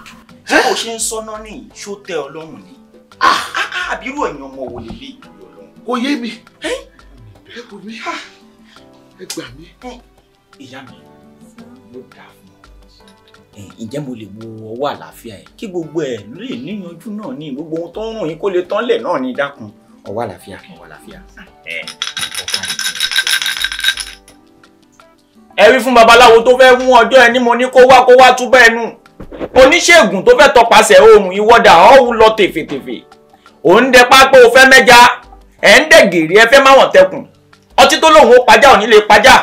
tí mo ṣe ń sọ náà nìyí ṣó tẹ́ ọlọ́run ni. Ah, ah, ah, àbírú ẹ̀yin ọmọ wo lè lé ìwúrí ọlọ́run. kò yé mi ẹ kò mí ẹ gbà mí. ìyá mi ló dáa fún ọ ǹjẹ́ mo lè wo ọwọ́ àlàáfíà ẹ̀ kí gbogbo ẹ̀ lè níyanjú náà ní gbogbo ohun tó ń rùn yín kó lè tán lẹ̀ náà ní dákun ọwọ́ àlàáfíà ọwọ́ àlàáfíà. ẹ rí fún babaláwo tó fẹ́ mú ọjọ́ ẹ ní mo ní kó wá kó wá túbọ̀ ẹnu oníṣègùn tó fẹ́ tọpasẹ̀ ohun ìwọ́dà ọ̀hún lọ tèfètèfè ò ń dẹ pápá o fẹ́ mẹ́ja ẹ̀ ń dẹ̀ gèrè ẹ fẹ́ máwọn tẹkùn ọtí tó lóun ó pajá ò ní lè pajá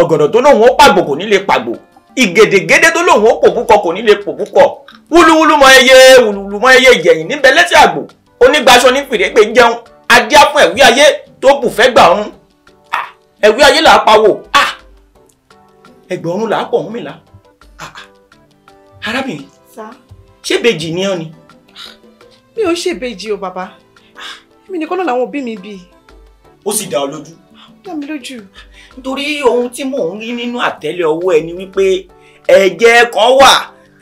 ọ̀gọ̀dọ̀ tó lóun ó pàgbò kò ní lè pàgbò ìgèdègèdè tó lóun ó pòbúkọ kò ní lè pòbúkọ wúlúwúlú mọ ẹyẹ wúlúwúlú mọ ẹyẹ ìjẹyìn níbẹ̀ lẹ́sẹ̀ àgbò onígbaṣọ ní fìrègbè jẹun adíá fún ẹ̀wí ayé tó bù fẹ́ gbà ọ̀run ẹ̀wí ayé là á pawó ẹgbẹ̀rún là á pọ̀ ọ̀hún mi là á arábìnrin ṣé bèjì ni ọ ni. mi ò ṣe bèjì o bàbá èmi nìkan náà làwọn òbí mi bí. ó sì dá ọ lójú. dá mi lójú. nítorí ohun tí mò ń rí nínú àtẹ́lẹ̀ ọwọ́ ẹ ni wípé ẹ̀jẹ̀ kan wà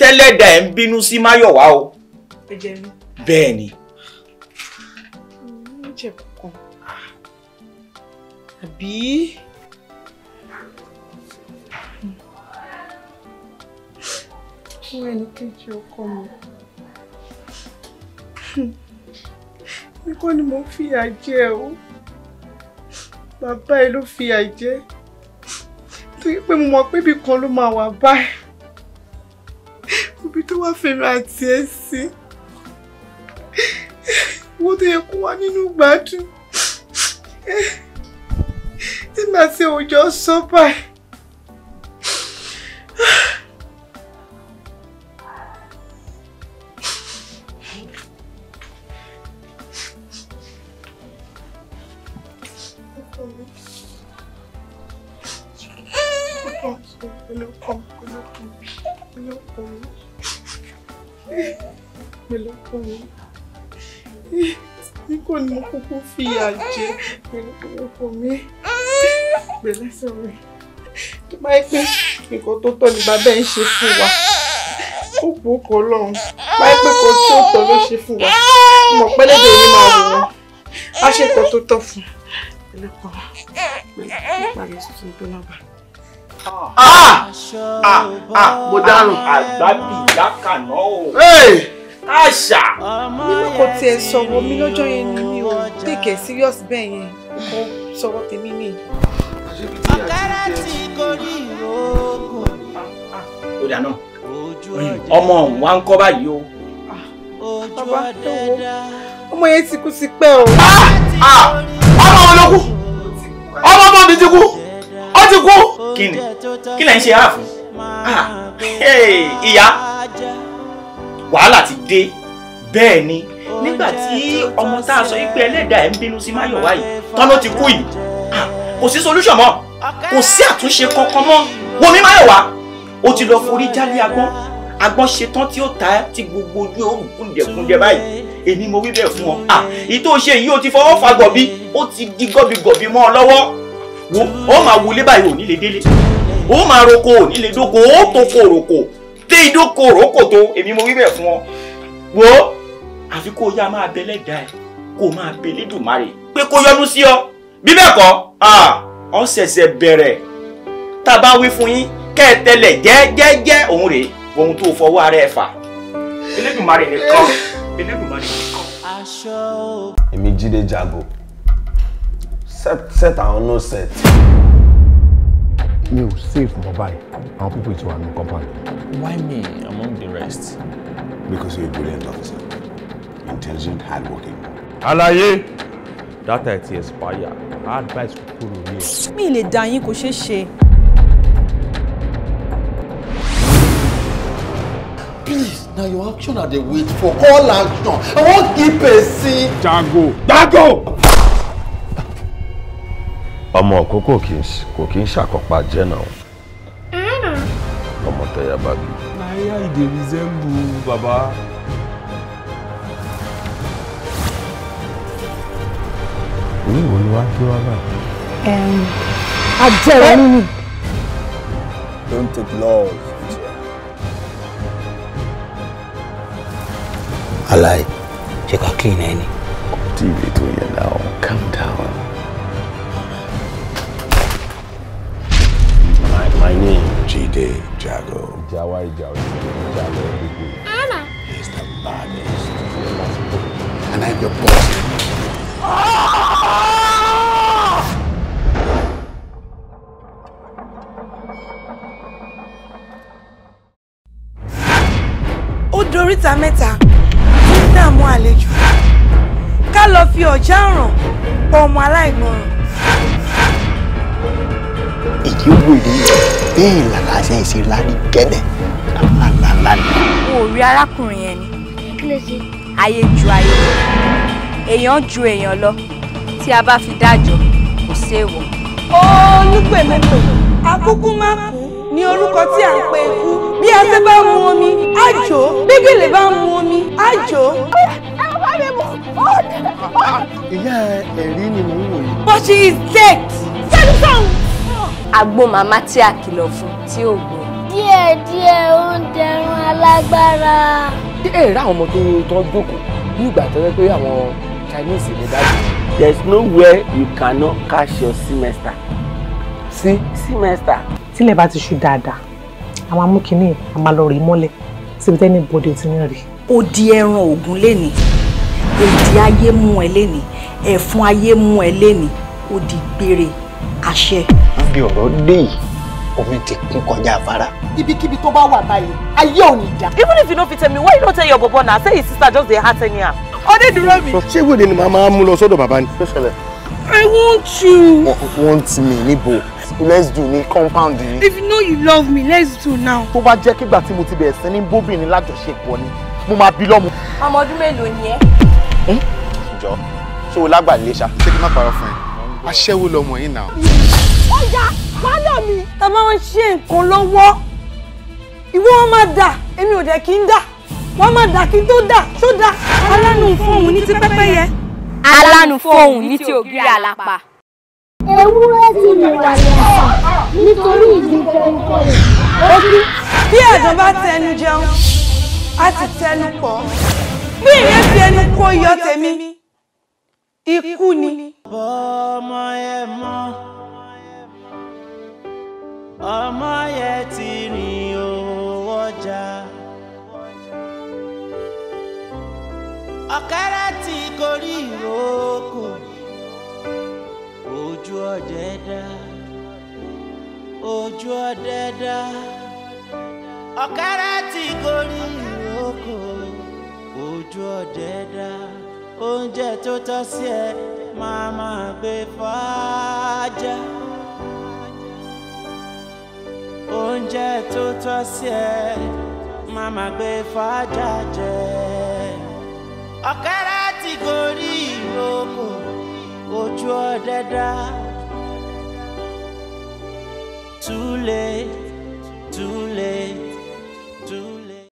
tẹ́lẹ̀dà ẹ̀ ń bínú sí máyọ̀wá o. ẹ̀jẹ̀ mi. bẹ́ẹ̀ ni. ẹ̀jẹ̀ kan àbí. fún ẹni kejì ọkọ mi níkọ́ ni mo fìyà jẹ o bàbá ẹ ló fìyà jẹ torí pé mo mọ̀ pé ibì kan ló máa wà báyìí òbí tó wá fèmí àti ẹ sí wo tó yẹ kó wá nínú gbádùn nígbà tí òjò sọ báyìí. mi lọ́kọ mi mi lọ́kọ mi bí kò ní kúkú fi àjẹ mi lọ́kọ mi gbé lẹ́sẹ̀ mi tó bá yẹ pé nǹkan tó tọ́ ni bàbá ẹ̀ ń ṣe fún wa ó kú ó kọ́ lọ́hùn bá yẹ pé kò tí ó tọ́ ló ṣe fún wa mọ̀ pẹ́lẹ́dẹ̀ yìí máa wò wọ́n á ṣètò tó tọ́ fún un ẹlẹ́kọ̀ọ́ pẹ̀lú ìpàdé tuntun tó náà bá. Ah! Ah! Ah! mo dárùn àgbábì lákàná o. àṣà. nínú kò tiẹ̀ sọ̀rọ̀ mi lọ́jọ́ yẹn ni mi ò tèkè serious bẹ́ẹ̀ yẹn kò sọ̀rọ̀ tèmi ni. ọ̀kẹ́rẹ́ ti gorí ìrókò. ó dáná ọmọ òun wá ń kọ́ báyìí o. bàbá ọmọ yẹn ti kú ti pẹ́ o. ọmọ olókù ọmọ ọmọ mi ti kú ó ti kú kí ni kí lẹ̀ ń ṣe ààfù ah, ìyá wàhálà ti dé bẹ́ẹ̀ ni nígbà tí ọmọ tá a sọ yìí pé ẹlẹ́dàá ẹ̀ ń bínú sí máyọ̀wá yìí tán ló ti kú yìí ah, kò sí solution mọ́ kò sí àtúnṣe kankan mọ́ wo mi máyọ̀wá ó ti lọ forí jálé agbọ́n agbọ́n ṣetán tí ó ta ti gbogbo ojú òòrùn kúndẹ̀kúndẹ̀ báyìí èmi mo wí bẹ́ẹ̀ fún ọ èyí ah, tó yìí ó ti fọwọ́ fa gọ̀bí ó ti di gọ̀bígọ̀bí mọ́ ọ lọ́wọ́ wo ó máa wọlé báyìí ò ní lè délé ó máa roko ò ní lè dóko ó tó kó roko dé ìdóko roko tó èmi mo wí bẹ́ẹ̀ fún ọ wo àfi kó o yá máa bẹ lẹ́dàá ẹ̀ kó o máa bẹ lẹ́dùnmáre pé kó yọnu sí ọ bí bẹ́ẹ̀ kọ́ ọ ṣẹ̀ṣẹ̀ bẹ̀rẹ̀ tá a bá wí fún yín kẹ́ ẹ tẹlẹ̀ jẹ́jẹ́jẹ́ òun rèé ohun tó fọwọ́ ara ẹ̀ fà Elédùmarè nìkan Elédùmarè nìkan. èmi Jídé Jàgò set set àwọn no set. mi ò safe I'll put it to ètò new company. why me among the rest. because you're a brilliant officer intelligent hardworking. àlàyé data ẹ ti expire advice kúkúrú pull mi Me le yín ko she she. Please, now your action are the wait for. Call action. I wan give person. Jago. Jago ọmọ òkókó kò kí ń ṣàkópa jẹ́ náà ọmọ tẹ̀yà bá bí. láyà ìdè rìsẹ́ǹbù bàbá. orí wo ni wàá gbé wá báyìí. ajẹ́rọ nínú. don't take love. alaye ṣe ká clean ẹni. tí ìwé tó yẹ náà calm down. My name Jide Jago. Jawa Jawa Jago Anna. He's the baddest. And I'm your boss. Ó doríta mẹ́ta fún dààmú àlejò ká lọ fi ọ̀já ràn pọ̀ ọmọ aláìmọ̀ràn ìjì wèrè bẹ́ẹ̀ làlàsẹ̀ ṣe lárí gẹ́lẹ́ lálálá ni. o ò rí arákùnrin yẹn ni. ayé ju ayé lọ èèyàn ju èèyàn lọ tí a bá fi dájọ́ kò séèwọ̀. olùgbèmẹ̀tò àkúkú má kú ní orúkọ tí à ń pe ikú bí ẹsẹ̀ bá mu omi á jò bí gèlè bá mu omi á jò. Ah, ah, ìyá ẹ̀rí ni mò ń wòye. but she is dead. sẹ́nu sọ̀hún àgbo màmá tí a kìlọ̀ fún tí ò gbọ́. díẹ̀ díẹ̀ ó ń dẹrùn alágbára. ṣé ẹ rí àwọn ọmọ tó tó jókòó bí ìgbà tó yẹ Chinese ní dájú. there is way you cannot cash your semester. sí. semester. tílẹ̀ bá ti ṣú dáadáa a máa mú kinní a máa lọ rèé mọ́lẹ̀ síbi tẹ́ni bọ́dẹ̀ ti ń rè. ó di ẹran ògún lẹ́ni èdè ayé mú ẹ lẹ́ni ẹ̀fọn ayé mú ẹ lẹ́ni ó di gbére àṣẹ níbi ọ̀rọ̀ dé yìí omi ti kún kọjá afárá. ibikíbi tó bá wà báyìí ayé ò ní dá. even if you no fit tell me why you no tell your bobo na say his sister just dey heart anyhow. ọdẹ dúró mi. ṣé ìwé ni màmá mú lọ sọ́dọ̀ bàbá ni. I want you. Want me níbo? Let's do ní compound yìí. If you know you love me, let's do now. Tó bá jẹ́ kígbà tí mo ti bẹ̀rẹ̀ sí ní bóbìnrin lájọṣepọ̀ ni, mo máa bí lọ́mọ. Ọmọ ọdún mélòó ni ẹ? Hmm? Jọ, ṣé o lágbàá lè ṣá? Ṣé kí n má parọ́ fún ẹ? Aṣẹ́wó lọmọ yìí náà ó yá wálọ̀ mi. tá a máa ń ṣe nǹkan lọ́wọ́ ìwọ wọn máa dà èmi ò dẹ̀ kí n dà wọn máa dà kí n tó dà tó dà. alánú fóun ní ti pẹ́pẹ́yẹ. alánú fóun ní ti ògiri àlàpà. ewúrẹ́ ti wà lẹ́sà nítorí ìdí kọ́ńkọ́ rẹ̀. bí ẹ̀dọ̀ bá tẹnu jẹun á ti tẹnu pọ̀ bí ìyẹn fi ẹnu kó yọ tèmi ikú ni. bọ́ọ̀mọ ẹ mọ́ ọmọ yẹn ti rìn owó ọjà. ọ̀kẹ́rẹ́ ti gorí ìrókò ojú ọdẹ dá ojú ọdẹ dá ọ̀kẹ́rẹ́ ti gorí ìrókò ojú ọdẹ dá oúnjẹ tó tọ́ sí ẹ máa máa gbé fàájà oúnjẹ tó tọ́ sí ẹ máa máa gbé fàájà jẹ ọ̀kẹ́rẹ́ ti gorí ìrókò ojú ọdẹ dá too late too late.